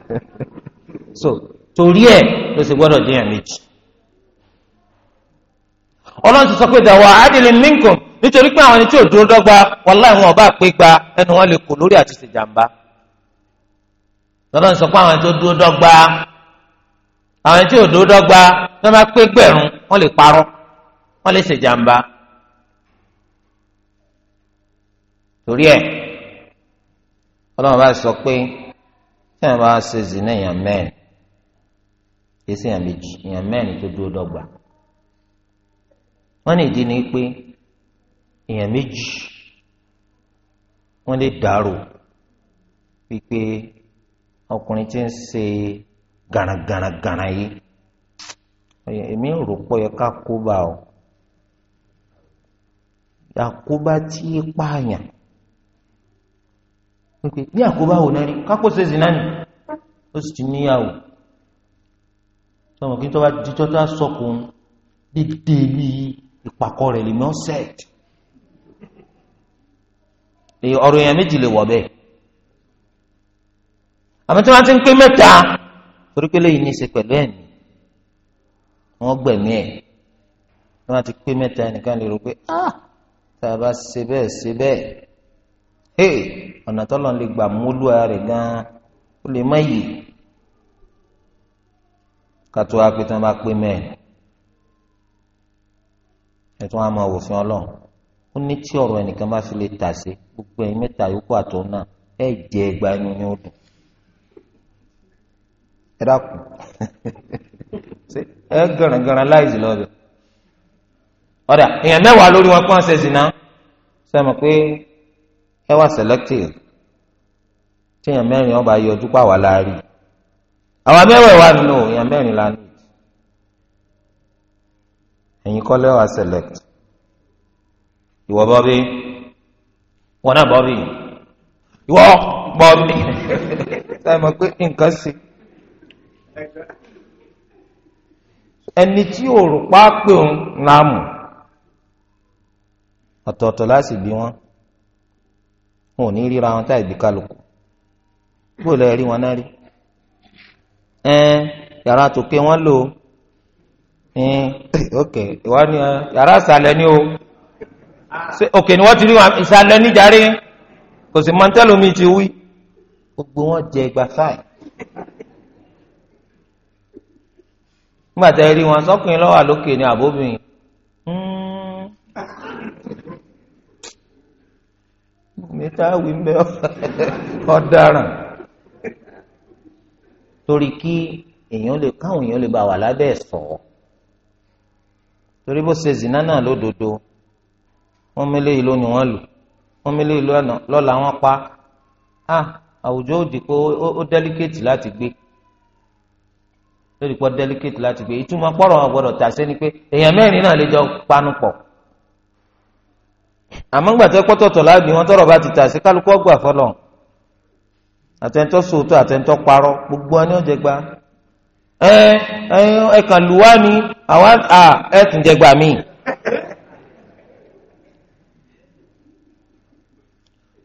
Speaker 1: so torí ẹ̀ ló sì gbọ́dọ̀ dín ẹ̀ méjì ọlọ́run ti sọ pé dàwọ̀ àádìlẹ̀ minkum nítorí pé àwọn ẹni tí ò dúró dọ́gba wàláhì wọn ọba gba ẹnu wọn lè kó lórí àti ṣèjàmbá ọlọ́run bá sọ pé tí wọ́n bá ṣe zina èèyàn mẹ́rin kìí ṣe méjì èèyàn mẹ́rin tó dúró dọ́gba wọ́n ní ìdí ni pé èèyàn méjì wọ́n lè wípé ọkùnrin ti ń ṣe gàràngàràngàrà yìí èmi rò pọ̀ yẹ ká o tí pé ní àkóbá wò lẹ́rí kápò ṣe zina ni ó sì ti níyàwó sọmọ kí n tó bá jíjọ́ tó sọkùn dídé bí ìpàkọ́ rẹ̀ lèmi ọ̀sẹ̀ ọ̀rọ̀ èèyàn méjì lè wọ̀ bẹ́ẹ̀ àmọ́ tí wọ́n ti ń pé mẹ́ta torí pé lẹ́yìn ní í ṣe pẹ̀lú ẹ̀mí wọ́n gbẹ̀mí ẹ̀ tí wọ́n ti pé mẹ́ta ẹnìkan lè rò pé ah tá a bá ṣe bẹ́ẹ̀ ṣe bẹ́ẹ̀. hey ọ̀nà tọ́lọ̀ lè gbà múlùú rẹ̀ gan-an ó lè má yìí kàtó wa bá pé mẹ́rin ẹ̀tún wa máa ọlọ́run ó ọ̀rọ̀ ẹnìkan bá fi lè tà sí gbogbo ẹ̀yin mẹ́ta yòókù àtọ̀ náà ẹ̀ jẹ́ ẹgbàá inú ni ó dùn ẹ dákun ẹ gànàgànà láìsí lọ́dọ̀ lórí wọn kó ṣe sí náà ẹ wá selective tíyàn mẹ́rin ọba yọjú pàwọ́ láàrí àwọn mẹ́wẹ̀ẹ̀wá nínú èèyàn mẹ́rin la ní ẹ̀yin kọ́ lẹ́wà select ìwọ bọ́ bí wọn náà bọ́ bí ìwọ bọ́ bí táyà mọ̀ pé nǹkan sí ẹni tí òrùpá pè ń láàmú ọ̀tọ̀ọ̀tọ̀ láti bí wọn wọn ò ní ríra wọn táì bí kálukú bó lè rí wọn náà rí ẹ yàrá tòkè wọn lò ẹ ok ìwà ni yàrá ìsàlẹ̀ ni o ok ni wọ́n ti rí wọn ìsàlẹ̀ níjàre kò sì mọ́tẹ́lómi ti wí gbogbo wọn jẹ ìgbà fáì. nígbà tá a rí wọn sọkùnrin lọ́wọ́ àlókè ni àbóbìnrin hmm mẹ́tàwí ń bẹ ọ̀daràn torí kí èèyàn lè káwọn èèyàn lè bá wà lábẹ́ ẹ̀sọ́ torí bó ṣe zìnnà náà lódodo wọ́n mélé ìlú ni wọ́n lù wọ́n mélé ìlú lọ́la wọ́n pa á ah, àwùjọ òdì pé ó dẹ́líkéètì láti gbé lórí pọ́ dẹ́líkéètì láti gbé ìtumọ̀ pọ́rọ̀ wọn gbọ́dọ̀ tà sí ni pé èèyàn mẹ́rin náà lè jọ panu pọ̀. àmọ́ngbàtọ́ pọ́tọ̀tọ̀ láàbì wọn tọrọ bá ti tà sí kálukú ọgbà fọlọ́ àtẹ̀ntọ́ sòótọ́ àtẹ̀ntọ́ gbogbo wọn ni ó jẹ gba ẹ ni àwa à ẹ tún jẹ gba mí.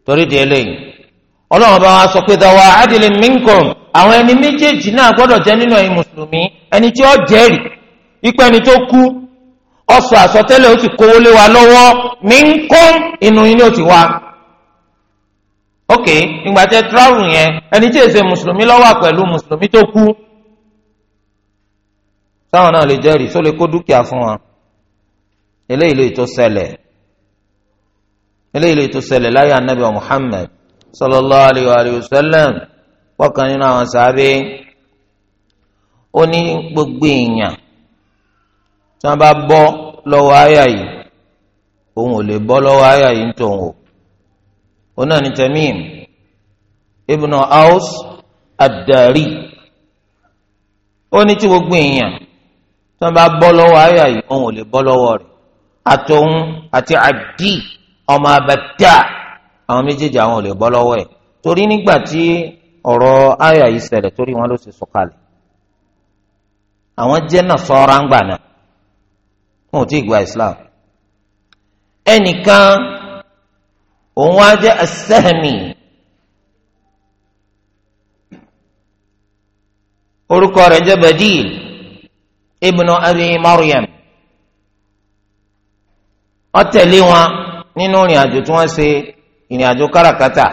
Speaker 1: torí di eléyìí ọlọ́run bá wa sọ pé dáwọ́ adìlẹ̀ minkum àwọn ẹni méjèèjì náà gbọ́dọ̀ jẹ́ nínú ẹ̀yin mùsùlùmí ẹni tí ọsọ àsọtẹ́lẹ̀ ó ti kówó lé wa lọ́wọ́ mí ń kó inú yín ni ó ti wá. ok ìgbà tẹ travel yẹn ẹni tí èsè mùsùlùmí lọ́wọ́ pẹ̀lú mùsùlùmí tó kú táwọn náà lè jẹ́rìí só lè kó dúkìá fún wa eléyìí lè tó ṣẹlẹ̀ eléyìí lè tó ṣẹlẹ̀ láyé anabi Muhammad sallallahu alayhi wa alayhi wa sallam wọ́n kan nínú àwọn sábẹ́ ó gbogbo èèyàn tí wọ́n bá bọ́ lọ́wọ́ àyà yìí òun ò lè bọ́ lọ́wọ́ àyà yìí ń tòun o òun náà ní Tamim ibn Aus Ad-Dari ó ní tí gbogbo èèyàn tí wọ́n bá bọ́ lọ́wọ́ àyà yìí òun ò lè bọ́ lọ́wọ́ rẹ̀ àtòun àti Abdi ọmọ Abatta àwọn méjèèjì àwọn ò lè bọ́ lọ́wọ́ ẹ̀ torí nígbà tí ọ̀rọ̀ àyà yìí ṣẹlẹ̀ torí wọn ló ṣe sọ̀kalẹ̀ àwọn jẹ́ náà sọ́ra ń gbà náà wọn ò tí ì gba islam ẹnìkan òun wá jẹ́ asẹ́hìmì orúkọ rẹ̀ jẹ́ badil ibnu abi maryam ó tẹ̀lé wọn nínú ìrìn àjò tí wọ́n ṣe ìrìn àjò káràkátà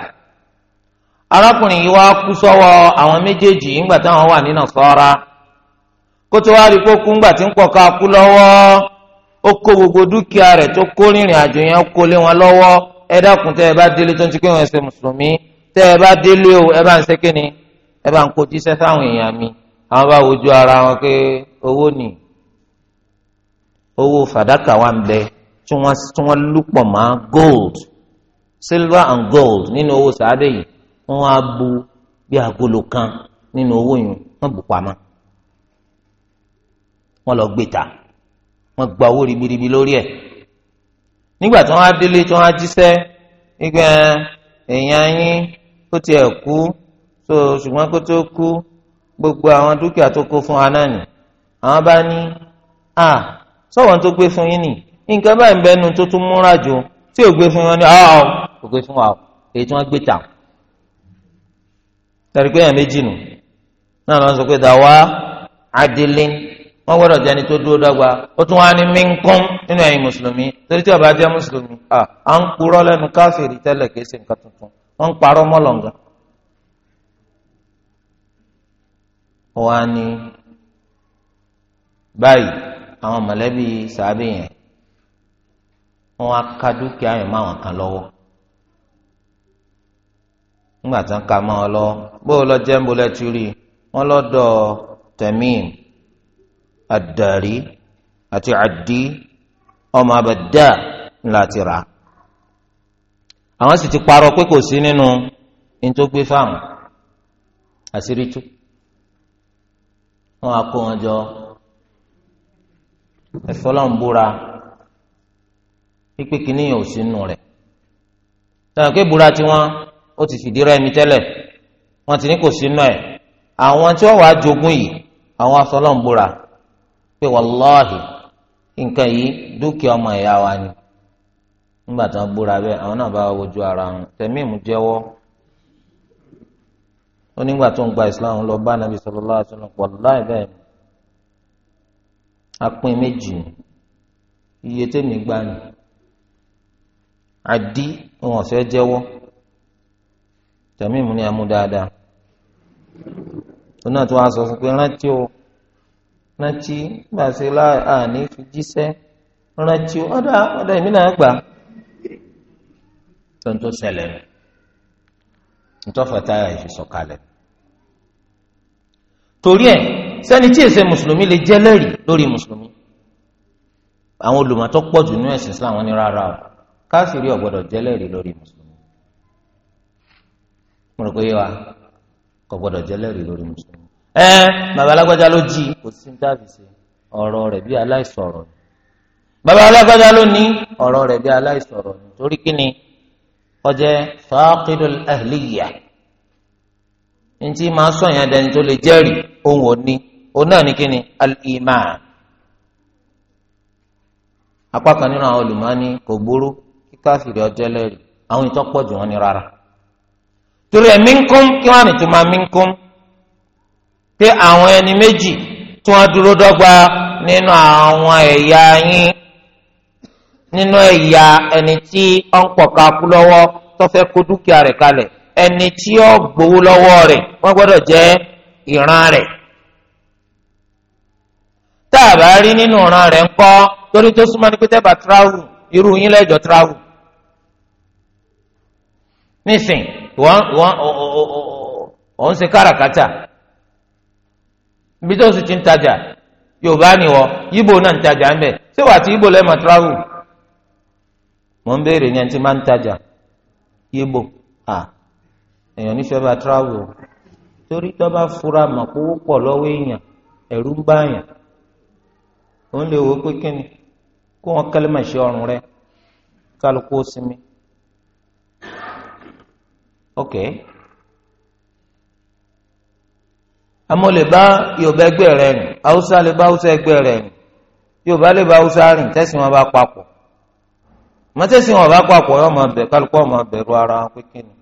Speaker 1: arákùnrin yìí wá kú sọ́wọ́ àwọn méjèèjì ńgbà táwọn wà nínú sọ́ra kótó wá rí kó kú ńgbà tí ń pọ̀ ká kú lọ́wọ́. ó kó gbogbo dúkìá rẹ̀ tó kó rìnrìn àjò yẹn kó lé wọn lọ́wọ́ ẹ dákun tẹ́ ẹ bá délé tó ń ti pé wọn ṣe mùsùlùmí tẹ́ ẹ bá délé o ẹ bá ń ṣe kíni ẹ bá ń kó jíṣẹ́ sáwọn èèyàn mi àwọn bá wojú ara wọn pé owó ni owó fàdákà wà ń bẹ tí wọ́n tí wọ́n lúpọ̀ mọ́ gold silver and gold nínú owó sàádé yìí wọ́n á bu bí agolo kan nínú owó yìí wọ́n bù pamọ́ wọ́n lọ gbé ta wọ́n gba owó ribiribi lórí ẹ̀ nígbà tí wọ́n á délé tí wọ́n á jíṣẹ́ gbígbẹ èèyàn yín kó tiẹ̀ kú so ṣùgbọ́n kó tó kú gbogbo àwọn dúkìá tó kó fún wa náà nì àwọn bá ní à sọ̀wọ́n tó gbé fún yín nì nǹkan báyìí ń bẹnu tó tún múra jù tí ò gbé fún wọn ní ọ̀ ò gbé fún wa èyí tí wọ́n gbé tà tàbí pé èèyàn méjì nù náà lọ́n sọ pé dàwa adilin wọn gbọdọ jẹ́ ẹni tó dúró dọ́gba ó tún wá ní mínkún nínú ẹ̀yin mùsùlùmí torí tí ó a jẹ́ mùsùlùmí à ń purọ́ lẹ́nu káfíìrì tẹ́lẹ̀ kìí ṣe nǹkan tuntun wọ́n ń parọ́ mọ́lọ̀ǹgà. á ní báyìí àwọn mọ̀lẹ́bí sàábì ka dúkìá yẹn máwọn kan nígbà tí ka máwọn bó àdàrí àti àdí ọmọ abẹ́dá ńlá ti rà. àwọn sì ti parọ́ pé kò sí nínú nítògbé fáwọn àṣírí tú wọn á kó wọn jọ ẹ̀fọ́ lọ́n búra pípé kínní yẹn ò sínú rẹ̀ sọ̀rọ̀ pé búra tiwọn ó ti fìdí rẹ̀ mi tẹ́lẹ̀ wọn ti ní kò sínú ẹ̀ àwọn tí wọ́n wàá jogún yìí àwọn afọlọ́n búra. pé wàláhì nǹkan yìí dúkìá ọmọ ìyá wa ni nígbà tí wọn búra àwọn náà bá wojú ara wọn tẹmíìmù jẹwọ ó nígbà tó ń gba islam lọ bá nàbí apin iye tẹmí gbà ni ni dáadáa ó náà tó rántí gbàṣẹ láì àní fi jíṣẹ́ rántí ọdọ ọdọ èmi náà gbà tó ń tó ṣẹlẹ̀ nù ntọ́fà táyà ìfisọ̀kalẹ̀ torí ẹ̀ sẹ́ni tí èsè mùsùlùmí lè jẹ́ lẹ́rìí lórí mùsùlùmí àwọn olùmọ̀tọ́ pọ̀ jù nínú ẹ̀sìn Islam wọn ní rárá o káfíìrì ọ̀gbọ́dọ̀ jẹ́ lẹ́rìí lórí mùsùlùmí mo rò pé yẹ wa kò gbọ́dọ̀ jẹ́ lẹ́rìí lórí mùsùlùmí. ẹ bàbá alágbájá ló jí kò sí dábì sí ọ̀rọ̀ rẹ̀ bí aláìsọ̀rọ̀ ni bàbá alágbájá ló ní ọ̀rọ̀ rẹ̀ bí aláìsọ̀rọ̀ ni torí kí ni ọjẹ fàákìlù ahliya ntí máa sọ yẹn dẹni tó lè jẹ́rìí ohun òní òun náà ní kí ni al-iman apá kan nínú àwọn olùmọ́ni kò burú kí káfíìrì ọjọ́ lẹ́rìí àwọn ìtọ́pọ̀ jù wọ́n ní rárá torí ẹ̀ minkum kí wọ́n á nìtúmọ̀ minkum pé àwọn ẹni méjì tí wọ́n dúró dọ́gba nínú àwọn ẹ̀yà yín nínú ẹ̀yà ẹni tí ó ń pọ̀ka kú lọ́wọ́ tó fẹ́ kó dúkìá rẹ̀ kalẹ̀ ẹni tí ó gbowó lọ́wọ́ rẹ̀ wọ́n gbọ́dọ̀ jẹ́ ìran rẹ̀ tá a bá rí nínú ìran rẹ̀ ńkọ́ torí tó súnmọ́ ní pé bá travel irú yín lẹ́jọ́ travel nísìn wọ́n wọ́n ò ń ṣe káràkátà ibi tó sì ti ń tajà yorùbá nìwọ yíbo náà ń tajà ń bẹ ṣé wàá ti yíbo lẹ́mọ̀ travel mò ń béèrè ní ẹni máa ń torí dọ́bà fura mọ̀ kó pọ̀ lọ́wọ́ èèyàn ẹ̀rú ń báyàn òun lè wò pé kíni kó wọn kẹlẹ́mọ̀ ṣe ọrùn rẹ kálukú ó sinmi àmọ́ lè bá yorùbá ẹgbẹ́ rẹ̀ rìn haúsá lè bá haúsá ẹgbẹ́ rẹ̀ rìn yorùbá lè bá haúsá rìn tẹ́sí wọn bá papọ̀ mọ́tẹ́sí wọn bá papọ̀ yóò máa bẹ̀ kálukú máa bẹ̀rù ara wọn pé kí ni.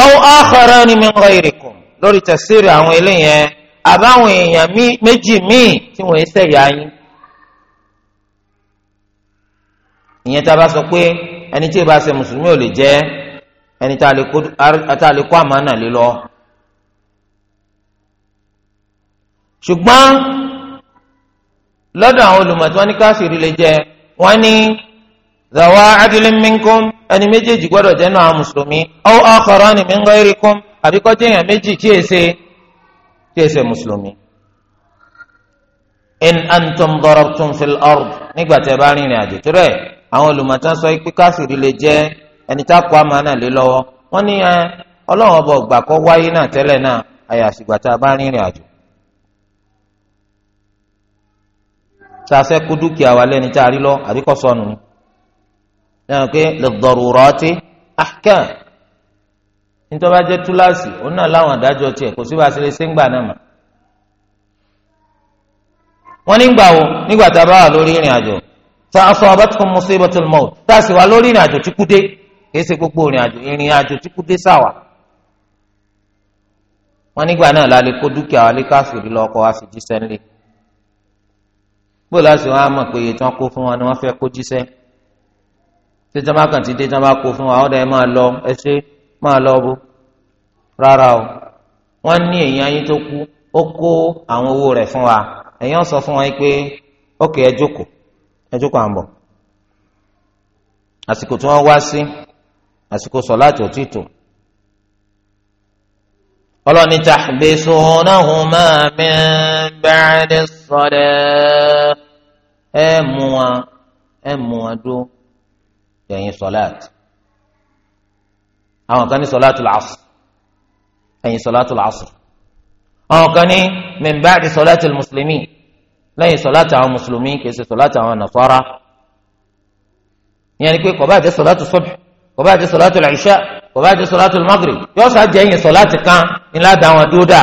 Speaker 1: àwọn akharani min ghayrikum lórí tẹ̀síìrì àwọn eléyẹn àbáwọn èèyàn méjì míì tí wọ́n ń sẹ̀yà yín. ìyẹn tá a bá sọ pé ẹni tí ì bá ṣe mùsùlùmí ò lè jẹ́ ẹni tá a lè kó àmánà lé lọ. ṣùgbọ́n lọ́dọ̀ àwọn olùmọ̀tí wọn ní káfíìrì lè jẹ wọn ní zawa adilin minkum ẹni méjèèjì gbọ́dọ̀ jẹ́ náà mùsùlùmí aw akharani min ghayrikum àbíkọ́ jẹ́yàn méjì tí èsè tí èsè mùsùlùmí in antum darabtum fil ard nígbà tí ẹ bá rìnrìn àjò tó rẹ àwọn olùmọ̀tán sọ pé káfíìrì lè jẹ́ ẹni tá a kó àmánà lé lọ́wọ́ wọ́n ní ẹ ọlọ́run ọba ọgbà kọ́ wáyé náà tẹ́lẹ̀ náà wa lẹ́ni tá a rí lọ àbí kọ́ sọnù ni. lẹ́yìn pé nítorí túláàsì òun náà láwọn àdájọ́ tiẹ̀ kò sí bá a ṣe lè ṣe ń gbà náà wọ́n nígbà wo nígbà tá a bá wà lórí ìrìn àjò tá a asabatkum musibatul maut kìí ṣe gbogbo ìrìn àjò ìrìn àjò tí kú dé sáwà wọn nígbà náà la lè kó dúkìá wa lé káfíìrì lọ ọkọ wa fi jíṣẹ́ ńlẹ̀ gbọ́dọ̀ láti wọn á mọ̀ pé iye tí wọ́n kó fún wọn ni wọ́n fẹ́ kó jíṣẹ́ tí tí wọ́n bá kàn ti dé tí wọ́n bá kó fún wa ọ̀dọ̀ ẹ máa lọ ẹ ṣe máa lọ bó rárá o wọ́n ní èyàn ayé tó kú ó kó àwọn owó rẹ̀ fún wa èyàn sọ fún wọn pé ókè ẹ jókòó ẹ jókòó à ń àsìkò tí wọ́n wá sí àsìkò sọláàtì ò tíì tó ọlọ́ni tahbisunahuma min ba'di s-salah ẹ mú wa ẹ mú wa dó ẹ̀yìn sọláàtì àwọn kan ní sọláàtì làásù ẹ̀yìn sọláàtì làásù àwọn kan ní min ba'di sọláàtì mùsùlùmí lẹ́yìn sọláàtì àwọn mùsùlùmí kì í ṣe sọláàtì àwọn nàṣọ́ra yẹn ni pé kọ̀ bá jẹ́ sọláàtì sọ́dù kò bá jẹ́ sọ̀látù làìṣà kò bá jẹ́ sọ̀látù maghrib yóò sá jẹ́ yẹn sọ̀látù kan ńlá da wọn dúdà.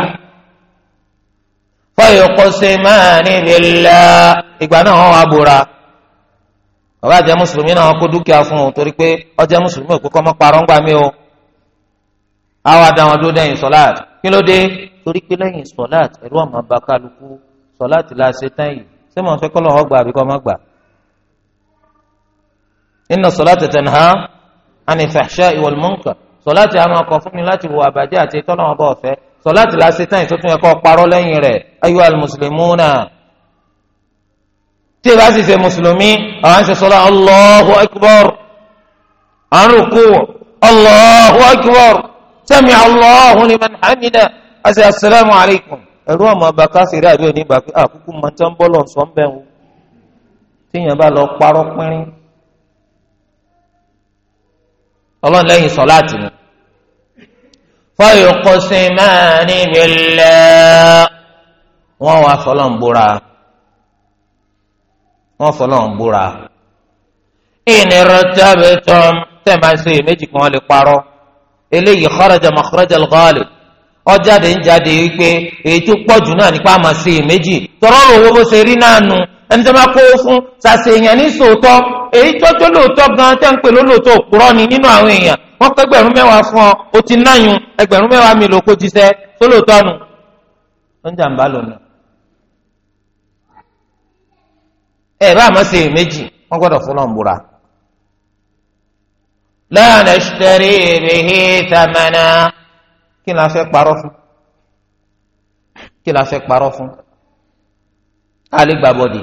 Speaker 1: fayuqsimani billah ìgbà náà wọn wá bora kò bá jẹ́ mùsùlùmí náà wọn kó dúkìá fún un torí pé ó mùsùlùmí òkú kọ́ mọ́ parọ́ ńgbà mi o àwọn àdáwọn dúdà yìí sọ̀látù kí ló dé torí pé lẹ́yìn sọ̀láàtì ẹ̀rú ọ̀mà bá kálukú sọ̀láàtì la ṣe tán yìí ṣé màá fẹ́ kọ́ lọ́wọ́ gbà àbí kọ́ má gbà. inna salata tanha ani fahsha'i wal munkar sọláàtì àwọn ọkọ̀ fún mi láti wo àbàjẹ́ àti tọ́nà ọba ọ̀fẹ́ sọláàtì láti tán ìtútù ẹ̀kọ́ parọ́ lẹ́yìn rẹ̀ ayyuha al-muslimuna tí ẹ bá sì ṣe mùsùlùmí àwọn ń ṣe sọlá Allahu akbar àwọn rúkú Allahu akbar sami Allahu liman hamida àti asalaamu alaykum ẹ̀rú ọmọ ọba káfíìrì àdúrà ní pé àkúkú mọ̀tán bọ́lọ̀ sọ́ńbẹ̀wò tíyẹn ọlọ́run lẹ́yìn sọ̀láàtì ni. fayuqsimani billah wọ́n wá fọlọ́n búra wọ́n fọlọ́n búra. inirtabtum tẹ̀másì méjì kan lè parọ́ eléyìí kharaja makhrajal ghalib ọjáde ń jáde wípé èyí tó pọ̀jù náà nípa àmàṣe méjì tọ́rọ́ lówó bó ṣe rí náà nù ẹni tó máa kó o fún sàṣèyàn ní sòótọ́ èyí tó tó lóòótọ́ gan tẹ́ ń pè lólóòótọ́ òpùrọ́ ni nínú àwọn èèyàn wọ́n kọ́ ẹgbẹ̀rún mẹ́wàá fún ọ o ti náyùn ẹgbẹ̀rún mẹ́wàá mi lòókó jíṣẹ́ tó lóòótọ́ nù ó ń jàǹbá lòun. ẹ bá àmọ́ ṣe méjì wọ́n gbọ́dọ̀ fún náà búra. la nashtari bihi thamana kí la fẹ́ parọ́ fún kí la fẹ́ parọ́ fún àlégbàbọ̀dì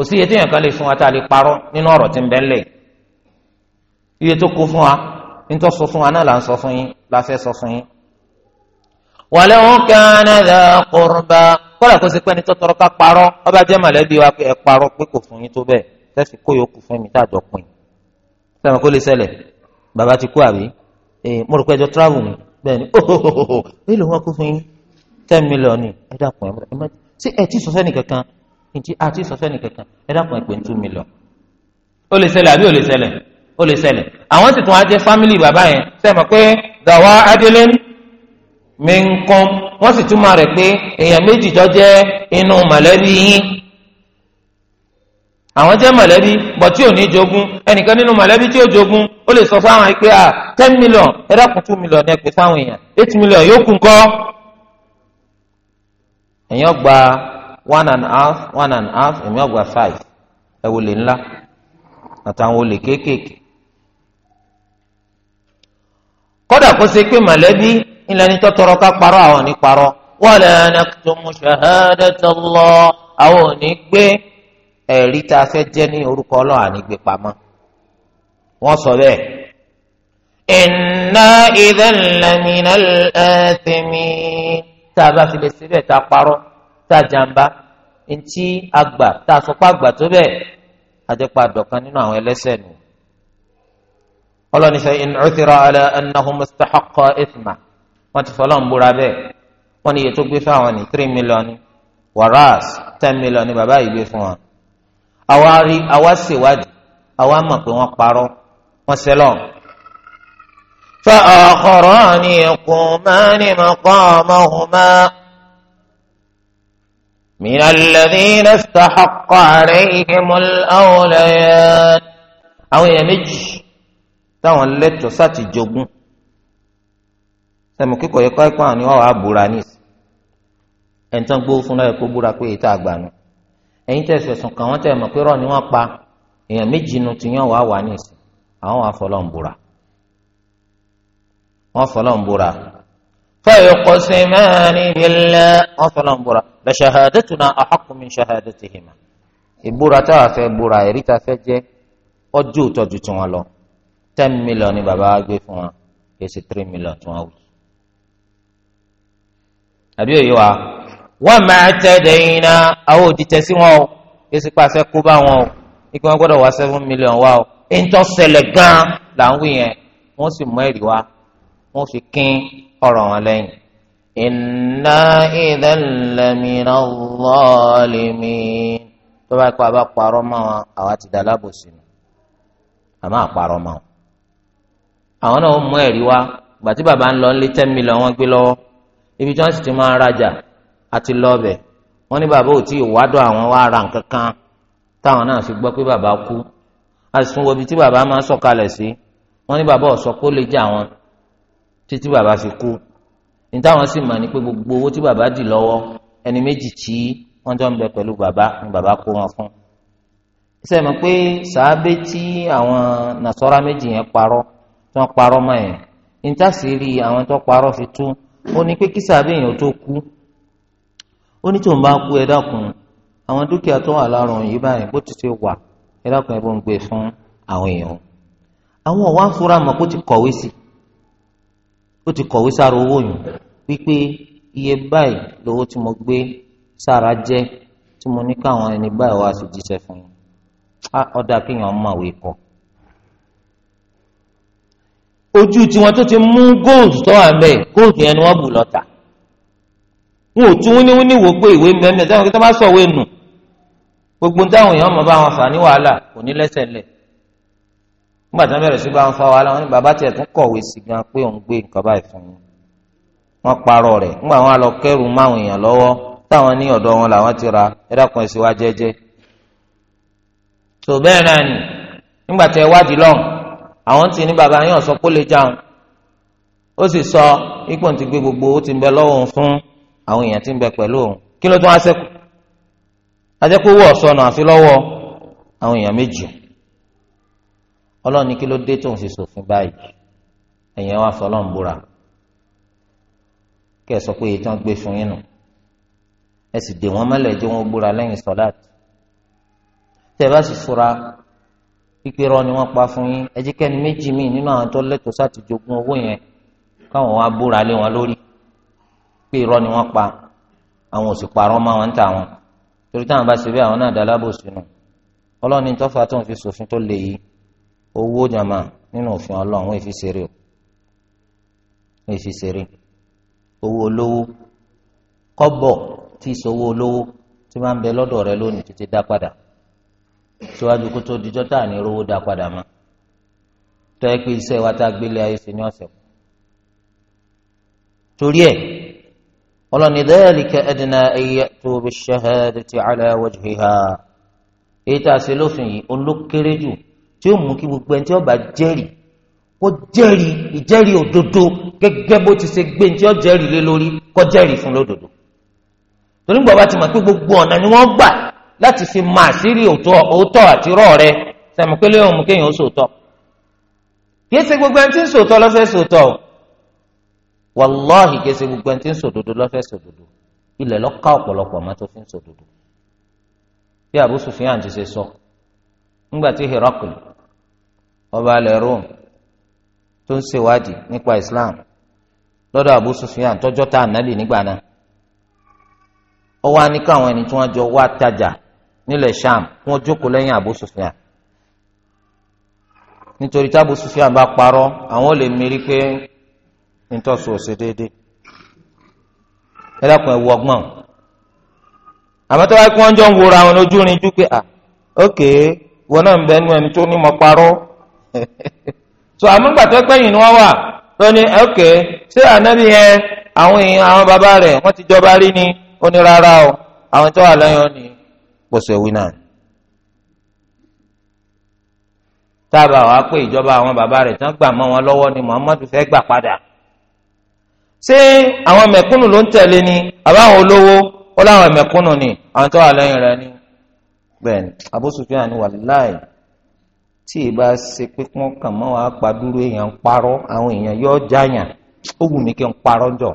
Speaker 1: kò sí iye tí èèyàn kan lè fún wa tá a lè parọ́ nínú ọ̀rọ̀ tí ń bẹ ńlẹ̀ iye tó kó fún wa nítorí sọ fún wa náà là ń sọ fún yín la fẹ́ sọ fún yín. walau kana dha qurba kọ́lá kó sì pé ẹni tó tọrọ ká parọ́ ọba jẹ́ mọ̀lẹ́bí wa pé ẹ parọ́ pé kò fún yín tó bẹ́ẹ̀ tẹ́sí kó yòókù fún mi tá a jọ pin sẹ́mi kó lè ṣẹlẹ̀ bàbá ti kú àbí mo rò pé ẹjọ́ travel mi bẹ́ẹ̀ ni ohohoho èlò wọn kó fún yín ten million ẹ dàpọ̀ ẹ mọ̀ ẹ ti sọ sẹ́nì kankan ntí àti sọfẹ́ nìkankan ẹ dákun ẹ pé two million ó lè ṣẹlẹ̀ àbí ó lè ṣẹlẹ̀ ó lè ṣẹlẹ̀ àwọn sì tún á jẹ́ family bàbá yẹn sẹ́mi pé dàwa adélé mi ń kọ́ wọ́n sì túmọ̀ rẹ̀ pé èèyàn méjì jọ jẹ́ inú mọ̀lẹ́bí yín àwọn jẹ́ mọ̀lẹ́bí bọ̀ tí ò ní jogún ẹnìkan nínú mọ̀lẹ́bí tí ò jogún ó lè sọ fáwọn ẹ pé à ten million ẹ dákun two million ẹ pè fáwọn èèyàn eight million yóò kún kọ́ èèyàn gba one and half one and half èmi ọgbà five ẹ wò lè ńlá àtàwọn olè kéékèèké. kódà kó ṣe pé mọ̀lẹ́bí ilẹ̀ ní tọ́tọ́rọ ká parọ́ àwọn ní parọ́ wala naktumu shahadata Allah àwọn ò ní gbé ẹ̀rí tá a fẹ́ jẹ́ ní orúkọ ọlọ́run àní pamọ́ wọ́n sọ bẹ́ẹ̀. inna idhan laminal tá a bá fi lè síbẹ̀ tá a parọ́ tá a jàǹbá ntí àgbà tá a sọpá àgbà tó bẹ́ẹ̀ àjẹpà dọ̀kan nínú àwọn ẹlẹ́sẹ̀ nù. ọlọ́nìṣẹ́ in uthira ala annahum mustahaqqa ithma wọ́n ti fọlọ́ ń búra bẹ́ẹ̀ wọ́n ní iye tó gbé fáwọn ní three million waras ten million ní bàbá yìí gbé fún wọn. àwa rí àwa ṣèwádìí àwa mọ̀ pé wọ́n parọ́ wọ́n ṣẹlọ̀ fa akharani yaqumani maqamahuma.
Speaker 2: من الذين استحق عليهم الأوليان
Speaker 1: àwọn èèyàn méjì táwọn lẹ́tọ̀ọ́ sáti jogún sẹ́mi kíkọ̀ yẹ káíkọ́ àwọn ọ̀hún àbúra níìsì ẹni tán gbówó fún lọ́yẹ̀ kó búra pé ètò àgbàánu ẹ̀yin tẹ̀ fẹ̀sùn kàn wọ́n tẹ̀ mọ̀ pé rọ̀ ni wọ́n pa èèyàn méjì nu ti yàn wàá wà níìsì àwọn wàá fọlọ́ ń búra wọ́n fọlọ́ ń búra fẹ́ẹ̀ kọ́sẹ̀ mẹ́rin nílẹ̀ wọ́n fọlọ́ ń búra la shahadatuna ahaqqu min shahadatihima ìbúra tá a fẹ́ búra ẹ̀rí tá a fẹ́ jẹ́ ọjọ́ ìtọ́jú tí wọ́n lọ ten million ni bàbá wa gbé fún wa kì í ṣe three million tí wọ́n wù. àbí òye wa wọ́n máa tẹ̀dẹ̀ yín ná àwọn òdì tẹ̀sí wọn o kì pàṣẹ kó bá wọn o ikú wọn gbọ́dọ̀ wá seven million wa o ìtọ́ ṣẹlẹ̀ gan-an là yẹn wọ́n sì mú ẹ̀rí wa wọ́n fi kín ọ̀rọ̀ wọn lẹ́yìn inna idhan lamina zalimin tó bá kọ́ abá parọ́ mọ́ wọn àwa ti dà lábòsí ni àmọ́ àparọ́ mọ́ wọn. àwọn náà mú ẹ̀rí wá gbàtí bàbá ń lọ ní ten million wọn gbé lọ́wọ́ ibi tí wọ́n sì ti máa rajà àti lọ́ọ̀bẹ̀ wọ́n ní bàbá ò tí ì wádọ̀ àwọn wá ra nǹkan kan táwọn náà fi gbọ́ pé bàbá kú àsùnwò ibi tí bàbá máa sọ̀kalẹ̀ sí wọ́n ní bàbá ò ní táwọn sì mà ní pé gbogbo owó tí bàbá dì lọ́wọ́ ẹni méjì tí wọ́n jọ ń bẹ pẹ̀lú bàbá ni bàbá kó wọn fún. ṣe mọ̀ pé sàábé tí àwọn nàṣọ́ra méjì yẹn parọ́ tí wọ́n parọ́ mọ́ yẹn ní tàṣírí àwọn tó parọ́ fi tú ó ní pé kí sàábé yẹn tó kú ó ní tó ń bá kú ẹ dákun àwọn dúkìá tó wà lárùn yìí báyìí bó ti ṣe wà ẹ dákun bó ń gbé fún àwọn èèyàn àwọn ọ̀wá ń mọ̀ kó ti kọ̀wé sí i ó ti kọ̀wé sára owó yìí wípé iye báyìí lówó tí mo gbé sára jẹ́ tí mo ní káwọn ẹni báyìí wá sí jíṣẹ́ fún yín ọ̀dà kéèyàn mọ̀wé kọ. ojú tiwọn tó ti mú góòlù tó wà bẹ́ẹ̀ góòlù yẹn ni wọ́n bù lọ́tà wọn ò tún wíníwíní wò pé ìwé mẹ́mẹ́ táwọn kí wọ́n bá sọ̀wé nù gbogbo táwọn èèyàn mọ̀ bá wọn fà ní wàhálà kò ní lẹ́sẹ̀ lẹ̀ nígbà tí wọ́n bẹ̀rẹ̀ sí bá ń fa wa láwọn ní bàbá tiẹ̀ tún kọ̀wé sí gan pé òun gbé nǹkan báyìí fún yín wọ́n parọ́ rẹ̀ nígbà wọn lọ kẹ́rù máwọn èèyàn lọ́wọ́ táwọn ní ọ̀dọ̀ wọn làwọn ti ra ẹ̀dàkùn ẹ̀sìn wa tó bẹ́ẹ̀ náà nì nígbà tí ẹ ọlọ́run ní kí ló dé tóun sì sòfin báyìí ẹ̀yìn wá fọ ọlọ́run búra kẹ́ ẹ sọ pé èyí tán gbé fún yín nù ẹ sì dè wọ́n mọ́lẹ̀ jẹ́ wọn búra lẹ́yìn sọ́láàtì tẹ́ ẹ bá sì fura pípé rọ ni wọ́n pa fún yín ẹ jẹ́ kẹ́ni méjì míì nínú àwọn tó lẹ́tọ̀ọ́ sáti jogún owó yẹn káwọn wá búra lé wọn lórí pé irọ́ ni wọ́n pa àwọn òsì parọ́ mọ́ wọn ń tà wọn torí táwọn bá ṣe bẹ́ẹ̀ àwọn náà dá lábòsí nù ọlọ́run ní tọ́fà tó ń fi ṣòfin tó le yìí owó jama nínú òfin Ọlọ́run wọn èfi ṣeré o wọn èfi ṣeré owó olówó kọ́bọ̀ tí ìṣòwò olówó tí máa ń bẹ lọ́dọ̀ rẹ lónìí tètè dá padà síwájú kó tó dijọ́ tá à ní rówó dá padà mọ́ tọ́ ẹ pé iṣẹ́ wa tá a gbélé ayé ṣe ní ọ̀sẹ̀ kù torí ẹ̀ ọlọ́ni dhalika adna an ya'tu bish-shahadati ala wajhiha èyí tá a ṣe lófin yìí olókéré jù tí ó mú kí gbogbo ẹni tí ó bá jẹ́rìí kó jẹ́rìí ìjẹ́rìí òdodo gẹ́gẹ́ bó ti ṣe gbé tí ó jẹ́rìí lé lórí kó jẹ́rìí fún lódodo torí ti mọ̀ pé gbogbo ọ̀nà ni wọ́n gbà láti fi mọ àṣírí òótọ́ àti rọ́ rẹ sẹ́mi pé léèwọ̀n mú kéèyàn ó sòótọ́ kìí ṣe gbogbo ẹni tí ń sòótọ́ lọ́fẹ́ sòótọ́ o wàláhì ṣe gbogbo ẹni tí ń ọba alẹ́ Rome tó ń ṣèwádìí nípa Islam lọdọ Abu Sosia tọ́jọ́ tá ànábì nígbà náà ó wá ní káwọn ẹni jọ wá tajà Sham wọn jókòó lẹ́yìn Abu Sufyan nítorí abu Sufyan bá parọ àwọn lè mérí pé òsè déédéé ọgbọ́n àmọ́ tó wáyé wọn náà ń bẹ nínú ẹni tó ní mọ́ so àmúgbàtọ́ pẹ́yìn ni wọ́n wà tó ní ok ṣé ànábì yẹn àwọn èèyàn àwọn bàbá rẹ̀ wọ́n ti jọba rí ni ó ní rárá o àwọn tó wà lẹ́yìn ni pòṣẹ wí náà. tábà wàá pé ìjọba àwọn bàbá rẹ̀ tán gbà mọ́ wọn lọ́wọ́ ni Muhammadu fẹ́ gbà padà ṣé àwọn mẹ̀kúnnù ló ń tẹ̀lé ni àbáwọn olówó ó láwọn mẹ̀kúnnù ni àwọn tó wà lẹ́yìn rẹ̀ ni bẹ́ẹ̀ ni Abu Sufyan ni wàláì tí ì bá ṣe pípọ́n kàn mọ́ wàá pa dúró èèyàn ń parọ́ àwọn èèyàn yọ jáyàn ó wù mí kí n parọ́ jọ.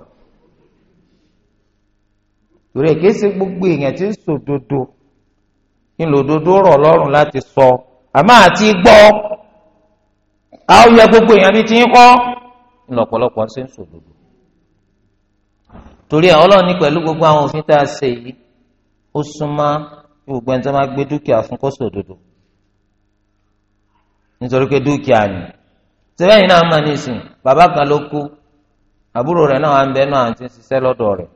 Speaker 1: torí ẹ̀ kìí ṣe gbogbo èèyàn tí ń sòdodo ń lò dodo rọ̀ lọ́rùn láti sọ àmọ́ àti gbọ́ àwọn yẹ gbogbo èèyàn bíi ti ń kọ́ ńlọpọlọpọ ṣe ń sòdodo. torí ẹ̀ ọlọ́ọ̀ni pẹ̀lú gbogbo àwọn òfin tá a ṣe yìí ó súnmọ́ gbogbo ẹni tó máa gbé dúkìá fún kó sòdodo nítorí pé dúkìá ni sẹ́fẹ̀yìn náà máa nísìn bàbá kan ló kú àbúrò rẹ̀ náà ń bẹ náà ti ń ṣiṣẹ́ lọ́dọ̀ rẹ̀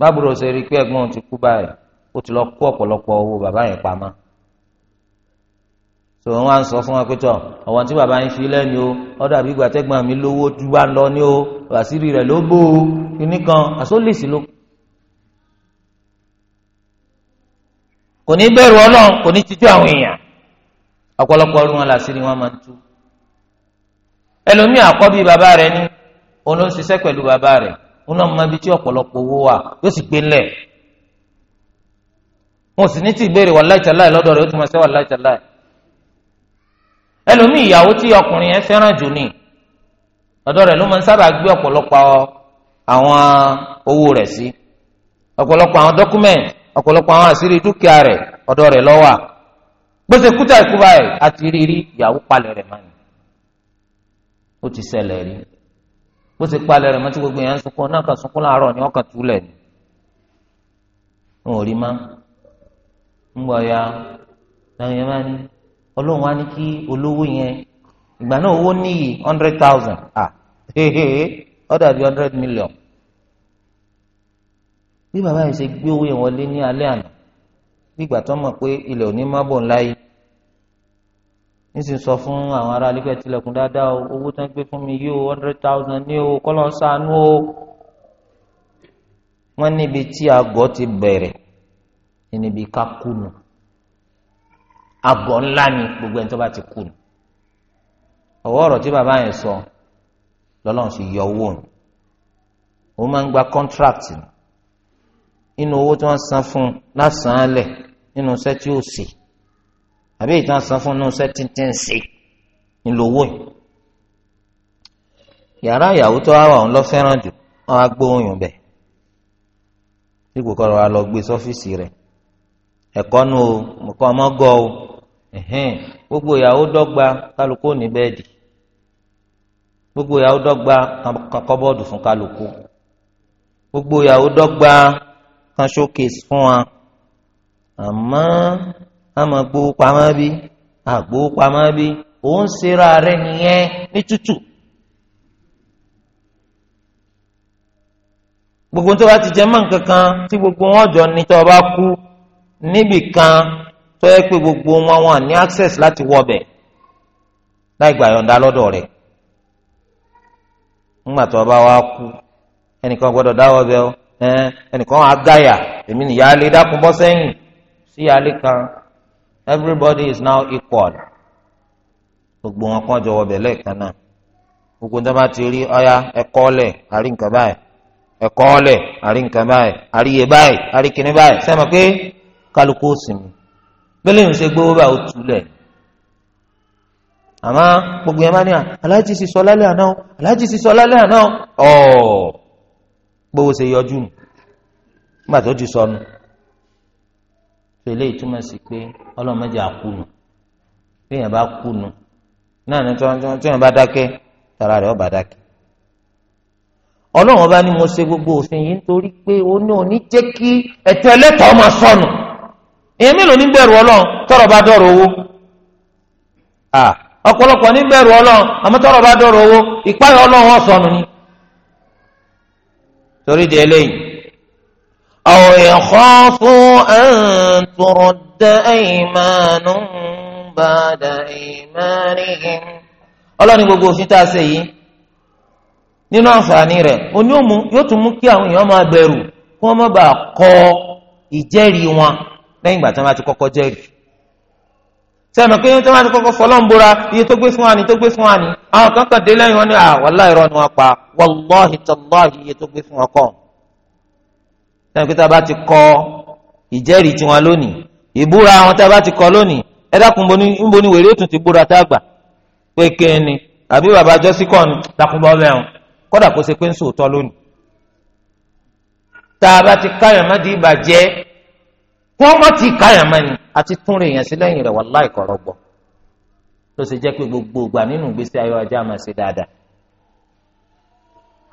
Speaker 1: bábúrò ṣe rí i pé ẹ̀gbọ́n ti kú báyìí ó ti lọ kó ọ̀pọ̀lọpọ̀ owó bàbá yẹn pamọ́ so wọn á sọ fún wa pé tọ ọwọn tí bàbá yín fi lẹ́ni o ọdọ àbí gbàtẹ́gbọ̀n mi lówó ju wa lọ ní o àṣírí rẹ̀ ló bó o kíní kan àsólèsì ló kò ní bẹ̀rù Ọlọ́run kò ní tijú àwọn èèyàn ọ̀pọ̀lọpọ̀ ọdún wọn làásì ni wọ́n máa ń tú ẹlòmíì àkọ́bí bàbá rẹ̀ ní òun ló ń ṣiṣẹ́ pẹ̀lú bàbá rẹ̀ òun náà máa bí tí ọ̀pọ̀lọpọ̀ owó wà yóò sì gbé lẹ̀ wọn sì ní tí ìbéèrè wà láìta láì lọ́dọ̀ rẹ̀ ó ti máa ṣe wà láìta láì ẹlòmíì ìyàwó tí ọkùnrin yẹn fẹ́ràn jù ní ọ̀dọ̀ rẹ̀ ló máa ń sábà gbé ọ̀pọ̀lọpọ̀ àwọn owó rẹ̀ sí ọ̀pọ̀lọpọ̀ àwọn dọ́kúmẹ̀ntì ọ̀pọ̀lọpọ̀ àwọn àṣírí dúkìá rẹ̀ ọ̀dọ̀ rẹ̀ ló gbèsè kúta ikú báyìí àti rírí ìyàwó palẹ̀ rẹ̀ mọ́ ni ó ti ṣẹlẹ̀ rí bó ti palẹ̀ rẹ̀ mọ́ tí gbogbo yẹn ń sunkún náà kàn sunkún láàárọ̀ ni wọ́n túlẹ̀ ni wọn ò rí má ń ya táwọn yẹn máa ní ọlọ́run á ní kí olówó yẹn hehehe hundred bí bàbá yìí gbé owó yẹn wọlé ní alẹ́ àná gbígbà tó mọ̀ pé ilẹ̀ òní má bò ńlá yìí nísìn sọ fún àwọn ará alẹ́gbẹ́ tilẹ̀kùn dáadáa o owó tó ń gbé fún mi yóò hundred thousand ní o kọ́lọ́ sànú o wọ́n níbi tí àgọ́ ti bẹ̀rẹ̀ níbi ká kùnú àgọ́ ńlá ni gbogbo ẹni tó bá ti kùnú ọ̀wọ́ ọ̀rọ̀ tí bàbá yẹn sọ lọ́lọ́run sì yọ owó òun òun máa ń gba contract ni nínú owó tí wọ́n san fún un lásán nínú iṣẹ́ tí ó sì àbí ìtàn san fún un nínú iṣẹ́ tí ń nílò owó yìí. yàrá ìyàwó tó wá wà ń lọ fẹ́ràn jù wọ́n á gbóhùn gbé o nǹkan gbogbo ìyàwó dọgba kálukú ní gbogbo ìyàwó fún kálukú gbogbo ìyàwó dọgba. kan showcase fún wa àmọ́ àmọ́ gbowó pamọ́ bí àgbowó pamọ́ bí ò ṣera rẹ nìyẹn ní tútù. gbogbo tó bá ti jẹ mọ́ nǹkan kan tí gbogbo wọn jọ ní tó bá kú níbì kan tó yẹ pé gbogbo wọn wọn access láti láì gbà yọ̀ǹda lọ́dọ̀ rẹ̀ ńgbà tó bá wá kú ẹnìkan Eh, ẹnìkan agáyà èmi ya leda dákun bọ́ sẹ́yìn sí ìyáálé kan everybody is now equal gbogbo wọn kan jọ wọbẹ̀ lẹ́ẹ̀kan náà gbogbo ní ti rí ọyá ẹ̀kọ́ ọ̀lẹ̀ àrí nǹkan báyìí ẹ̀kọ́ ọ̀lẹ̀ àrí nǹkan báyìí àrí iye báyìí àrí báyìí pé kálukú gbogbo yẹn bá ní à aláàjì sì sọ lálẹ́ àná aláàjì sì sọ lálẹ́ bówó ṣe yọjú nù nígbà tó ti sọnù fèlè ìtumọ̀ sí pé ọlọ́mọdé àkúnu bíyẹn bá kúnu náà ní bá dákẹ́ tara rẹ̀ ọba dákẹ́ ọlọ́run ọba ni mo ṣe gbogbo òfin yìí nítorí pé ó ní kí ẹ̀tọ́ èèyàn mélòó ní bẹ̀rù ọlọ́run tọrọ bá dọ̀rọ̀ owó ọ̀pọ̀lọpọ̀ ní bẹ̀rù ọlọ́run àmọ́ tọrọ bá dọ̀rọ̀ owó ìpáyọ̀ ọlọ́run ọ̀sọ̀nù ni. torí di eléyìí. aw yakhafu an turadda aymanun ba'da aymanihim. ọlọ́ni gbogbo òfin tá a ṣe yìí nínú àǹfààní rẹ̀ oní òmu yóò tún mú kí àwọn èèyàn máa bẹ̀rù kí wọ́n má bàa kọ̀ ìjẹ́rìí wọn lẹ́yìn ìgbà tí wọ́n bá ti kọ́kọ́ jẹ́rìí. sẹ́mi kí wọ́n máa ń kọ́kọ́ fọlọ́n bora iye tó gbé fún wa ni tó gbé fún wa ni àwọn kan kàn dé lẹ́yìn wọn ni wàlá ni pa iye tó gbé fún sẹ́mi ti kọ ìjẹ́rìí tiwọn lónìí ìbúra àwọn kọ lónìí ẹ dákun níbo ni wèrè tún ti búra tá a gbà pé kéènì àbí bàbá jọ́sí kọ́ ni takùnbọ̀ mẹ́rin kódà kó ṣe pé ń sòótọ́ a ti káyàmá di àti túnrin èèyàn sí lẹ́yìn rẹ̀ wàláì kọ̀rọ̀ gbọ́ ló ṣe jẹ́ pé gbogbo ìgbà nínú ìgbésí ayé ajá máa ṣe dáadáa.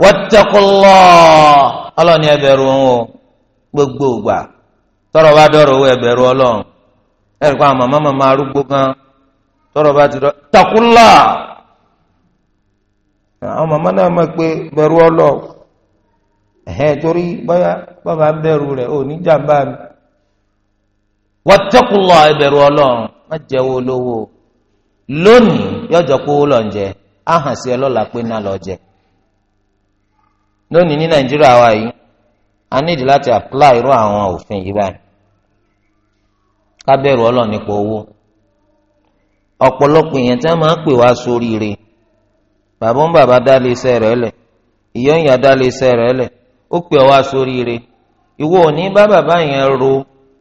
Speaker 1: wattaqullah ọlọ́ni ẹ o gbogbo ìgbà tọrọ bá dọ̀rọ̀ owó ẹ ọlọ́run ẹ̀rù kan kan tọrọ bá ti dọ̀ àwọn náà máa ẹ̀hẹ́ torí wattaqullah ẹbẹ̀rù ọlọ́run má jẹ́wọ́ olówó lónìí yọjọ́ pé owó lọ́n jẹ áhàn sí ọlọ́la pé náà lọ́ lónìí ní nàìjíríà wa yìí a nídìí láti apply irú àwọn òfin yìí báyìí ká bẹ̀rù ọlọ́run nípa owó ọ̀pọ̀lọpọ̀ èèyàn tí a máa ń pè wá sóríire bàbá ń bàbá dá lé iṣẹ́ rẹ̀ lẹ̀ ìyá dá lé iṣẹ́ rẹ̀ lẹ̀ ó pè wá sóríire ìwọ ò ní bá bàbá yẹn ro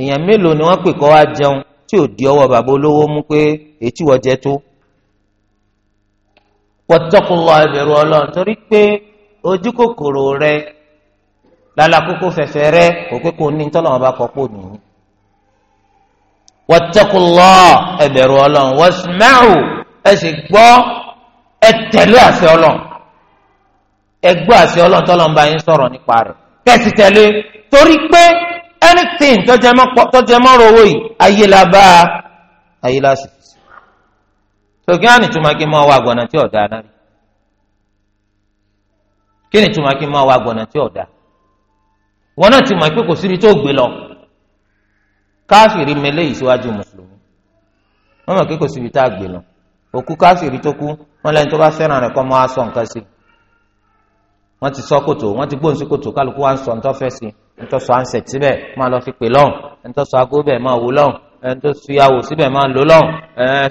Speaker 1: èèyàn mélòó ni wọ́n pè kọ́ wá jẹun tí ò di ọwọ́ bàbá olówó mú pé ètí wọ́n jẹ tó. wọ́tọ́kùnlọ ìbẹ̀rù ọlọ́run torí pé ojú kòkòrò rẹ lálàkókò fẹ̀fẹ̀ rẹ kò pé kò ní tọ́lọ̀ wọn bá kọ́ pò nìyí. wọ́tọ́kùnlọ ìbẹ̀rù ọlọ́run wọ́sùmẹ́rù ẹ sì gbọ́ ẹ tẹ̀lé àṣẹ ọlọ́run ẹ gbọ́ àṣẹ ọlọ́run tọ́lọ́ anything tọ́jẹ́mọ́ rowó yìí ayé la bá a ayé la sì fi sí. tòkí á ní túmọ̀ kí n máa wá gbọ̀nà tí ọ̀dà náà rí kí ni túmọ̀ kí n máa wá gbọ̀nà tí ọ̀dà wọn náà ti mọ̀ pé kò síbi tó gbé lọ káfíìrì mẹlẹ́yìí síwájú mùsùlùmí wọn mọ̀ pé kò síbi tá a gbé lọ òkú káfíìrì tó kú wọn lẹni tó bá fẹ́ràn rẹ̀ kọ́ máa sọ nǹkan sí wọn ti sọ kòtò wọn ti gbóhùn sí kòtò kálukú wa ń sọ nǹkan fẹ́ sí i ntọ́sọ ansẹ̀t síbẹ̀ máa lọ fi pè lọ́hùn ntọ́sọ aago bẹ̀ máa wò lọ́hùn ntọ́sọ ìyàwó síbẹ̀ máa lò lọ́hùn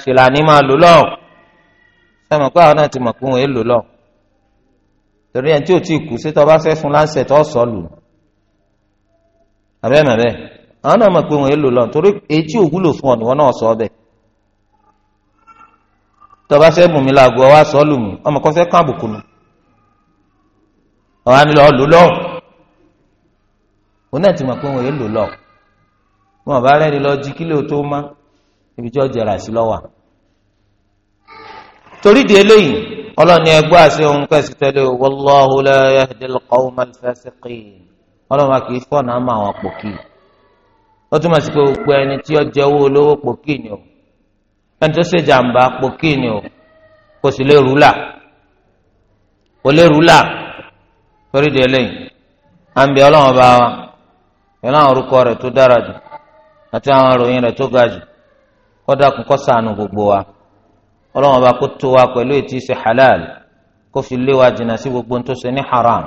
Speaker 1: ṣèlàní máa lò lọ́hùn sẹ́mi pé àwọn náà ti mọ̀ pé wọ́n èlò lọ́hùn torí ẹni tí ò tí ì kú sí tọ́ bá fẹ́ fún lansẹ̀t ọ̀sọ́ lù abẹ́ mẹ́bẹ́ àwọn náà mọ̀ pé wọ́n èlò lọ́hùn torí èyí tí ò wúlò fún ọ nìwọ náà sọ ọbẹ̀ tọ́ bá fẹ́ bùnmi làgọ̀ wá sọ́ lù mí ọmọ kan fẹ́ kán àbùkù mi òun náà ti mọ̀ pé wọn yóò lò lọ wọn bá rẹ́ni lọ jí kílò tó má ibi tí ọjà rà sí di eléyìí ọlọ́ni ẹgbẹ́ àti ohun kẹ́sì tẹ́lẹ̀ la ọlọ́run kì í àmọ́ àwọn ó túmọ̀ sí pé gbogbo ẹni tí ó owó olówó o ẹni tó ṣe jàǹbá ni o kò sì lè kò lè torí di eléyìí à pẹ̀lú àwọn orúkọ rẹ̀ tó dára jù àti àwọn àròyìn rẹ̀ tó ga jù kó dákun kó ṣàánú gbogbo wa ọlọ́wọ́n bá kó tó wa pẹ̀lú ètí ṣe halal kó fi lé wa jìnnà sí gbogbo tó ṣe ní haram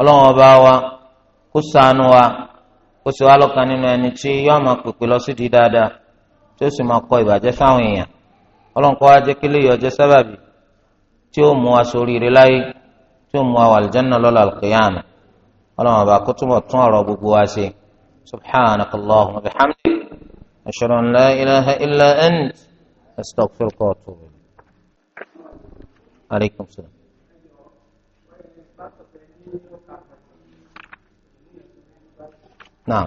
Speaker 1: ọlọ́wọ́n bá wa kó ṣàánú wa kó sì wá lọ́kàn nínú ẹni tí yóò máa pèpè lọ sí di dáadáa tí ó sì máa kọ ìbàjẹ́ fáwọn èèyàn ọlọ́nkọ́ wa jẹ́ kílé ìyọ̀jẹ́ sábàbí tí ó mú wa sórí ire láyé tí ó mú wa wà àlùjánnà lọ́la ọlọ́run ọba kó túnbọ̀ tún ọ̀rọ̀ gbogbo wa ṣe subhanak allahumma wa bihamdik ashhadu an la ilaha illa ant astaghfiruka wa atubu ilayk aleykum salaam. náà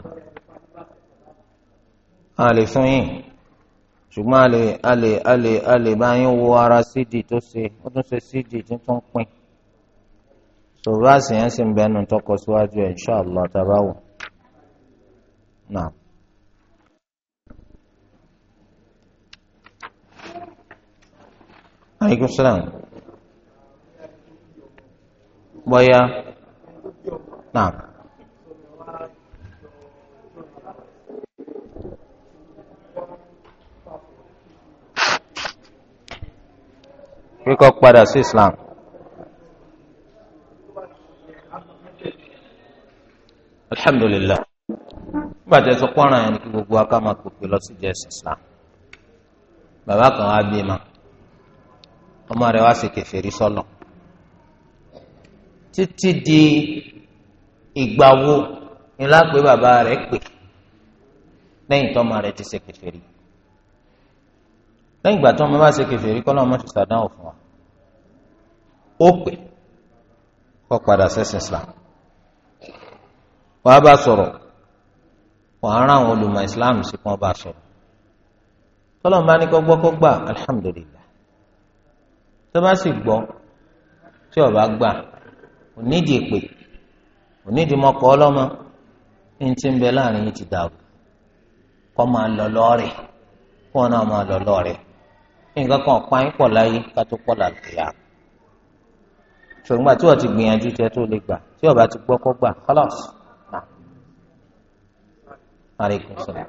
Speaker 1: a lè fún yín ṣùgbọ́n a lè a lè a lè bá yín wo ara sídìí tó ṣe ó tún ṣe sídìí tuntun pin. sòrò àṣeyàn sì ń bẹnu tọkọ síwájú ẹ inṣàlá tabawo náà. aleykum salaam bóyá náà. kíkọ́ padà sí Islam. alhamdulilah gbàtẹ́ sọ pọ́nrán yẹn ni kí gbogbo aká máa pèpè lọ sí jẹ́sí islam bàbá kan á bí ma ọmọ rẹ̀ wá sí kèfèrí sọ́lọ̀ títí di ìgbà wo ni lápè bàbá rẹ̀ pè lẹ́yìn tọ́mọ rẹ̀ ti ṣe kèfèrí lẹ́yìn ìgbà tọ́mọ bá ṣe kèfèrí kọ́lọ́ ọmọ ti sàdánwò fún wa ó pè kọ́ padà sẹ́sìn islam wàá bá sọ̀rọ̀ wàá rán àwọn olùmọ̀ islam sí kí wọ́n bá sọ̀rọ̀ tọ́lọ́n bá ní kó gbọ́ kó gbà alihamudulilayi tó bá sì gbọ́ tí ó bá gbà onídìí èpè onídìí mọ́kọ́ ọlọ́mọ ní ti ń bẹ láàrin yìí ti dàrú kọ́ máa lọ lọ́ọ̀rẹ̀ kó náà máa lọ lọ́ọ̀rẹ̀ nǹkan kan pa ń pọ̀ láyé ká tó pọ̀ làlùyà ṣùgbọ́n tí wọ́n ti gbìyànjú jẹ tó lè gbà tí ó bá ti gbọ́ kó gbà kọ́lọ́sì. Alaikum salaam.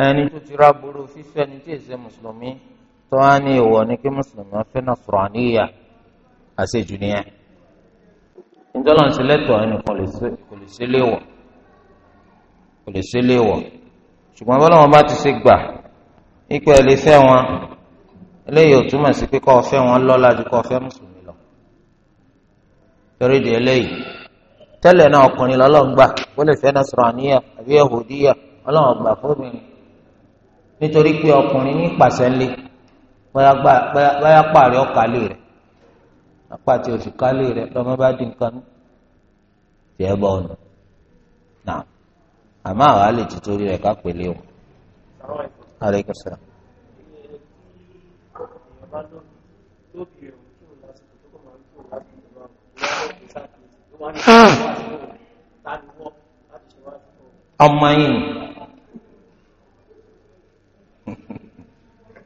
Speaker 1: ẹni tó ti ra burú fífẹ́ ni tí èsè mùsùlùmí tó wá ní ìwọ ní kí mùsùlùmí wọn fẹ́ nasraniya àṣejù nìyẹn nítorí wọn sì lẹ́tọ̀ọ́ ẹni kò lè ṣe léwọ̀ kò lè ṣe léwọ̀ ṣùgbọ́n bọ́lá wọn bá ti ṣe gbà ipò ẹ̀ lè fẹ́ wọn eléyìí ò túmọ̀ sí pé kọ́ ọ fẹ́ wọn lọ́la ju kọ́ ọ fẹ́ mùsùlùmí lọ torí di eléyìí tẹ́lẹ̀ náà ọkùnrin lọ́lọ́run ó lè fẹ́ nasraniya àbí báyà pààrẹ ọkàlẹ rẹ apàtì oṣù kálẹ rẹ lọmọ bá di nǹkan nù tí ẹ bọ ọnà náà àmọ́ àwọn àlè títorí rẹ ká pèlè o. ọmọ yìí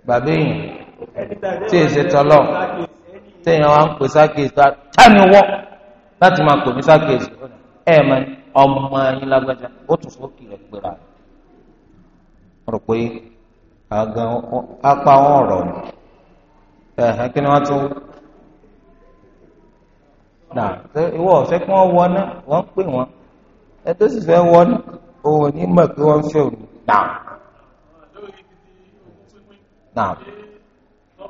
Speaker 1: bàbá yìí
Speaker 2: tí èsì tọlọ
Speaker 1: téèyàn wá ń pè sákèsì tániwọ
Speaker 2: láti máa pè mí sákèsì
Speaker 1: ẹ mọ ọmọ yín lágbájá ó tún fún kìlọ̀ pera mo rò pé àgàn apá wọn ọ̀rọ̀ ni ẹ̀hẹ́n kí ni wọ́n tún nà ìwọ ọ̀fẹ́ kí wọ́n wọ́n náà wọ́n ń pè wọ́n ẹ tó sì fẹ́ wọ́n náà òun ò ní mọ̀ pé wọ́n ń òun nà nà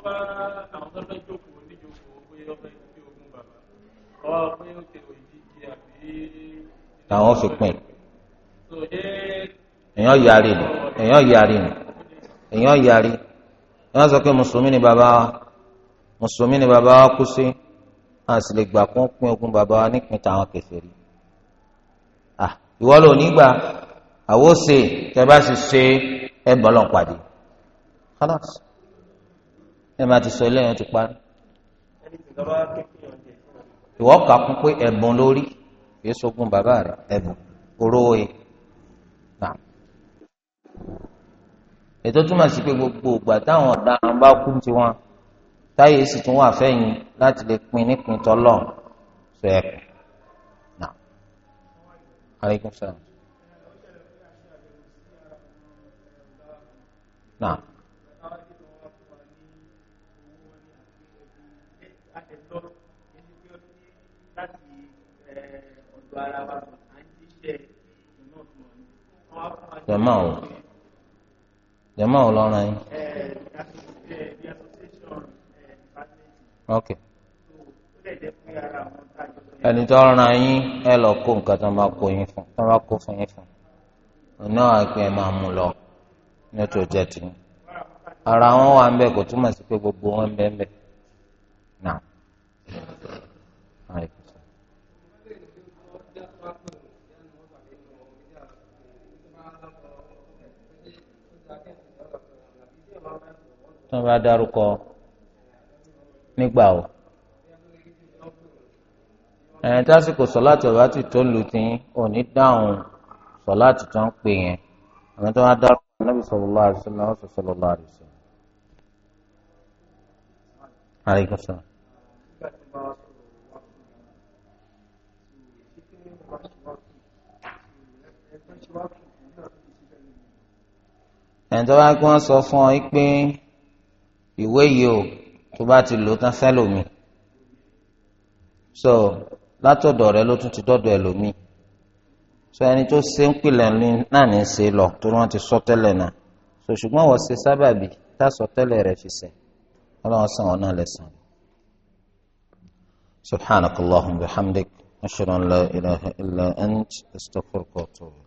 Speaker 1: bá
Speaker 2: àwọn tó fẹ́ jókòó níjókòó pé ọfẹ́ tí ogun bàbá ọ pé ó ti rò ìdíje àbí.
Speaker 1: làwọn fi pín. èèyàn yarí ni èèyàn yarí ni èèyàn yarí èèyàn sọ pé mùsùlùmí ni bàbá wa mùsùlùmí ni bàbá wa kú sí a sì lè gbà kún pín ogun bàbá wa nípìn táwọn kèfèrí ìwọ ló ní gbà àwòsè tẹ bá sì ṣe ẹ bọlọ pàdé. Khalas ẹ máa ti sọ eléyìí wọn ti parí. ìwọ kà kún pé ẹ̀bùn lórí kì í sọgún bàbá rẹ ẹ̀bùn orówó yìí e. nà. ètò túmọ̀ sí pé gbogbo ìgbà táwọn ọ̀daràn bá kú tiwọn táyé sì tún wà fẹ́yìn láti lè pin nípìn tọ́lọ̀ sọ ẹ̀kọ́ nà. alaikum salaam. Nah.
Speaker 2: ọ̀dọ̀ ara wa sùn à ń jíṣẹ́ iná fún ọ ni. jama o
Speaker 1: jama o lọ́ra yín. ok ẹni tó ràn yín ẹ lọ kó nǹkan tó bá kó yín fún tó bá kó fún yín fún ọ̀nà àgbẹ̀ máa mú lọ ní ọjọ́ jẹ́ tìǹbù ara wọn wà ń bẹ kò túmọ̀ sí pé gbogbo wọn ń bẹ ń bẹ náà. tí wọ́n bá dárúkọ nígbà o ẹ̀yìn tásìkò sọ̀láàtì ọ̀bá ti tó lù tí òní dáhùn sọ̀láàtì tó ń pè yẹn àwọn tó wá dárúkọ Ànábì sallallahu alaihi wasallam wọ́n sọ sallallahu alaihi wasallam. Alaikum salaam. sọ fún ọ pé ìwé yìí o tó bá ti lò tán sẹ́lòmí so látọ̀dọ̀ rẹ ló tún ti dọ́dọ̀ ẹlòmí so ẹni tó ṣe ń pilẹ̀ náà ní í ṣe lọ torí wọ́n ti sọ tẹ́lẹ̀ náà so ṣùgbọ́n wọ́n ṣe sábàbí tásọ tẹ́lẹ̀ rẹ fi ṣe ọlọ́wọ́n sàn wọn náà lẹ́sàn. سبحانك اللهم وبحمدك أشهد أن لا إله إلا أنت أستغفرك وأتوب